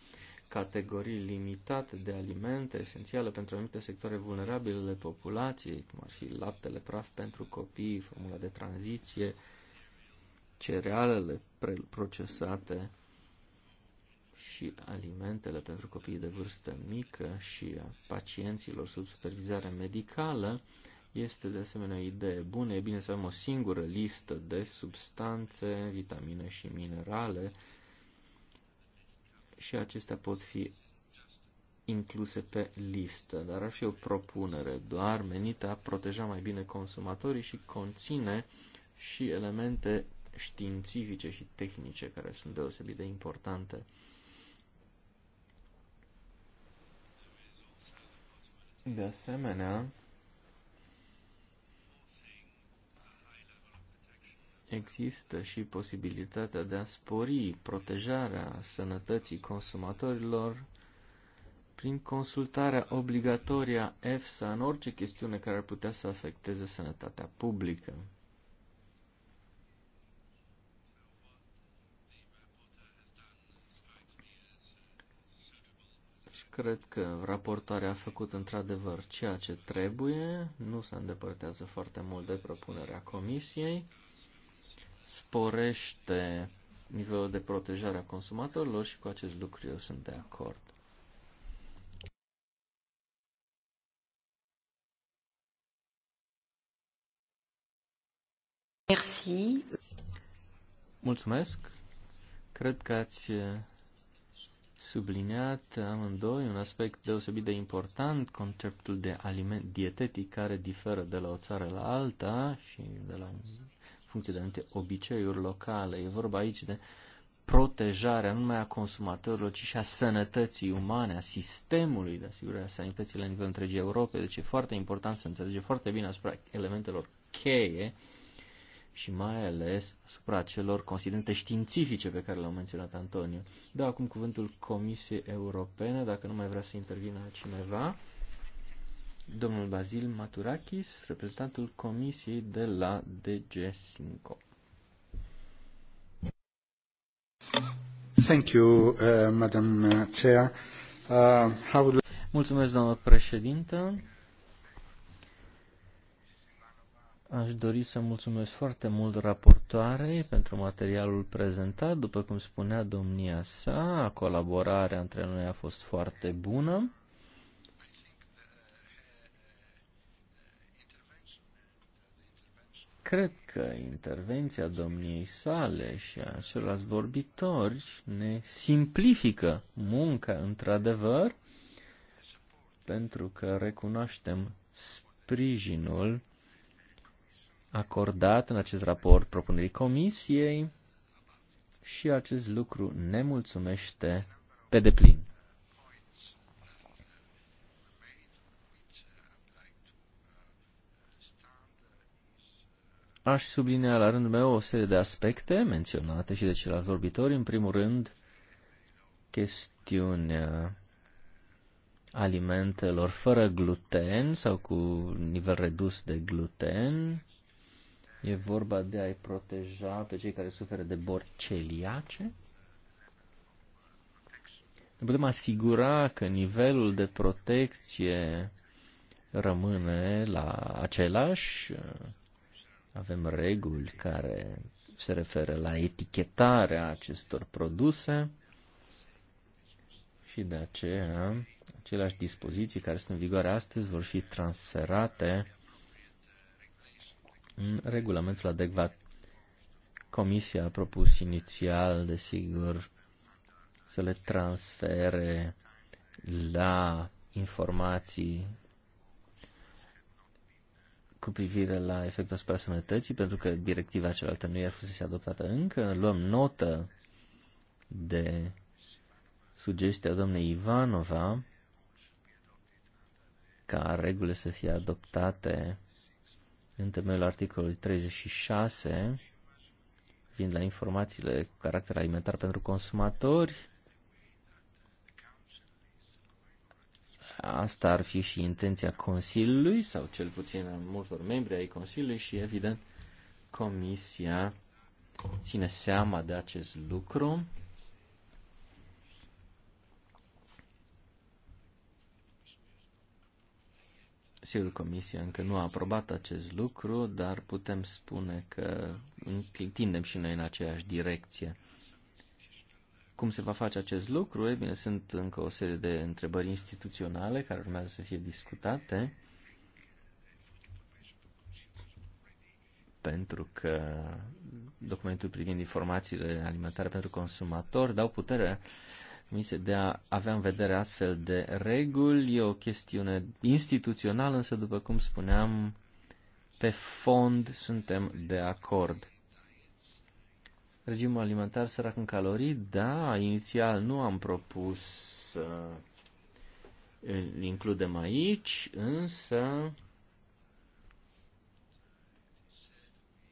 categorii limitate de alimente esențiale pentru anumite sectoare vulnerabile ale populației, cum ar fi laptele praf pentru copii, formula de tranziție, cerealele procesate și alimentele pentru copiii de vârstă mică și a pacienților sub supervizare medicală, este de asemenea o idee bună. E bine să avem o singură listă de substanțe, vitamine și minerale și acestea pot fi incluse pe listă, dar ar fi o propunere doar menită a proteja mai bine consumatorii și conține și elemente științifice și tehnice care sunt deosebit de importante. De asemenea, există și posibilitatea de a spori protejarea sănătății consumatorilor prin consultarea obligatorie a EFSA în orice chestiune care ar putea să afecteze sănătatea publică. cred că raportarea a făcut într-adevăr ceea ce trebuie, nu se îndepărtează foarte mult de propunerea comisiei sporește nivelul de protejare a consumatorilor și cu acest lucru eu sunt de acord. Merci. Mulțumesc. Cred că ați eh, subliniat amândoi un aspect deosebit de important, conceptul de aliment dietetic care diferă de la o țară la alta și de la un funcție de anumite obiceiuri locale. E vorba aici de protejarea nu numai a consumatorilor, ci și a sănătății umane, a sistemului de asigurare a sănătății la nivel întregii Europei. Deci e foarte important să înțelege foarte bine asupra elementelor cheie și mai ales asupra celor considerente științifice pe care le-au menționat Antonio. Da, acum cuvântul Comisiei Europene, dacă nu mai vrea să intervină cineva domnul Bazil Maturakis, reprezentantul Comisiei de la DG5. Thank you, uh, Madam Chair. Uh, how would... Mulțumesc, doamnă președintă. Aș dori să mulțumesc foarte mult raportoarei pentru materialul prezentat. După cum spunea domnia sa, colaborarea între noi a fost foarte bună. cred că intervenția domniei sale și a celorlalți vorbitori ne simplifică munca, într-adevăr, pentru că recunoaștem sprijinul acordat în acest raport propunerii comisiei și acest lucru ne mulțumește pe deplin. aș sublinea la rândul meu o serie de aspecte menționate și de ceilalți vorbitori. În primul rând, chestiunea uh, alimentelor fără gluten sau cu nivel redus de gluten. E vorba de a-i proteja pe cei care suferă de bori celiace. Ne putem asigura că nivelul de protecție rămâne la același uh, avem reguli care se referă la etichetarea acestor produse și de aceea aceleași dispoziții care sunt în vigoare astăzi vor fi transferate în regulamentul adecvat. Comisia a propus inițial, desigur, să le transfere la informații cu privire la efectul asupra sănătății, pentru că directiva cealaltă nu i-a era fost adoptată încă. Luăm notă de sugestia domnei Ivanova ca regulile să fie adoptate în temeiul articolului 36, fiind la informațiile cu caracter alimentar pentru consumatori, Asta ar fi și intenția Consiliului, sau cel puțin a multor membri ai Consiliului și, evident, Comisia ține seama de acest lucru. Sigur, Comisia încă nu a aprobat acest lucru, dar putem spune că tindem și noi în aceeași direcție. Cum se va face acest lucru? E bine, sunt încă o serie de întrebări instituționale care urmează să fie discutate. Pentru că documentul privind informațiile alimentare pentru consumator dau putere comisie de a avea în vedere astfel de reguli. E o chestiune instituțională, însă, după cum spuneam, pe fond suntem de acord regimul alimentar sărac în calorii, da, inițial nu am propus să îl includem aici, însă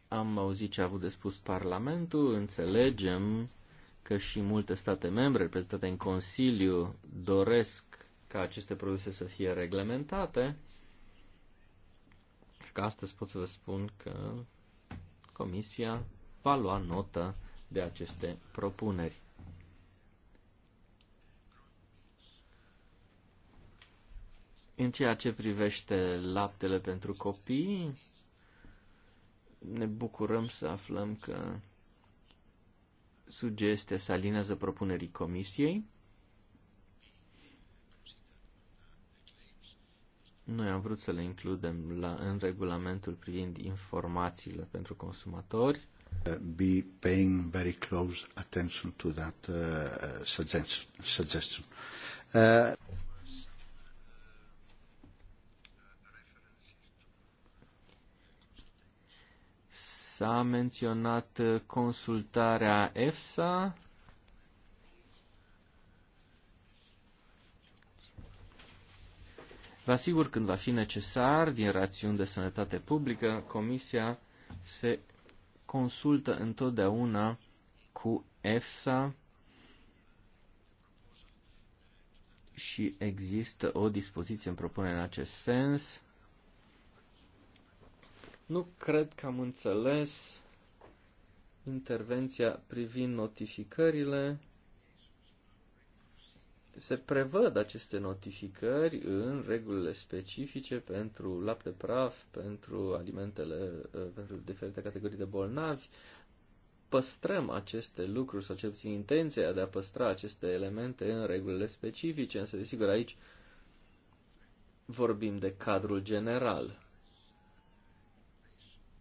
am auzit ce a avut de spus Parlamentul, înțelegem că și multe state membre reprezentate în Consiliu doresc ca aceste produse să fie reglementate. Ca astăzi pot să vă spun că Comisia va lua notă de aceste propuneri. În ceea ce privește laptele pentru copii, ne bucurăm să aflăm că sugestia se alinează propunerii comisiei. Noi am vrut să le includem la, în regulamentul privind informațiile pentru consumatori. Uh, be paying very close attention to that uh, uh suggestion. Uh... S-a menționat uh, consultarea EFSA. Vă asigur, când va fi necesar, din rațiuni de sănătate publică, Comisia se consultă întotdeauna cu EFSA și există o dispoziție în propunere în acest sens. Nu cred că am înțeles intervenția privind notificările se prevăd aceste notificări în regulile specifice pentru lapte praf, pentru alimentele, eh, pentru diferite categorii de bolnavi. Păstrăm aceste lucruri, sau cel puțin intenția de a păstra aceste elemente în regulile specifice, însă, desigur, aici vorbim de cadrul general.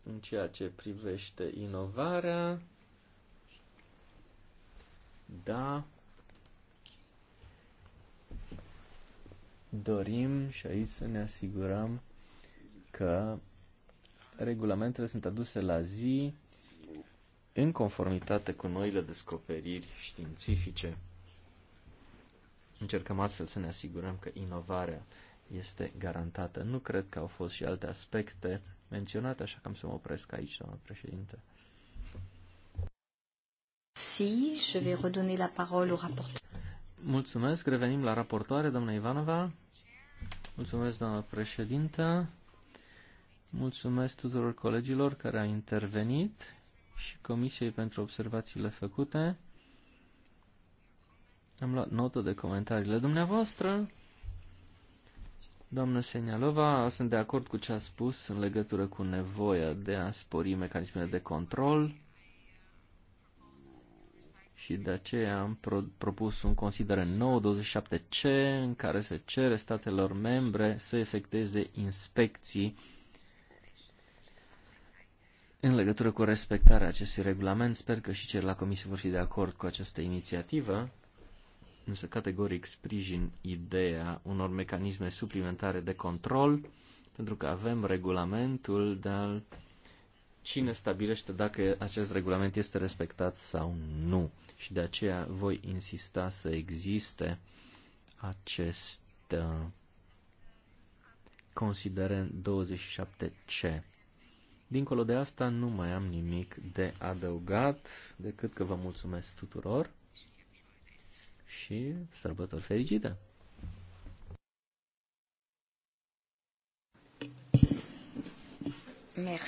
În ceea ce privește inovarea, da, dorim și aici să ne asigurăm că regulamentele sunt aduse la zi în conformitate cu noile descoperiri științifice. Încercăm astfel să ne asigurăm că inovarea este garantată. Nu cred că au fost și alte aspecte menționate, așa că am să mă opresc aici, doamnă președinte. Si, je vais redonner la parole au rapporteur. Mulțumesc. Revenim la raportoare, doamna Ivanova. Mulțumesc, doamna președintă. Mulțumesc tuturor colegilor care au intervenit și Comisiei pentru observațiile făcute. Am luat notă de comentariile dumneavoastră. Doamnă Senialova, sunt de acord cu ce a spus în legătură cu nevoia de a spori mecanismele de control și de aceea am pro- propus un considerent 927C în care se cere statelor membre să efecteze inspecții în legătură cu respectarea acestui regulament. Sper că și cer la comisie vor fi de acord cu această inițiativă, însă categoric sprijin ideea unor mecanisme suplimentare de control, pentru că avem regulamentul, dar cine stabilește dacă acest regulament este respectat sau nu și de aceea voi insista să existe acest uh, considerent 27C. Dincolo de asta nu mai am nimic de adăugat decât că vă mulțumesc tuturor și sărbători fericite! Merci.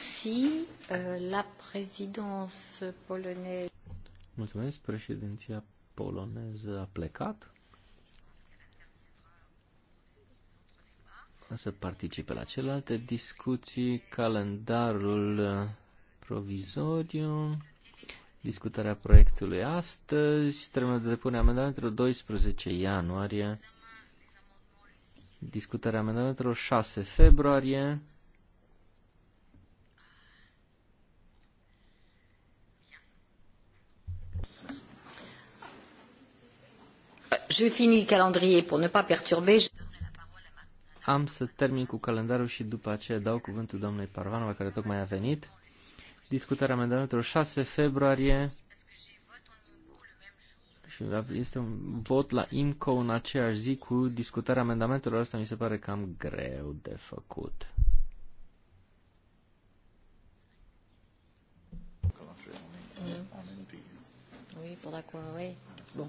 Euh, la présidence polonaise. Mulțumesc, președinția poloneză a plecat. O să participe la celelalte discuții, calendarul uh, provizoriu, discutarea proiectului astăzi, termenul de depunere amendamentelor 12 ianuarie, discutarea amendamentelor 6 februarie, Je finis le calendrier pour ne pas perturber. Am să termin cu calendarul și după aceea dau cuvântul doamnei Parvanova, care tocmai a venit. Discutarea amendamentelor 6 februarie și este un vot la IMCO în aceeași zi cu discutarea amendamentelor. Asta mi se pare cam greu de făcut. Mm. Oui, la quoi, oui. Bon.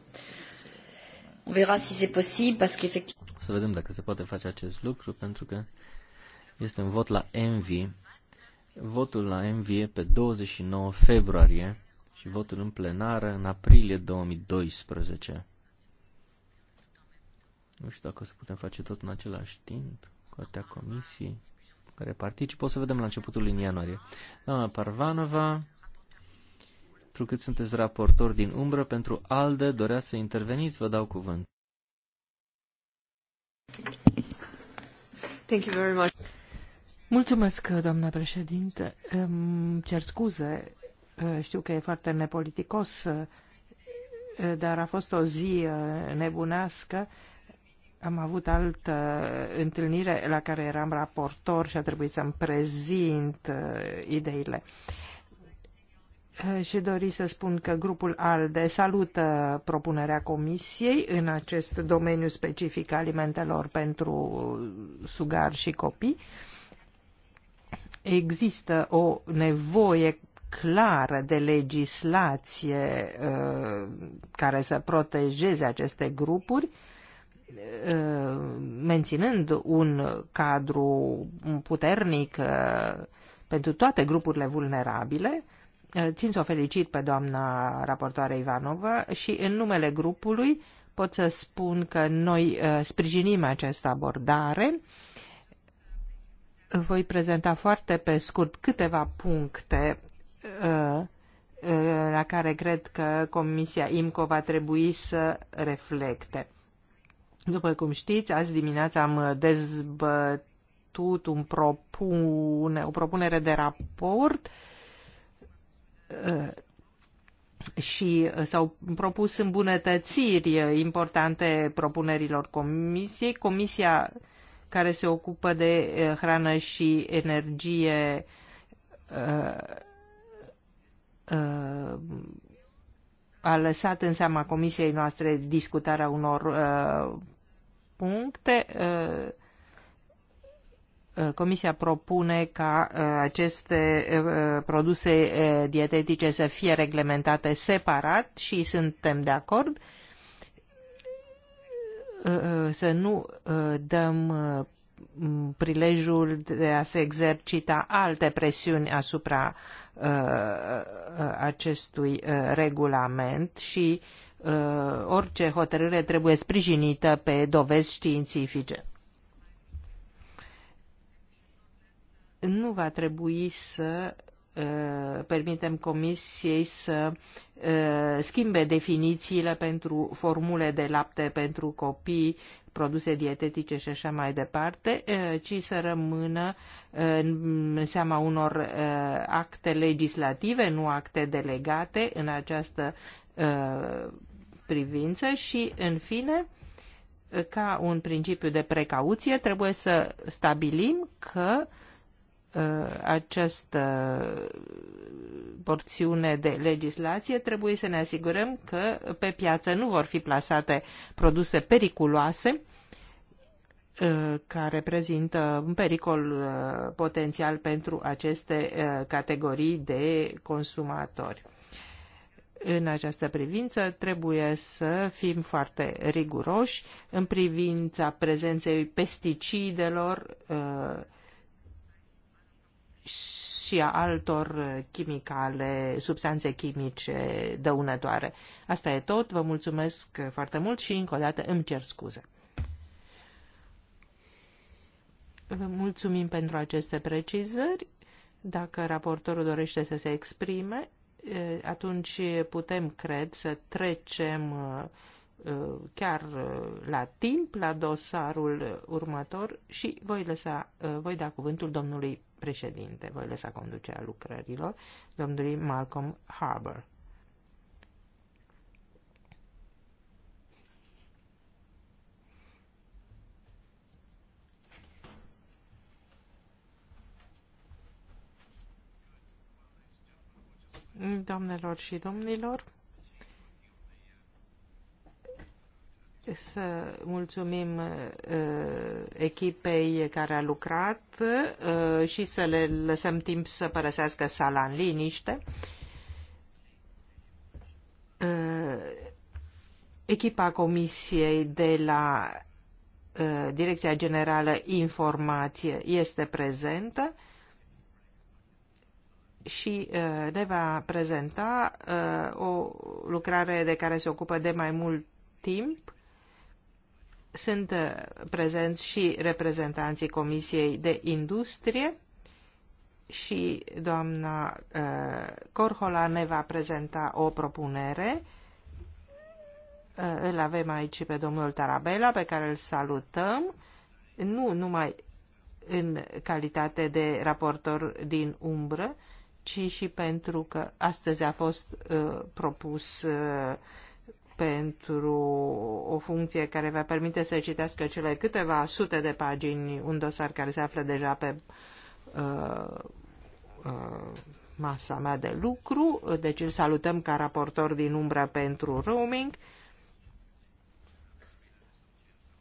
On verra si c'est possible, parce qu'effectivement... Să vedem dacă se poate face acest lucru, pentru că este un vot la MV. Votul la MV e pe 29 februarie și votul în plenară în aprilie 2012. Nu știu dacă o să putem face tot în același timp, cu atâtea comisii care participă. O să vedem la începutul lui ianuarie. Doamna Parvanova, nostru, cât sunteți raportori din umbră pentru ALDE, doreați să interveniți, vă dau cuvânt. Thank you very much. Mulțumesc, doamna președinte. cer scuze, știu că e foarte nepoliticos, dar a fost o zi nebunească. Am avut altă întâlnire la care eram raportor și a trebuit să-mi prezint uh, ideile. Uh, Eh, și dori să spun că grupul ALDE salută propunerea Comisiei în acest domeniu specific alimentelor pentru sugari și copii. Există o nevoie clară de legislație uh, care să protejeze aceste grupuri, eh, menținând un cadru puternic pentru toate grupurile vulnerabile, Eh, țin să o felicit pe doamna raportoare Ivanova și în numele grupului pot să spun că noi eh, sprijinim această abordare. Voi prezenta foarte pe scurt câteva puncte eh, la care cred că Comisia IMCO va trebui să reflecte. După cum știți, azi dimineața am dezbătut un propune, o propunere de raport uh, Uh, și s-au propus îmbunătățiri importante propunerilor comisiei. Comisia care se ocupă de uh, hrană și energie uh, a lăsat în seama comisiei noastre discutarea unor puncte Uh, Comisia propune ca uh, aceste uh, produse dietetice să fie reglementate separat și suntem de acord să nu dăm prilejul de a se exercita alte presiuni asupra acestui regulament și orice hotărâre trebuie sprijinită pe dovezi științifice. nu va trebui să uh, permitem comisiei să uh, schimbe definițiile pentru formule de lapte pentru copii, produse dietetice și așa mai departe, uh, ci să rămână în seama unor acte legislative, nu acte delegate în această privință și, în fine, ca un principiu de precauție, trebuie să stabilim că uh, Uh, această porțiune de legislație, trebuie să ne asigurăm că pe piață nu vor fi plasate produse periculoase uh, care prezintă un pericol uh, potențial pentru aceste categorii de consumatori. În această privință trebuie să fim foarte riguroși în privința prezenței pesticidelor, și a altor chimicale, substanțe chimice dăunătoare. Asta e tot, vă mulțumesc foarte mult și încă o dată îmi cer scuze. Vă mulțumim pentru aceste precizări. Dacă raportorul dorește să se exprime, atunci putem, cred, să trecem chiar la timp la dosarul următor și voi, lăsa, voi da cuvântul domnului președinte, voi lăsa conducerea lucrărilor, domnului Malcolm Harbour. Doamnelor și domnilor, să mulțumim uh, echipei care a lucrat uh, și să le lăsăm timp să părăsească sala în liniște. Uh, echipa Comisiei de la Direcția Generală Informație este prezentă și ne va prezenta o lucrare de care se ocupă de mai mult timp sunt uh, prezenți și reprezentanții Comisiei de Industrie și doamna uh, Corhola ne va prezenta o propunere. Uh, îl avem aici pe domnul Tarabela, pe care îl salutăm, nu numai în calitate de raportor din umbră, ci și pentru că astăzi a fost uh, propus uh, pentru o funcție care va permite să citească cele câteva sute de pagini, un dosar care se află deja pe uh, uh, masa mea de lucru, deci îl salutăm ca raportor din umbră pentru roaming.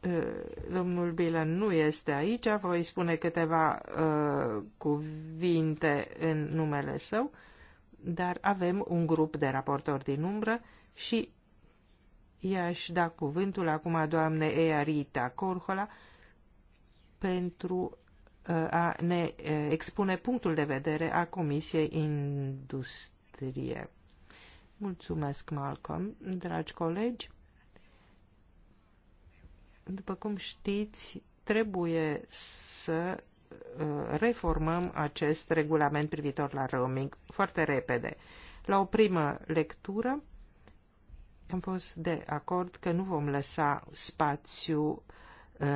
Uh, domnul Bilan nu este aici, voi spune câteva uh, cuvinte în numele său, dar avem un grup de raportori din umbră și I-aș da cuvântul acum doamne Earita Corhola pentru uh, a ne uh, expune punctul de vedere a Comisiei Industrie. Mulțumesc, Malcolm. Dragi colegi, după cum știți, trebuie să uh, reformăm acest regulament privitor la roaming foarte repede. La o primă lectură am fost de acord că nu vom lăsa spațiu uh,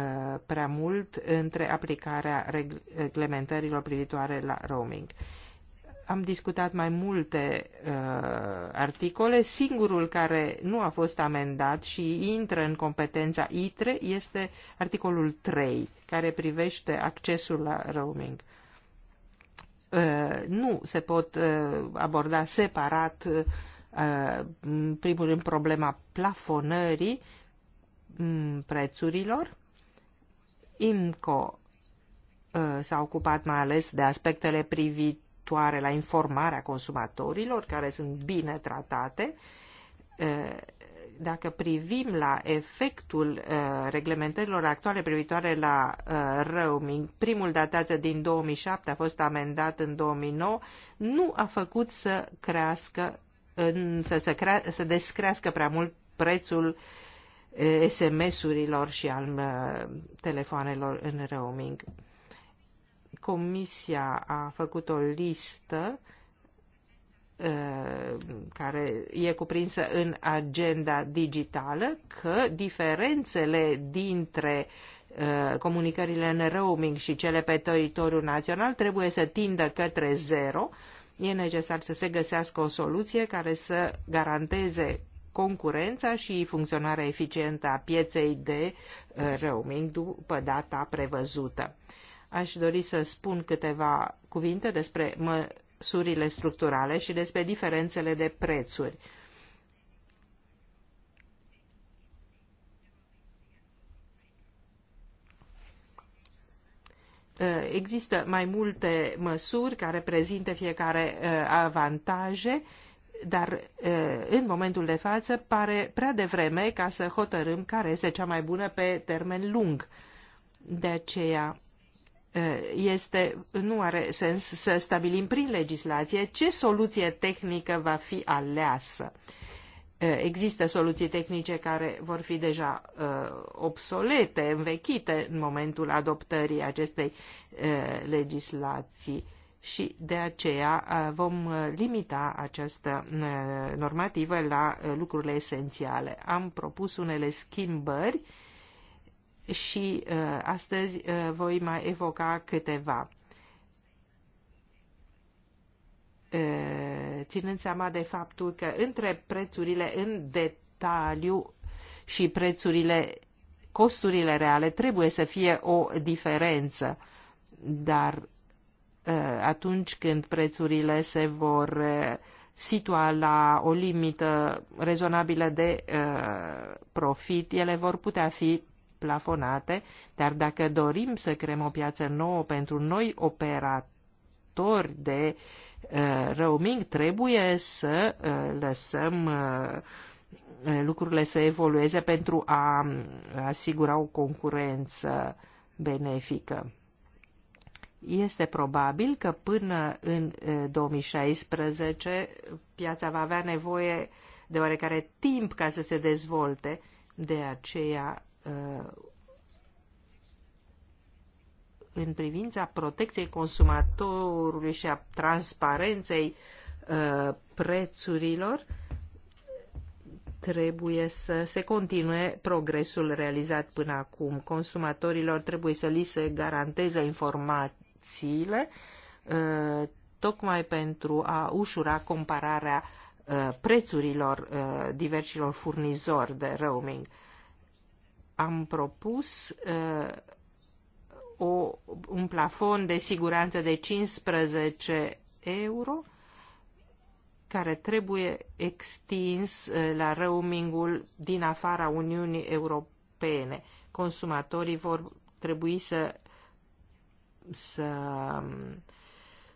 prea mult între aplicarea reglementărilor privitoare la roaming. Am discutat mai multe uh, articole. Singurul care nu a fost amendat și intră în competența ITRE este articolul 3, care privește accesul la roaming. Uh, nu se pot uh, aborda separat uh, în primul rând problema plafonării mm, prețurilor. IMCO uh, s-a ocupat mai ales de aspectele privitoare la informarea consumatorilor, care sunt bine tratate. Uh, dacă privim la efectul uh, reglementărilor actuale privitoare la roaming, primul datează din 2007 a fost amendat în 2009, nu a făcut să crească să se, crea, să descrească prea mult prețul SMS-urilor și al uh, telefoanelor în roaming. Comisia a făcut o listă care e cuprinsă în agenda digitală că diferențele dintre comunicările în roaming și cele pe teritoriul național trebuie să tindă către zero E necesar să se găsească o soluție care să garanteze concurența și funcționarea eficientă a pieței de uh, roaming după data prevăzută. Aș dori să spun câteva cuvinte despre măsurile structurale și despre diferențele de prețuri. Uh, există mai multe măsuri care prezintă fiecare uh, avantaje, dar uh, în momentul de față pare prea devreme ca să hotărâm care este cea mai bună pe termen lung. De aceea este, nu are sens să stabilim prin legislație ce soluție tehnică va fi aleasă. Există soluții tehnice care vor fi deja obsolete, învechite în momentul adoptării acestei legislații și de aceea vom limita această normativă la lucrurile esențiale. Am propus unele schimbări și astăzi voi mai evoca câteva. ținând seama de faptul că între prețurile în detaliu și prețurile, costurile reale, trebuie să fie o diferență. Dar atunci când prețurile se vor situa la o limită rezonabilă de profit, ele vor putea fi plafonate, dar dacă dorim să creăm o piață nouă pentru noi operatori de uh, Eh, roaming, trebuie să eh, lăsăm eh, lucrurile să evolueze pentru a asigura o concurență benefică. Este probabil că până în 2016 piața va avea nevoie de oarecare timp ca să se dezvolte, de aceea în privința protecției consumatorului și a transparenței uh, prețurilor, trebuie să se continue progresul realizat până acum. Consumatorilor trebuie să li se garanteze informațiile uh, tocmai pentru a ușura compararea uh, prețurilor uh, diversilor furnizori de roaming. Am propus uh, o, un plafon de siguranță de 15 euro care trebuie extins eh, la roamingul din afara Uniunii Europene. Consumatorii vor trebui să, să mm,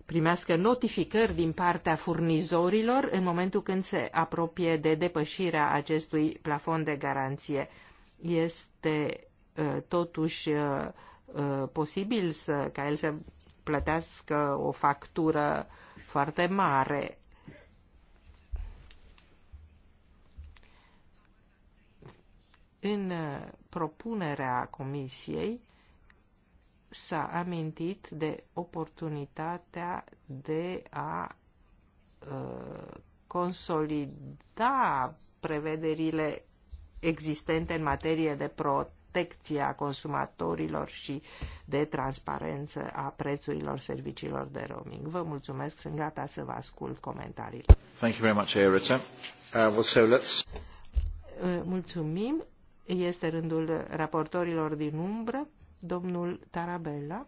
primească notificări din partea furnizorilor în momentul când se apropie de depășirea acestui plafon de garanție. Este eh, totuși eh, Uh, posibil să, ca el să plătească o factură foarte mare. În uh, propunerea comisiei s-a amintit de oportunitatea de a uh, consolida prevederile existente în materie de protecție protecție a consumatorilor și de transparență a prețurilor serviciilor de roaming. Vă mulțumesc, sunt gata să vă ascult comentariile. Thank you very much, Erita. Uh, well, so let's... Uh, mulțumim. Este rândul raportorilor din umbră, domnul Tarabella.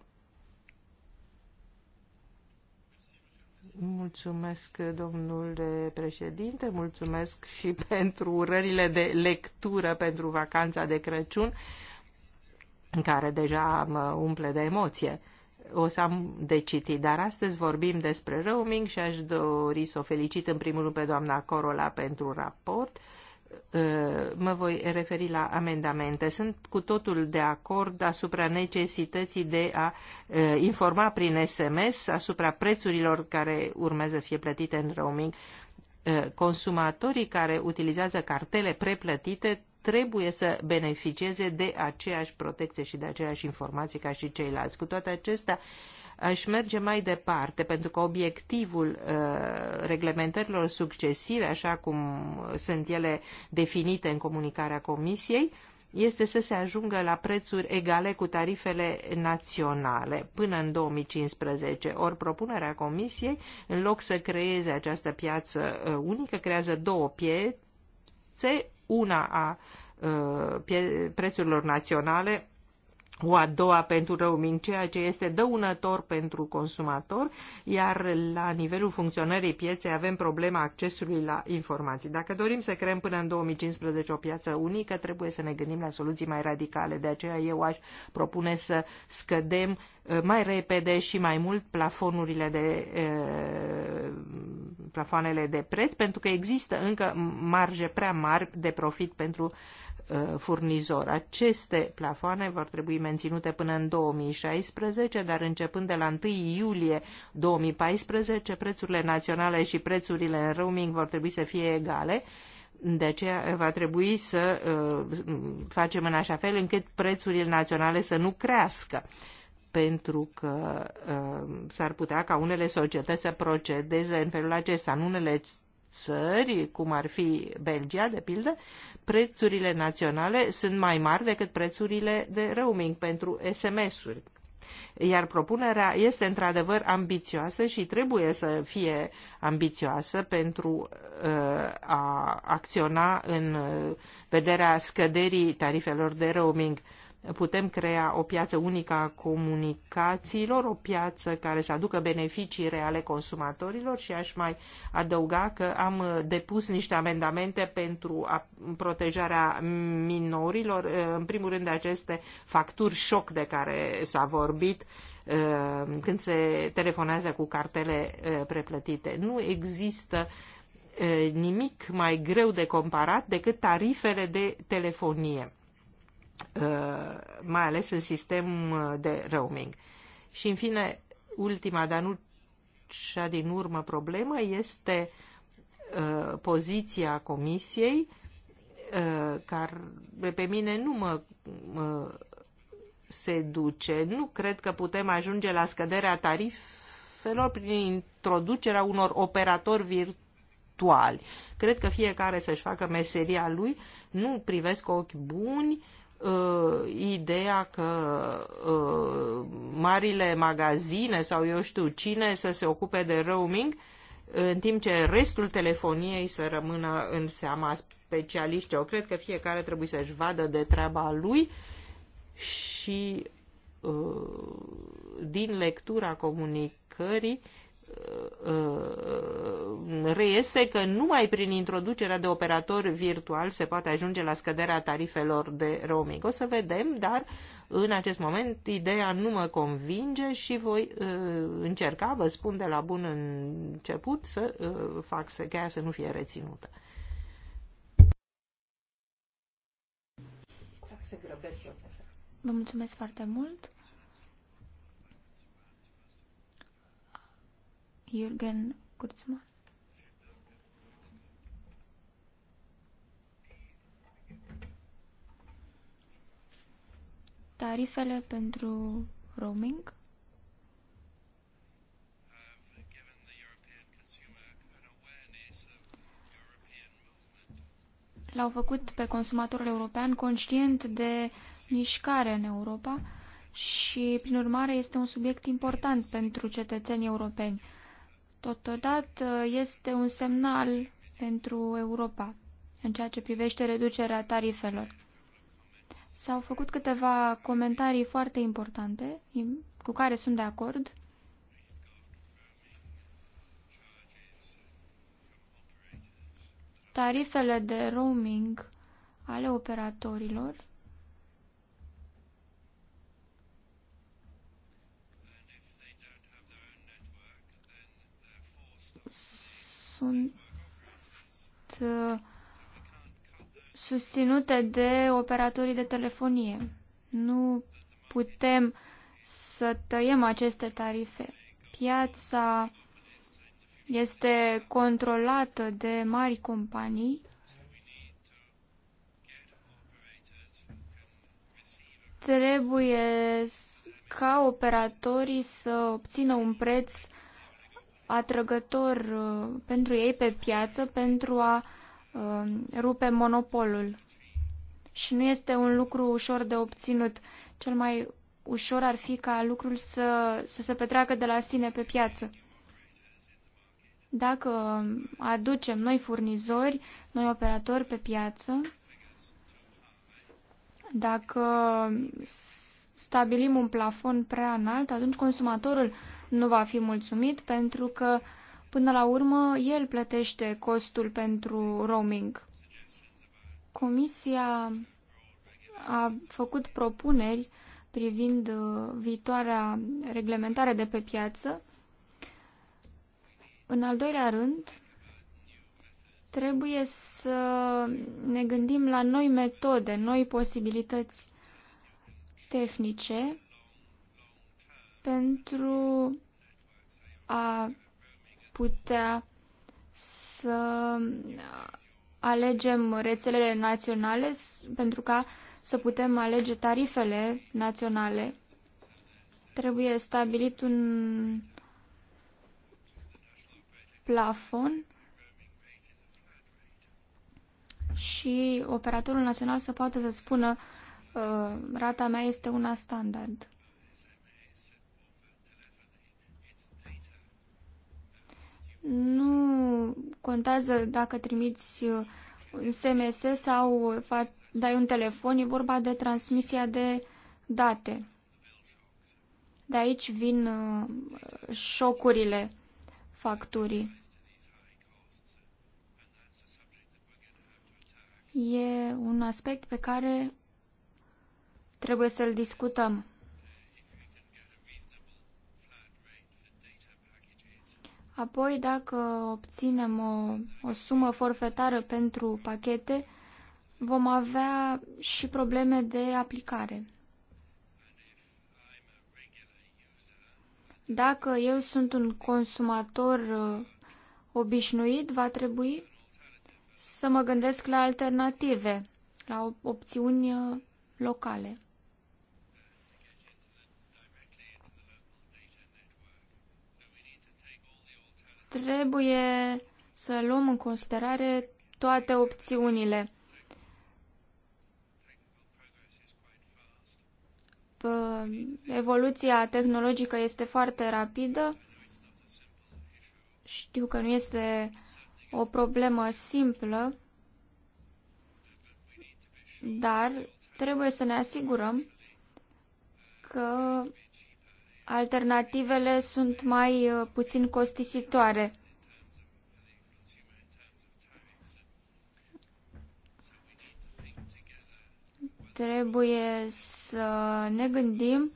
Mulțumesc, domnule președinte, mulțumesc și pentru urările de lectură pentru vacanța de Crăciun, care deja mă uh, umple de emoție. O să am de citit, dar astăzi vorbim despre roaming și aș dori să o felicit în primul rând pe doamna Corola pentru raport. Ă, mă voi referi la amendamente. Sunt cu totul de acord asupra necesității de a ă, informa prin SMS asupra prețurilor care urmează să fie plătite în roaming. Ă, consumatorii care utilizează cartele preplătite trebuie să beneficieze de aceeași protecție și de aceeași informații ca și ceilalți. Cu toate acestea, Aș merge mai departe, pentru că obiectivul uh, reglementărilor succesive, așa cum sunt ele definite în comunicarea Comisiei, este să se ajungă la prețuri egale cu tarifele naționale până în 2015. Ori propunerea Comisiei, în loc să creeze această piață uh, unică, creează două piețe, una a uh, prețurilor naționale o a doua pentru roaming, ceea ce este dăunător pentru consumator, iar la nivelul funcționării pieței avem problema accesului la informații. Dacă dorim să creăm până în 2015 o piață unică, trebuie să ne gândim la soluții mai radicale. De aceea eu aș propune să scădem uh, mai repede și mai mult plafonurile de uh, plafoanele de preț, pentru că există încă marje prea mari de profit pentru Uh, furnizor. Aceste plafoane vor trebui menținute până în 2016, dar începând de la 1 iulie 2014, prețurile naționale și prețurile în roaming vor trebui să fie egale. De aceea va trebui să uh, facem în așa fel încât prețurile naționale să nu crească pentru că uh, s-ar putea ca unele societăți să procedeze în felul acesta. În unele țări, cum ar fi Belgia, de pildă, prețurile naționale sunt mai mari decât prețurile de roaming pentru SMS-uri. Iar propunerea este într-adevăr ambițioasă și trebuie să fie ambițioasă pentru uh, a acționa în uh, vederea scăderii tarifelor de roaming. Uh, putem crea o piață unică a comunicațiilor, o piață care să aducă beneficii reale consumatorilor și aș mai adăuga că am depus niște amendamente pentru protejarea minorilor, eh, în primul rând aceste facturi șoc de care s-a vorbit eh, când se telefonează cu cartele eh, preplătite. Nu există nimic mai greu de comparat decât tarifele de telefonie Uh, mai ales în sistem uh, de roaming. Și în fine, ultima, dar nu cea din urmă problemă, este uh, poziția comisiei care pe mine nu mă seduce. Nu cred că putem ajunge la scăderea tarifelor prin introducerea unor operatori virtuali. Cred că fiecare să-și facă meseria lui, nu privesc cu ochi buni uh, uh, ideea că uh, marile magazine sau eu știu cine să se ocupe de roaming, în timp ce restul telefoniei să rămână în seama specialiști. Eu cred că fiecare trebuie să-și vadă de treaba lui și uh, din lectura comunicării Uh, uh, reiese că numai prin introducerea de operator virtual se poate ajunge la scăderea tarifelor de roaming. O să vedem, dar în acest moment ideea nu mă convinge și voi uh, încerca, vă spun de la bun început, să fac să, ca să nu fie reținută. Vă mulțumesc foarte mult. Jürgen Kurzmann. Tarifele pentru roaming l-au făcut pe consumatorul european conștient de mișcare în Europa și, prin urmare, este un subiect important pentru cetățenii europeni. Totodată este un semnal pentru Europa în ceea ce privește reducerea tarifelor. S-au făcut câteva comentarii foarte importante cu care sunt de acord. Tarifele de roaming ale operatorilor sunt uh, susținute de operatorii de telefonie. Nu putem să tăiem aceste tarife. Piața este controlată de mari companii trebuie ca operatorii să obțină un preț atrăgător uh, pentru ei pe piață pentru a uh, rupe monopolul. Și nu este un lucru ușor de obținut. Cel mai ușor ar fi ca lucrul să, să se petreacă de la sine pe piață. Dacă aducem noi furnizori, noi operatori pe piață, dacă stabilim un plafon prea înalt, atunci consumatorul nu va fi mulțumit pentru că, până la urmă, el plătește costul pentru roaming. Comisia a făcut propuneri privind uh, viitoarea reglementare de pe piață. În al doilea rând, trebuie să ne gândim la noi metode, noi posibilități tehnice pentru a putea să alegem rețelele naționale pentru ca să putem alege tarifele naționale. Trebuie stabilit un plafon și operatorul național să poată să spună uh, rata mea este una standard. Nu contează dacă trimiți uh, un SMS sau dai un telefon, e vorba de transmisia de date. De aici vin uh, șocurile facturii. E un aspect pe care trebuie să-l discutăm. Apoi, dacă obținem o, o sumă forfetară pentru pachete, vom avea și probleme de aplicare. Dacă eu sunt un consumator uh, obișnuit, va trebui să mă gândesc la alternative, la opțiuni uh, locale. trebuie să luăm în considerare toate opțiunile. Evoluția tehnologică este foarte rapidă. Știu că nu este o problemă simplă, dar trebuie să ne asigurăm că alternativele sunt mai uh, puțin costisitoare. Trebuie să ne gândim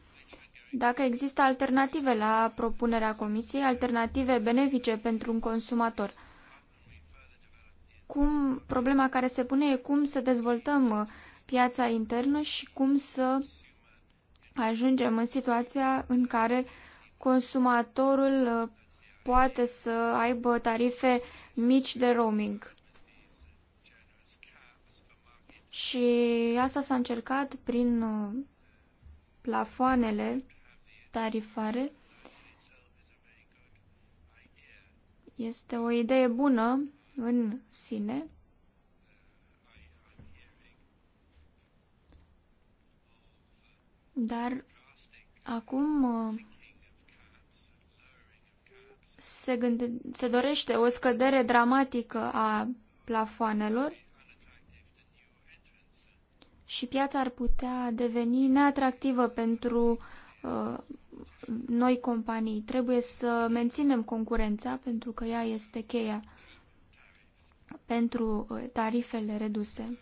dacă există alternative la propunerea Comisiei, alternative benefice pentru un consumator. Cum, problema care se pune e cum să dezvoltăm uh, piața internă și cum să ajungem în situația în care consumatorul uh, poate să aibă tarife mici de roaming. Și asta s-a încercat prin uh, plafoanele tarifare. Este o idee bună în sine, Dar acum uh, se, gânde, se dorește o scădere dramatică a plafoanelor și piața ar putea deveni neatractivă pentru uh, noi companii. Trebuie să menținem concurența pentru că ea este cheia pentru uh, tarifele reduse.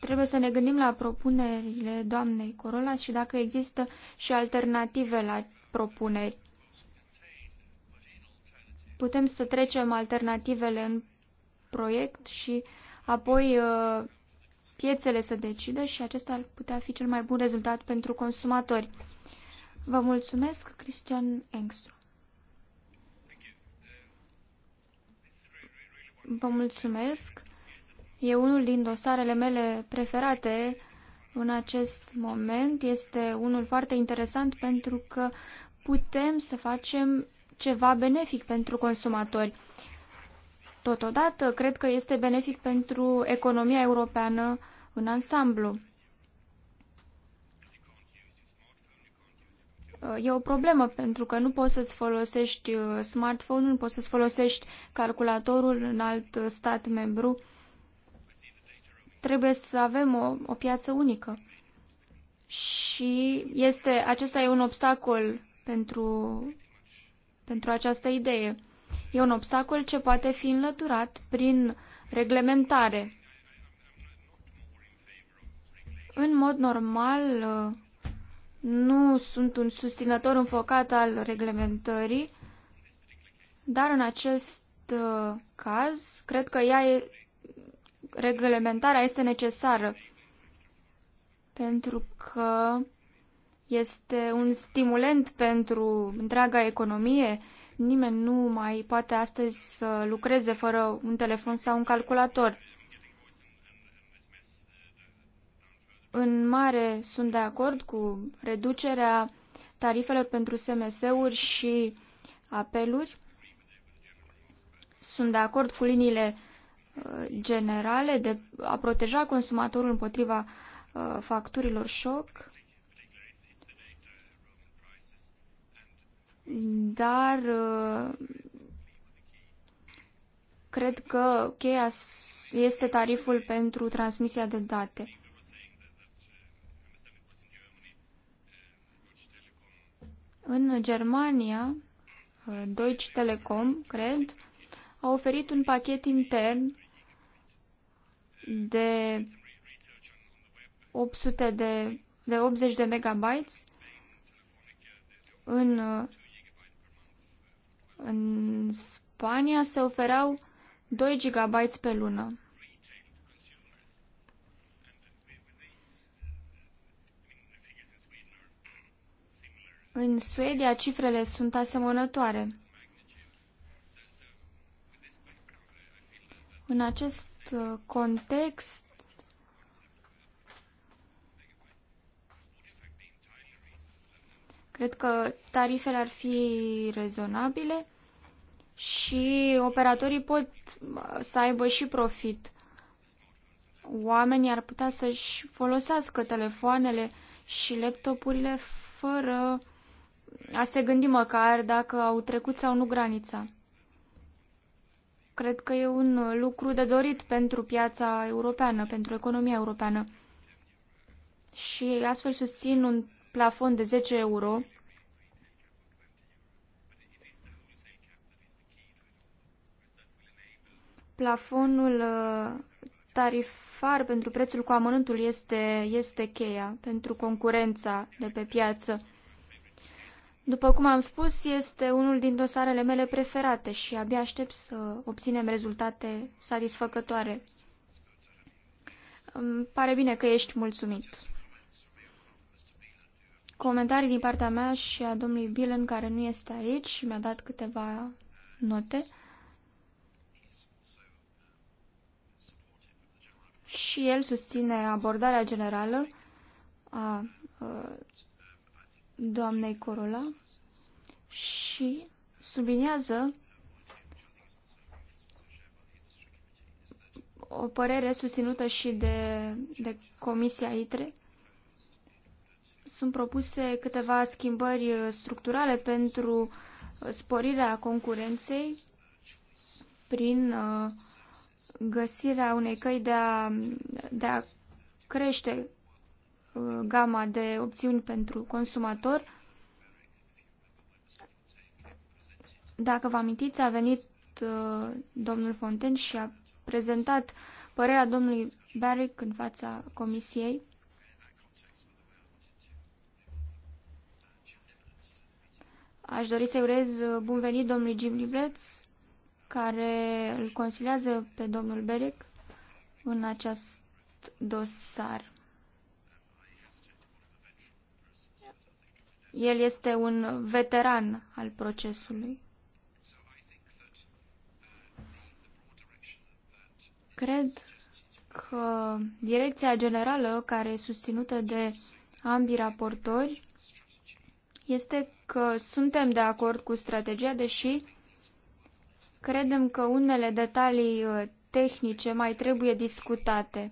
Trebuie să ne gândim la propunerile doamnei Corola și dacă există și alternative la propuneri. Putem să trecem alternativele în proiect și apoi uh, piețele să decidă și acesta ar putea fi cel mai bun rezultat pentru consumatori. Vă mulțumesc, Cristian Engstru. Vă mulțumesc. E unul din dosarele mele preferate în acest moment. Este unul foarte interesant pentru că putem să facem ceva benefic pentru consumatori. Totodată, cred că este benefic pentru economia europeană în ansamblu. E o problemă pentru că nu poți să-ți folosești uh, smartphone-ul, nu poți să-ți folosești calculatorul în alt uh, stat membru trebuie să avem o, o piață unică. Și este, acesta e un obstacol pentru, pentru această idee. E un obstacol ce poate fi înlăturat prin reglementare. În mod normal, nu sunt un susținător înfocat al reglementării, dar în acest uh, caz, cred că ea reglementarea este necesară pentru că este un stimulent pentru întreaga economie. Nimeni nu mai poate astăzi să lucreze fără un telefon sau un calculator. În mare sunt de acord cu reducerea tarifelor pentru SMS-uri și apeluri. Sunt de acord cu liniile generale de a proteja consumatorul împotriva uh, facturilor șoc, dar uh, cred că cheia este tariful pentru transmisia de date. În Germania, uh, Deutsche Telekom, cred, a oferit un pachet intern de 800 de, de 80 de megabytes în, în Spania se oferau 2 GB pe lună. În Suedia cifrele sunt asemănătoare. În acest Uh, context Cred că tarifele ar fi rezonabile și operatorii pot uh, să aibă și profit. Oamenii ar putea să-și folosească telefoanele și laptopurile fără a se gândi măcar dacă au trecut sau nu granița. Cred că e un lucru de dorit pentru piața europeană, pentru economia europeană. Și astfel susțin un plafon de 10 euro plafonul uh, tarifar pentru prețul cu amănuntul este, este cheia pentru concurența de pe piață. După cum am spus, este unul din dosarele mele preferate și abia aștept să obținem rezultate satisfăcătoare. Îmi pare bine că ești mulțumit. Comentarii din partea mea și a domnului Billen, care nu este aici și mi-a dat câteva note. Și el susține abordarea generală a uh, doamnei Corola și subliniază o părere susținută și de, de Comisia ITRE. Sunt propuse câteva schimbări structurale pentru sporirea concurenței prin uh, găsirea unei căi de a, de a crește Uh, gama de opțiuni pentru consumator. Dacă vă amintiți, a venit uh, domnul Fonten și a prezentat părerea domnului Barrick în fața comisiei. Aș dori să-i urez uh, bun venit domnului Jim Libreț, care îl consiliază pe domnul Berec în acest dosar. El este un veteran al procesului. Cred că direcția generală care e susținută de ambii raportori este că suntem de acord cu strategia, deși credem că unele detalii uh, tehnice mai trebuie discutate.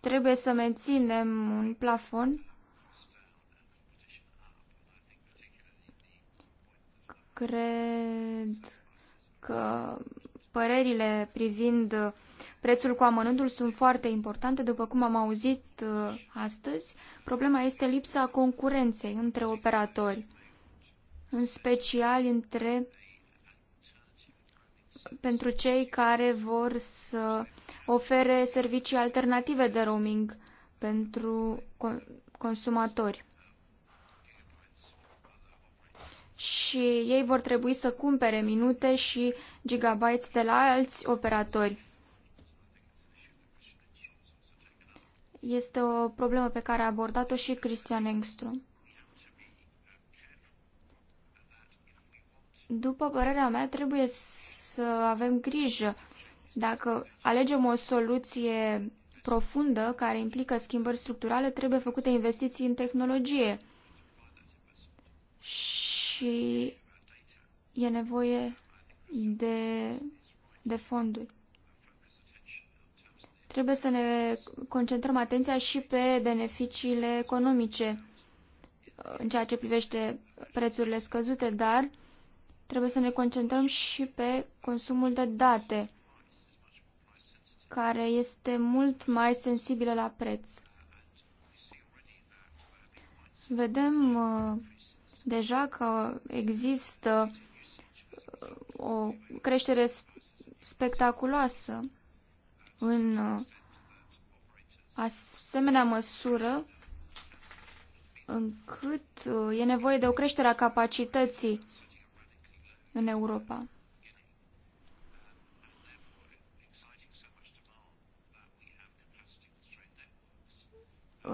Trebuie să menținem un plafon cred că părerile privind prețul cu amănântul sunt foarte importante, după cum am auzit uh, astăzi. Problema este lipsa concurenței între operatori, în special între pentru cei care vor să ofere servicii alternative de roaming pentru consumatori. și ei vor trebui să cumpere minute și gigabytes de la alți operatori. Este o problemă pe care a abordat-o și Christian Engström. După părerea mea, trebuie să avem grijă dacă alegem o soluție profundă care implică schimbări structurale, trebuie făcute investiții în tehnologie. Și și e nevoie de, de fonduri. Trebuie să ne concentrăm atenția și pe beneficiile economice în ceea ce privește prețurile scăzute, dar trebuie să ne concentrăm și pe consumul de date, care este mult mai sensibilă la preț. Vedem uh, deja că există uh, o creștere spectaculoasă în uh, asemenea măsură încât uh, e nevoie de o creștere a capacității în Europa.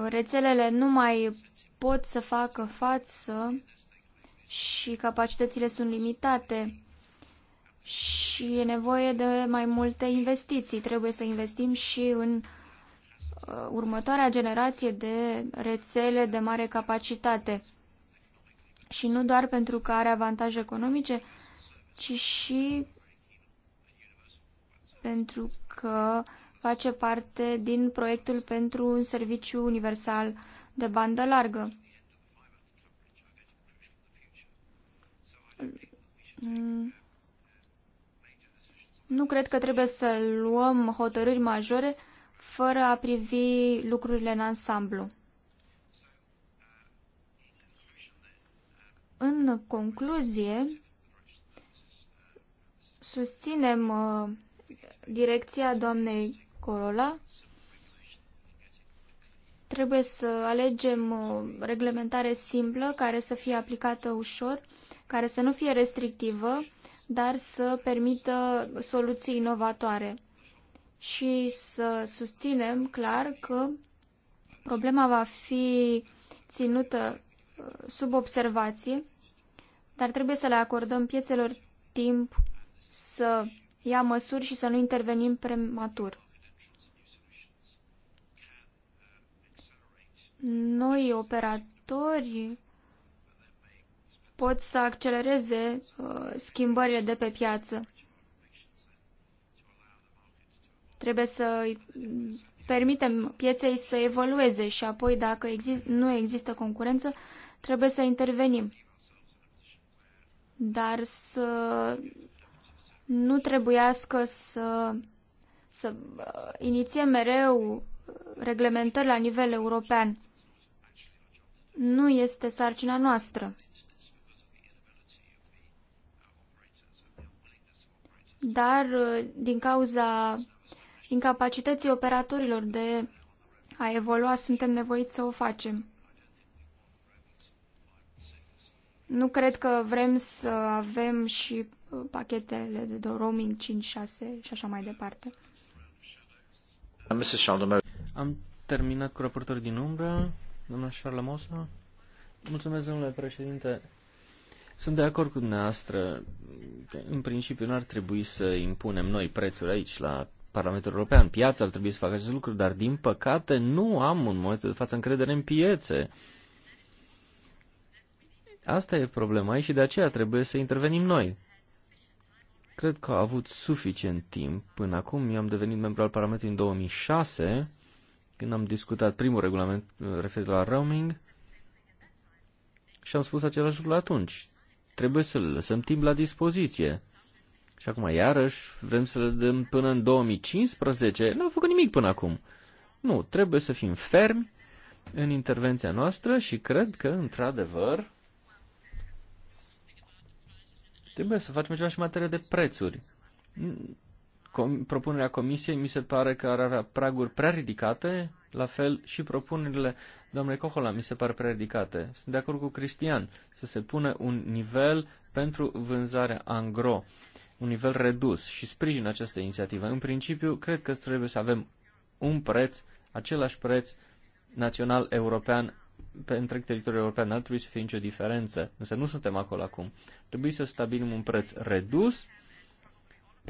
Rețelele nu mai pot să facă față și capacitățile sunt limitate și e nevoie de mai multe investiții. Trebuie să investim și în uh, următoarea generație de rețele de mare capacitate. Și nu doar pentru că are avantaje economice, ci și pentru că face parte din proiectul pentru un serviciu universal de bandă largă. Mm. nu cred că trebuie să luăm hotărâri majore fără a privi lucrurile în ansamblu. În concluzie, susținem uh, direcția doamnei Corola. Trebuie să alegem o uh, reglementare simplă care să fie aplicată ușor care să nu fie restrictivă, dar să permită soluții inovatoare și să susținem clar că problema va fi ținută uh, sub observație, dar trebuie să le acordăm piețelor timp să ia măsuri și să nu intervenim prematur. Noi operatori pot să accelereze uh, schimbările de pe piață. Trebuie să permitem pieței să evolueze și apoi, dacă exist, nu există concurență, trebuie să intervenim. Dar să nu trebuiască să, să uh, inițiem mereu reglementări la nivel european. Nu este sarcina noastră. dar uh, din cauza incapacității operatorilor de a evolua, suntem nevoiți să o facem. Nu cred că vrem să avem și uh, pachetele de roaming 5, 6 și așa mai departe. Am terminat cu raportul din umbră, doamna Charla Mosa. Mulțumesc, domnule președinte. Sunt de acord cu dumneavoastră că în principiu nu ar trebui să impunem noi prețuri aici la Parlamentul European. Piața ar trebui să facă acest lucru, dar din păcate nu am în momentul de față încredere în piețe. Asta e problema aici și de aceea trebuie să intervenim noi. Cred că a avut suficient timp până acum. Eu am devenit membru al Parlamentului în 2006, când am discutat primul regulament uh, referitor la roaming și am spus același lucru atunci trebuie să le lăsăm timp la dispoziție. Și acum, iarăși, vrem să le dăm până în 2015? N-au făcut nimic până acum. Nu, trebuie să fim fermi în intervenția noastră și cred că, într-adevăr, trebuie să facem ceva și în materie de prețuri com, propunerea comisiei mi se pare că ar avea praguri prea ridicate, la fel și propunerile domnului Cohola mi se par prea ridicate. Sunt de acord cu Cristian să se pune un nivel pentru vânzarea angro, un nivel redus și sprijin această inițiativă. În principiu, cred că trebuie să avem un preț, același preț național european pe întreg teritoriul european, n-ar trebui să fie nicio diferență, însă nu suntem acolo acum. Trebuie să stabilim un preț redus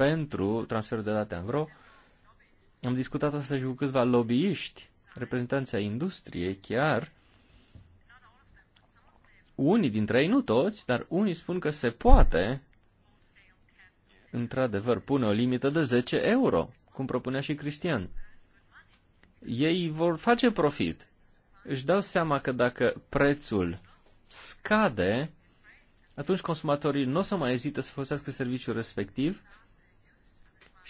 pentru transferul de date Angro. Am discutat asta și cu câțiva lobbyiști, reprezentanții a industriei chiar. Unii dintre ei, nu toți, dar unii spun că se poate, într-adevăr, pune o limită de 10 euro, cum propunea și Cristian. Ei vor face profit. Își dau seama că dacă prețul scade, atunci consumatorii nu o să mai ezită să folosească serviciul respectiv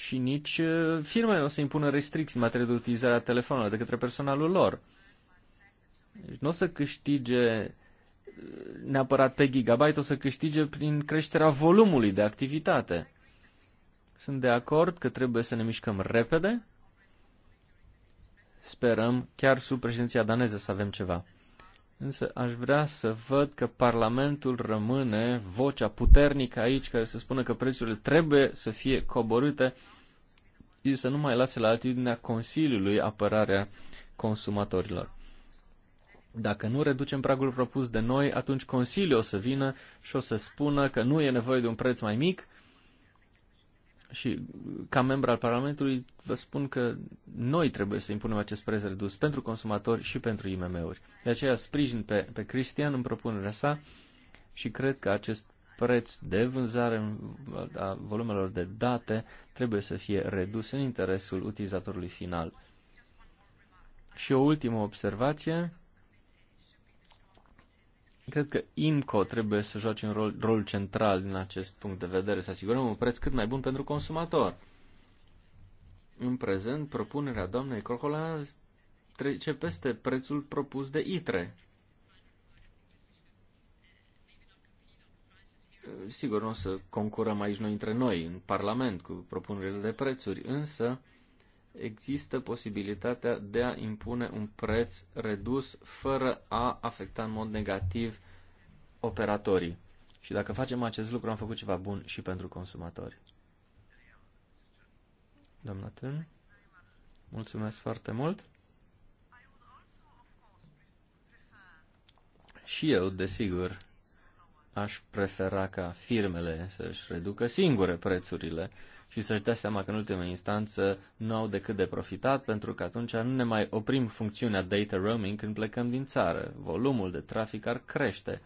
și nici uh, firmele nu o să impună restricții în materie de utilizare a telefonului de către personalul lor. Deci nu o să câștige uh, neapărat pe gigabyte, o să câștige prin creșterea volumului de activitate. Sunt de acord că trebuie să ne mișcăm repede. Sperăm chiar sub președinția daneză să avem ceva însă aș vrea să văd că Parlamentul rămâne vocea puternică aici care să spună că prețurile trebuie să fie coborâte și să nu mai lase la atitudinea Consiliului apărarea consumatorilor. Dacă nu reducem pragul propus de noi, atunci Consiliul o să vină și o să spună că nu e nevoie de un preț mai mic, și ca membru al Parlamentului vă spun că noi trebuie să impunem acest preț redus pentru consumatori și pentru IMM-uri. De aceea sprijin pe, pe Cristian în propunerea sa și cred că acest preț de vânzare a volumelor de date trebuie să fie redus în interesul utilizatorului final. Și o ultimă observație Cred că IMCO trebuie să joace un rol, rol central din acest punct de vedere, să asigurăm un preț cât mai bun pentru consumator. În prezent, propunerea doamnei Crocola trece peste prețul propus de ITRE. Sigur, nu o să concurăm aici noi între noi, în Parlament, cu propunerile de prețuri, însă există posibilitatea de a impune un preț redus fără a afecta în mod negativ operatorii. Și dacă facem acest lucru, am făcut ceva bun și pentru consumatori. Doamna Tân, mulțumesc foarte mult. Și eu, desigur, aș prefera ca firmele să-și reducă singure prețurile și să-și dea seama că în ultimă instanță nu au decât de profitat, pentru că atunci nu ne mai oprim funcțiunea data roaming când plecăm din țară. Volumul de trafic ar crește.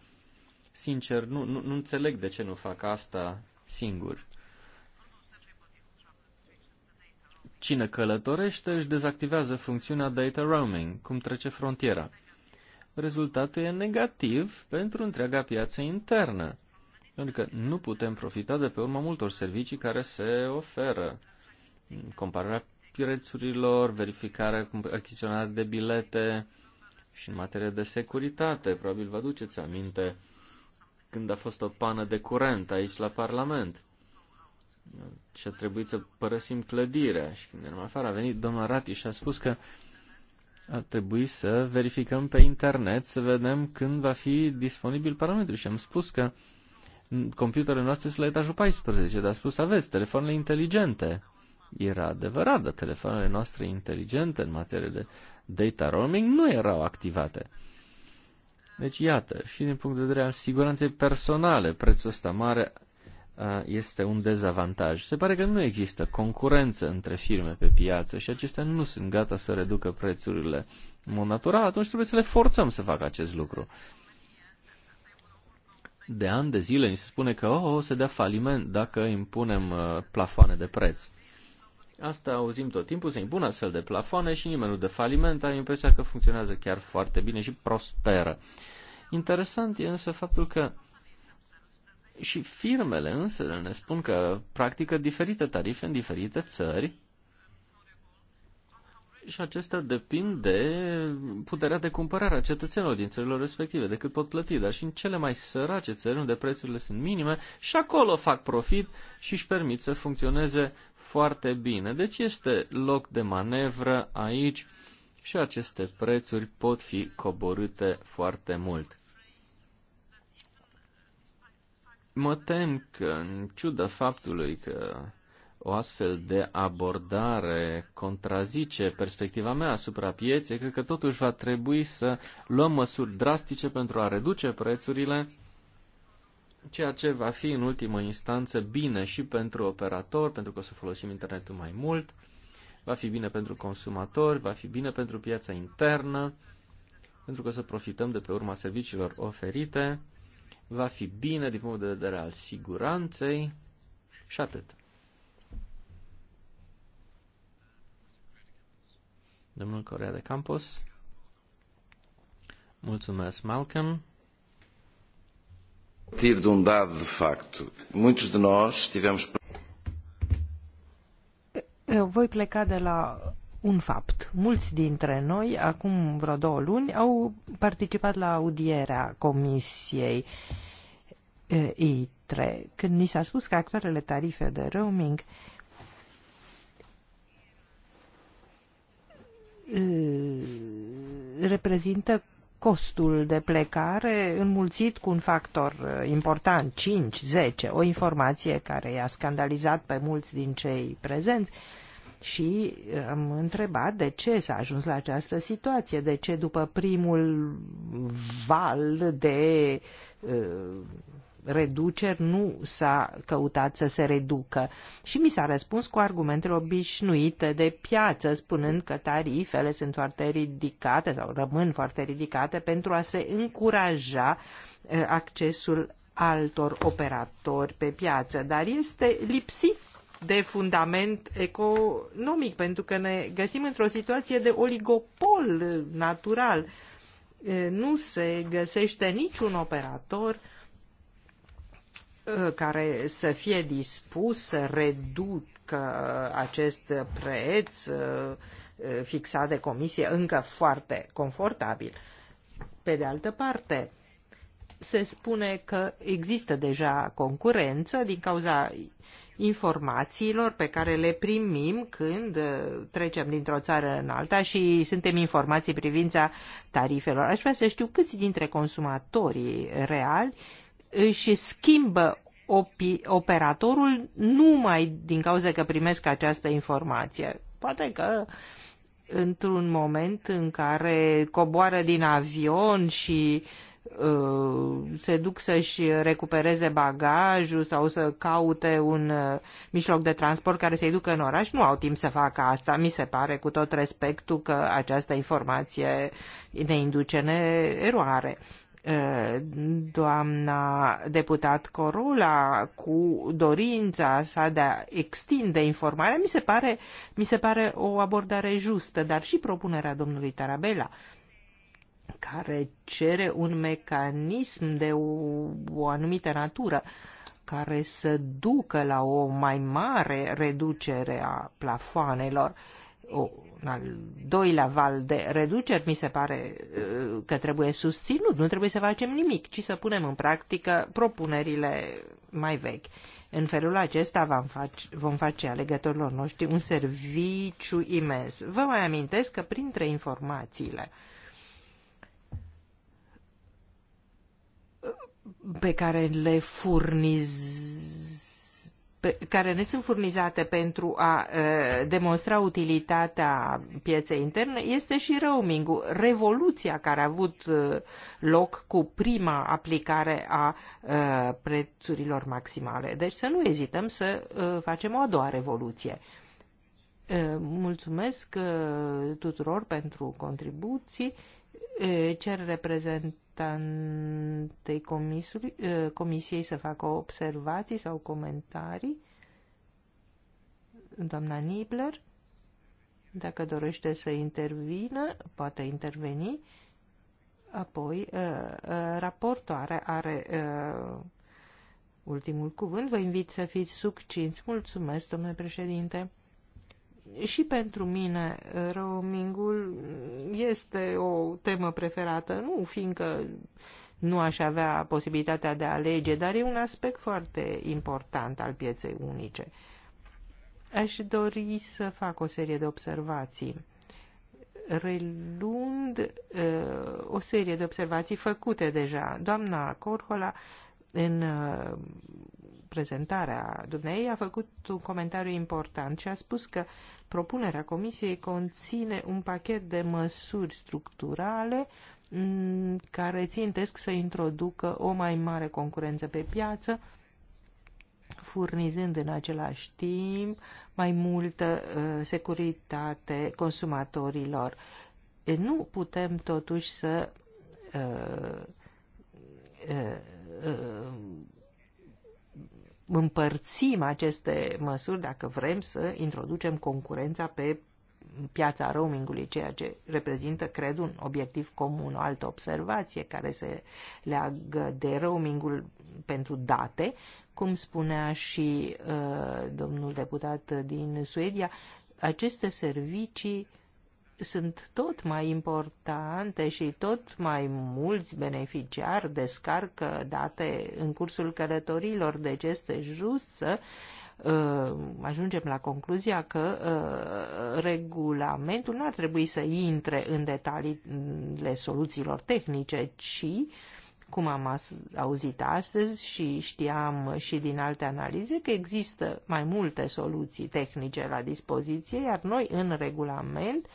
Sincer, nu, nu, nu înțeleg de ce nu fac asta singur. Cine călătorește își dezactivează funcțiunea data roaming, cum trece frontiera. Rezultatul e negativ pentru întreaga piață internă pentru că nu putem profita de pe urma multor servicii care se oferă. Compararea prețurilor, verificarea achiziționarea de bilete și în materie de securitate. Probabil vă aduceți aminte când a fost o pană de curent aici la Parlament și a trebuit să părăsim clădirea și când eram afară a venit domnul Rati și a spus că a trebuit să verificăm pe internet să vedem când va fi disponibil Parlamentul și am spus că uh, computerele noastre sunt la etajul 14, dar a spus aveți telefoanele inteligente. Era adevărat, dar telefoanele noastre inteligente în materie de data roaming nu erau activate. Deci, iată, și din punct de vedere al siguranței personale, prețul ăsta mare este un dezavantaj. Se pare că nu există concurență între firme pe piață și acestea nu sunt gata să reducă prețurile în mod natural, atunci trebuie să le forțăm să facă acest lucru. De ani de zile ni se spune că oh, o oh, să dea faliment dacă impunem uh, plafoane de preț. Asta auzim tot timpul, se impun astfel de plafoane și nimeni nu de faliment, ai impresia că funcționează chiar foarte bine și prosperă. Interesant e însă faptul că și firmele însă ne spun că practică diferite tarife în diferite țări și acestea depind de puterea de cumpărare a cetățenilor din țările respective, de cât pot plăti. Dar și în cele mai sărace țări, unde prețurile sunt minime, și acolo fac profit și își permit să funcționeze foarte bine. Deci este loc de manevră aici și aceste prețuri pot fi coborâte foarte mult. Mă tem că, în ciuda faptului că o astfel de abordare contrazice perspectiva mea asupra pieței. Cred că totuși va trebui să luăm măsuri drastice pentru a reduce prețurile, ceea ce va fi în ultimă instanță bine și pentru operator, pentru că o să folosim internetul mai mult, va fi bine pentru consumatori, va fi bine pentru piața internă, pentru că o să profităm de pe urma serviciilor oferite, va fi bine din punct de vedere al siguranței și atât. Domnul Corea de Campos. Mulțumesc, Malcolm. Tir de un dat de fapt. Muitos de nós tivemos. Eu voi pleca de la un fapt. Mulți dintre noi, acum vreo două luni, au participat la audierea Comisiei eh, I3, când ni s-a spus că actualele tarife de roaming uh, Uh, reprezintă costul de plecare înmulțit cu un factor uh, important, 5, 10, o informație care i-a scandalizat pe mulți din cei prezenți și uh, am întrebat de ce s-a ajuns la această situație, de ce după primul val de uh, reduceri, nu s-a căutat să se reducă. Și mi s-a răspuns cu argumentele obișnuite de piață, spunând că tarifele sunt foarte ridicate sau rămân foarte ridicate pentru a se încuraja eh, accesul altor operatori pe piață, dar este lipsit de fundament economic, pentru că ne găsim într-o situație de oligopol natural. Eh, nu se găsește niciun operator Uh, care să fie dispus să reducă acest preț uh, uh, fixat de comisie încă foarte confortabil. Pe de altă parte, se spune că există deja concurență din cauza informațiilor pe care le primim când trecem dintr-o țară în alta și suntem informații privința tarifelor. Aș vrea să știu câți dintre consumatorii reali își schimbă operatorul numai din cauza că primesc această informație. Poate că într-un moment în care coboară din avion și uh, se duc să-și recupereze bagajul sau să caute un uh, mijloc de transport care să-i ducă în oraș, nu au timp să facă asta. Mi se pare cu tot respectul că această informație ne induce în eroare doamna deputat Corula cu dorința sa de a extinde informarea, mi se pare, mi se pare o abordare justă, dar și propunerea domnului Tarabella care cere un mecanism de o, o anumită natură care să ducă la o mai mare reducere a plafoanelor, o, al doilea val de reduceri, mi se pare uh, că trebuie susținut. Nu trebuie să facem nimic, ci să punem în practică propunerile mai vechi. În felul acesta vom face, vom face alegătorilor noștri un serviciu imens. Vă mai amintesc că printre informațiile pe care le furnizăm care ne sunt furnizate pentru a uh, demonstra utilitatea pieței interne este și roaming-ul. revoluția care a avut uh, loc cu prima aplicare a uh, prețurilor maximale. Deci să nu ezităm să facem o a doua revoluție. Mulțumesc tuturor pentru contribuții. Cer reprezent reprezentantei eh, comisiei să facă observații sau comentarii. Doamna Nibler, dacă dorește să intervină, poate interveni. Apoi, eh, eh, raportoare are ultimul cuvânt. Vă invit să fiți succinți. Mulțumesc, domnule președinte și pentru mine roamingul este o temă preferată, nu fiindcă nu aș avea posibilitatea de a alege, dar e un aspect foarte important al pieței unice. Aș dori să fac o serie de observații, relund uh, o serie de observații făcute deja. Doamna Corhola, în uh, prezentarea dumneei, a făcut un comentariu important și a spus că propunerea Comisiei conține un pachet de măsuri structurale mm, care țintesc să introducă o mai mare concurență pe piață, furnizând în același timp mai multă uh, securitate consumatorilor. nu putem totuși să uh, uh, uh împărțim aceste măsuri dacă vrem să introducem concurența pe piața roamingului, ceea ce reprezintă, cred, un obiectiv comun, o altă observație care se leagă de roamingul pentru date. Cum spunea și uh, domnul deputat din Suedia, aceste servicii uh, sunt tot mai importante și tot mai mulți beneficiari descarcă date în cursul călătorilor, deci este just să uh, ajungem la concluzia că uh, regulamentul nu ar trebui să intre în detaliile soluțiilor tehnice, ci cum am auzit astăzi și știam și din alte analize că există mai multe soluții tehnice la dispoziție, iar noi în regulament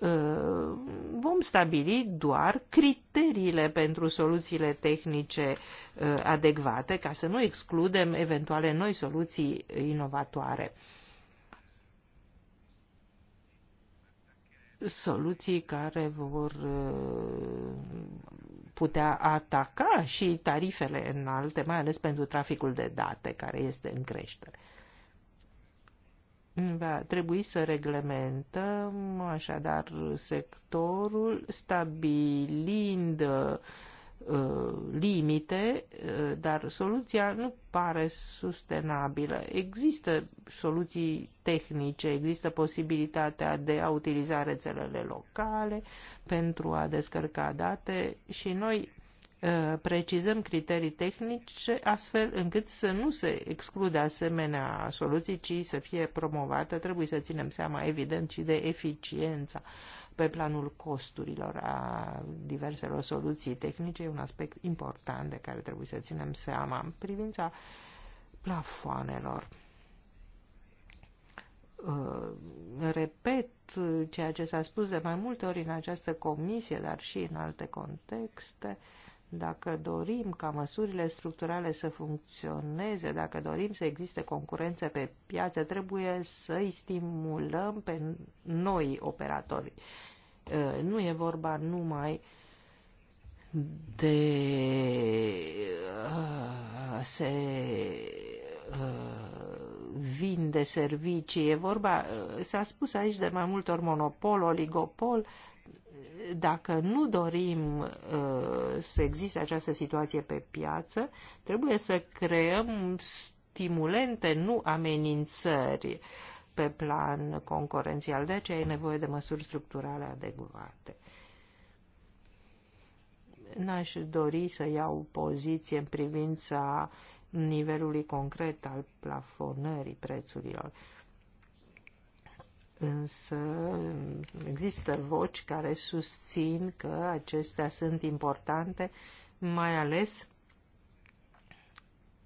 Uh, vom stabili doar criteriile pentru soluțiile tehnice uh, adecvate ca să nu excludem eventuale noi soluții inovatoare. Soluții care vor uh, putea ataca și tarifele înalte, mai ales pentru traficul de date care este în creștere. Va trebui să reglementăm așadar sectorul stabilind uh, limite, uh, dar soluția nu pare sustenabilă. Există soluții tehnice, există posibilitatea de a utiliza rețelele locale pentru a descărca date și noi Uh, precizăm criterii tehnice astfel încât să nu se exclude asemenea soluții, ci să fie promovată. Trebuie să ținem seama, evident, și de eficiența pe planul costurilor a diverselor soluții tehnice. E un aspect important de care trebuie să ținem seama în privința plafoanelor. Uh, repet ceea ce s-a spus de mai multe ori în această comisie, dar și în alte contexte, dacă dorim ca măsurile structurale să funcționeze, dacă dorim să existe concurență pe piață, trebuie să îi stimulăm pe noi operatori. Nu e vorba numai de se vinde servicii. E vorba, s-a spus aici de mai multor monopol, oligopol, dacă nu dorim uh, să existe această situație pe piață, trebuie să creăm stimulente, nu amenințări pe plan concurențial. De aceea e nevoie de măsuri structurale adecvate. N-aș dori să iau poziție în privința nivelului concret al plafonării prețurilor. Uh, însă există voci care susțin că acestea sunt importante, mai ales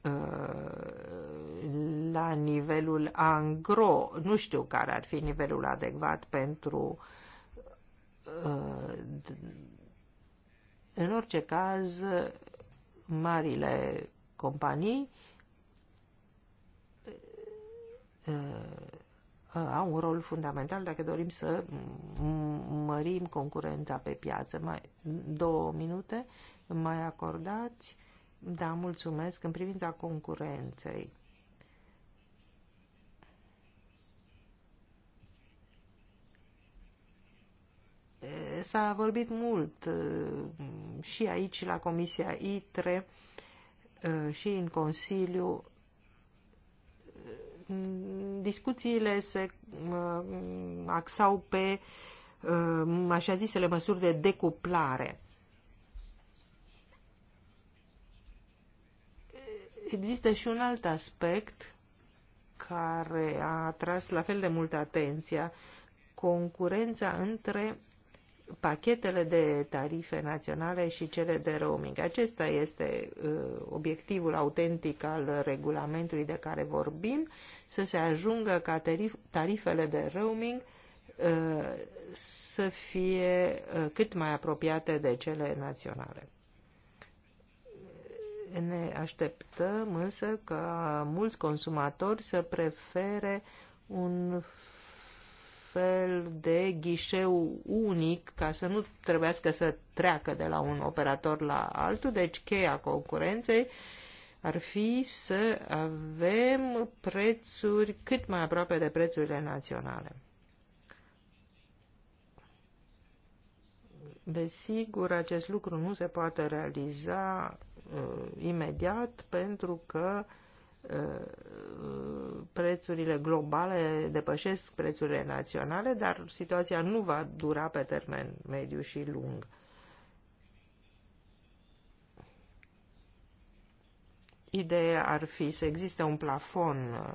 uh, la nivelul angro. Nu știu care ar fi nivelul adecvat pentru uh, în orice caz marile companii uh, au un rol fundamental dacă dorim să mărim concurența pe piață. Mai, două minute mai acordați? Da, mulțumesc. În privința concurenței. S-a vorbit mult uh, și aici la Comisia ITRE uh, și în Consiliu discuțiile se axau pe așa zisele măsuri de decuplare. Există și un alt aspect care a atras la fel de multă atenția, concurența între pachetele de tarife naționale și cele de roaming. Acesta este uh, obiectivul autentic al regulamentului de care vorbim, să se ajungă ca tarif, tarifele de roaming uh, să fie uh, cât mai apropiate de cele naționale. Ne așteptăm însă ca mulți consumatori să prefere un fel de ghișeu unic ca să nu trebuiască să treacă de la un operator la altul, deci cheia concurenței ar fi să avem prețuri cât mai aproape de prețurile naționale. Desigur, acest lucru nu se poate realiza uh, imediat pentru că uh, prețurile globale depășesc prețurile naționale, dar situația nu va dura pe termen mediu și lung. Ideea ar fi să existe un plafon uh,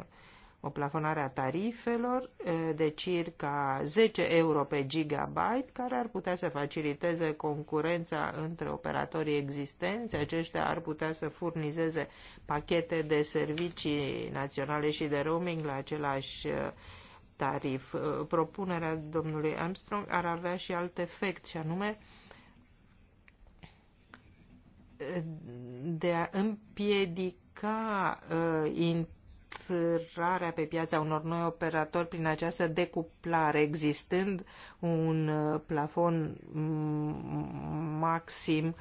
o plafonare a tarifelor de circa 10 euro pe gigabyte, care ar putea să faciliteze concurența între operatorii existenți. Aceștia ar putea să furnizeze pachete de servicii naționale și de roaming la același tarif. Propunerea domnului Armstrong ar avea și alt efect, și anume de a împiedica uh, intrarea pe piața unor noi operatori prin această decuplare, existând un uh, plafon maxim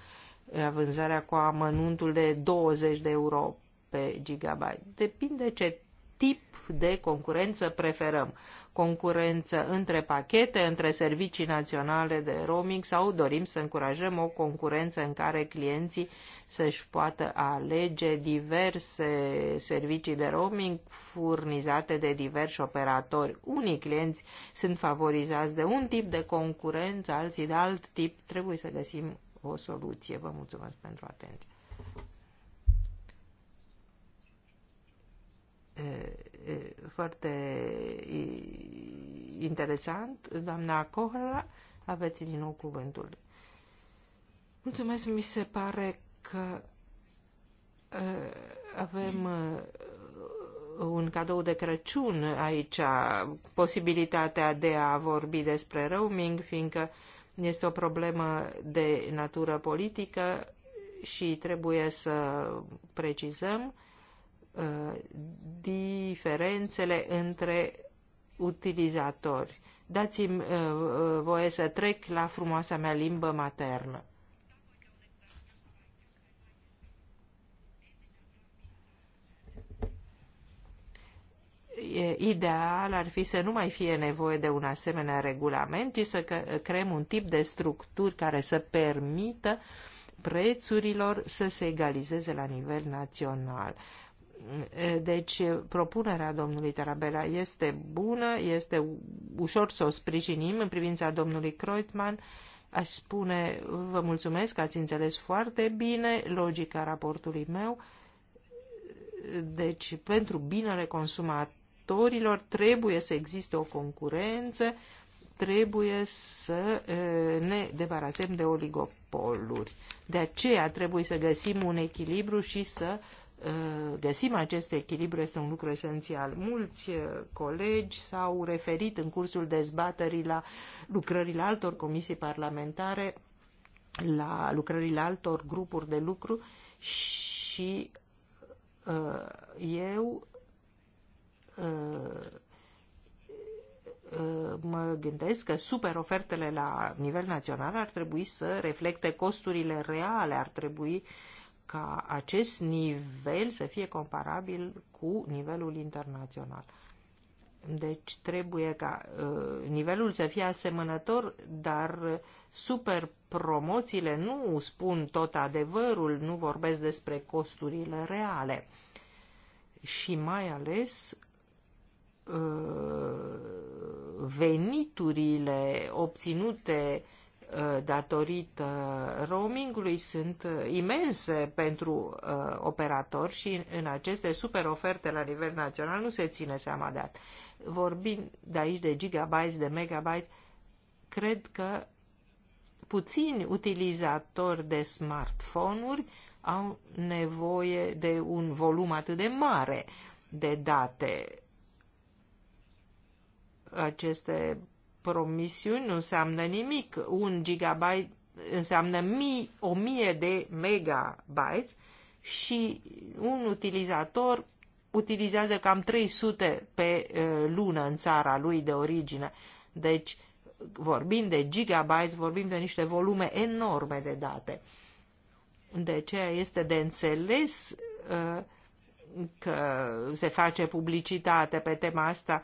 uh, vânzarea cu amănuntul de 20 de euro pe gigabyte. Depinde ce tip de concurență preferăm. Concurență între pachete, între servicii naționale de roaming sau dorim să încurajăm o concurență în care clienții să-și poată alege diverse servicii de roaming furnizate de diversi operatori. Unii clienți sunt favorizați de un tip de concurență, alții de alt tip. Trebuie să găsim o soluție. Vă mulțumesc pentru atenție. foarte interesant. Doamna Cohra, aveți din nou cuvântul. Mulțumesc, mi se pare că avem un cadou de Crăciun aici, posibilitatea de a vorbi despre roaming, fiindcă este o problemă de natură politică și trebuie să precizăm Uh, diferențele între utilizatori. Dați-mi uh, uh, voie să trec la frumoasa mea limbă maternă. ideal ar fi să nu mai fie nevoie de un asemenea regulament, ci să creăm un tip de structuri care să permită prețurilor să se egalizeze la nivel național. Deci, propunerea domnului Tarabella este bună, este ușor să o sprijinim în privința domnului Kreutmann. Aș spune, vă mulțumesc că ați înțeles foarte bine logica raportului meu. Deci, pentru binele consumatorilor trebuie să existe o concurență, trebuie să ne debarasem de oligopoluri. De aceea trebuie să găsim un echilibru și să uh, Uh, găsim acest echilibru este un lucru esențial. Mulți uh, colegi s-au referit în cursul dezbaterii la lucrările altor comisii parlamentare, la lucrările altor grupuri de lucru și uh, eu mă gândesc că super ofertele la nivel național ar trebui să reflecte costurile reale, ar trebui uh, ca acest nivel să fie comparabil cu nivelul internațional. Deci trebuie ca uh, nivelul să fie asemănător, dar super promoțiile nu spun tot adevărul, nu vorbesc despre costurile reale. Și mai ales uh, veniturile obținute Uh, datorită roamingului sunt imense pentru uh, operatori și în aceste super oferte la nivel național nu se ține seama de asta. Vorbind de aici de gigabytes, de megabytes, cred că puțini utilizatori de smartphone-uri au nevoie de un volum atât de mare de date. Aceste promisiuni nu înseamnă nimic. Un gigabyte înseamnă mii, o mie de megabytes și un utilizator utilizează cam 300 pe lună în țara lui de origine. Deci, vorbim de gigabytes, vorbim de niște volume enorme de date. De aceea este de înțeles că se face publicitate pe tema asta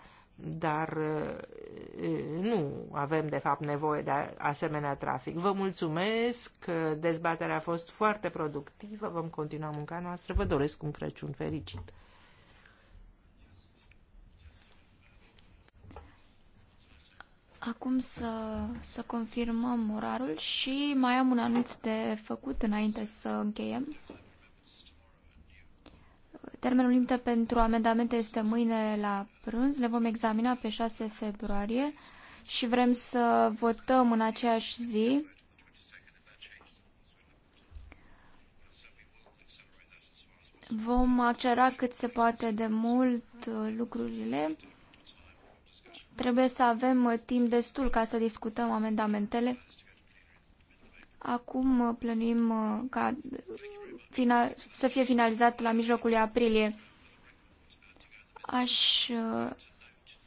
dar nu avem de fapt nevoie de asemenea trafic. Vă mulțumesc, dezbaterea a fost foarte productivă, vom continua munca noastră, vă doresc un Crăciun fericit. Acum să, să confirmăm orarul și mai am un anunț de făcut înainte să încheiem. Termenul limită pentru amendamente este mâine la prânz. Le vom examina pe 6 februarie și vrem să votăm în aceeași zi. Vom accelera cât se poate de mult lucrurile. Trebuie să avem timp destul ca să discutăm amendamentele. Acum plănuim ca să fie finalizat la mijlocul aprilie. Aș uh,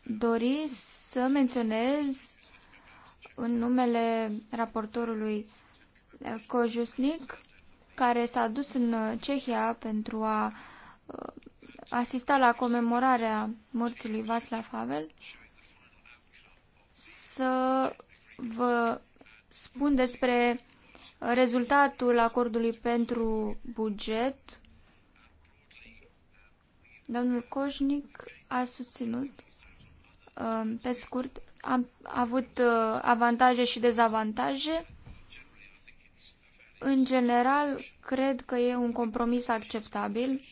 dori să menționez în numele raportorului uh, Kojusnik, care s-a dus în uh, Cehia pentru a asista la comemorarea morții lui Václav Havel, să vă spun despre rezultatul acordului pentru buget, domnul Coșnic a susținut, uh, pe scurt, am avut uh, avantaje și dezavantaje. În general, cred că e un compromis acceptabil.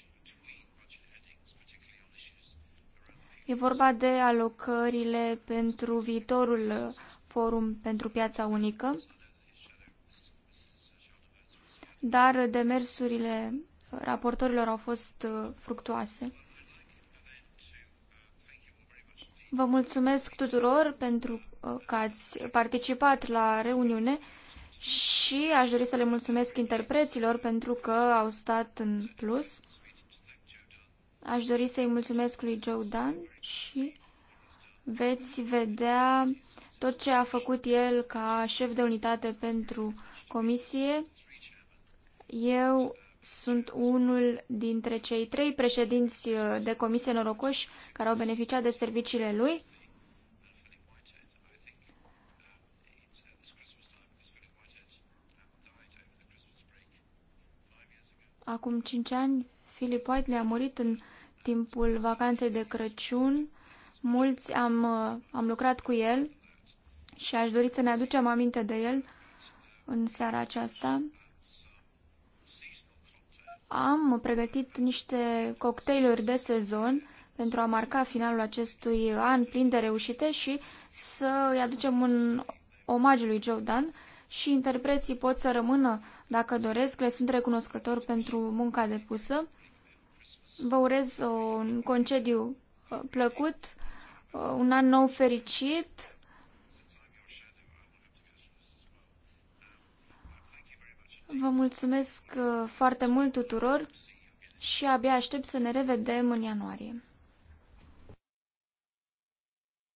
E vorba de alocările pentru viitorul forum pentru piața unică dar demersurile raportorilor au fost uh, fructuoase. Vă mulțumesc tuturor pentru uh, că ați participat la reuniune și aș dori să le mulțumesc interpreților pentru că au stat în plus. Aș dori să-i mulțumesc lui Joe Dan și veți vedea tot ce a făcut el ca șef de unitate pentru comisie eu sunt unul dintre cei trei președinți uh, de comisie norocoși care au beneficiat de serviciile lui. Acum cinci ani, Philip Whiteley a murit în timpul vacanței de Crăciun. Mulți am, uh, am lucrat cu el și aș dori să ne aducem aminte de el în seara aceasta. Am pregătit niște cocktailuri de sezon pentru a marca finalul acestui an plin de reușite și să îi aducem un omagiu lui Joe Dan și interpreții pot să rămână dacă doresc. Le sunt recunoscător pentru munca depusă. Vă urez un concediu uh, plăcut, uh, un an nou fericit Vă mulțumesc uh, foarte mult tuturor și abia aștept să ne revedem în ianuarie.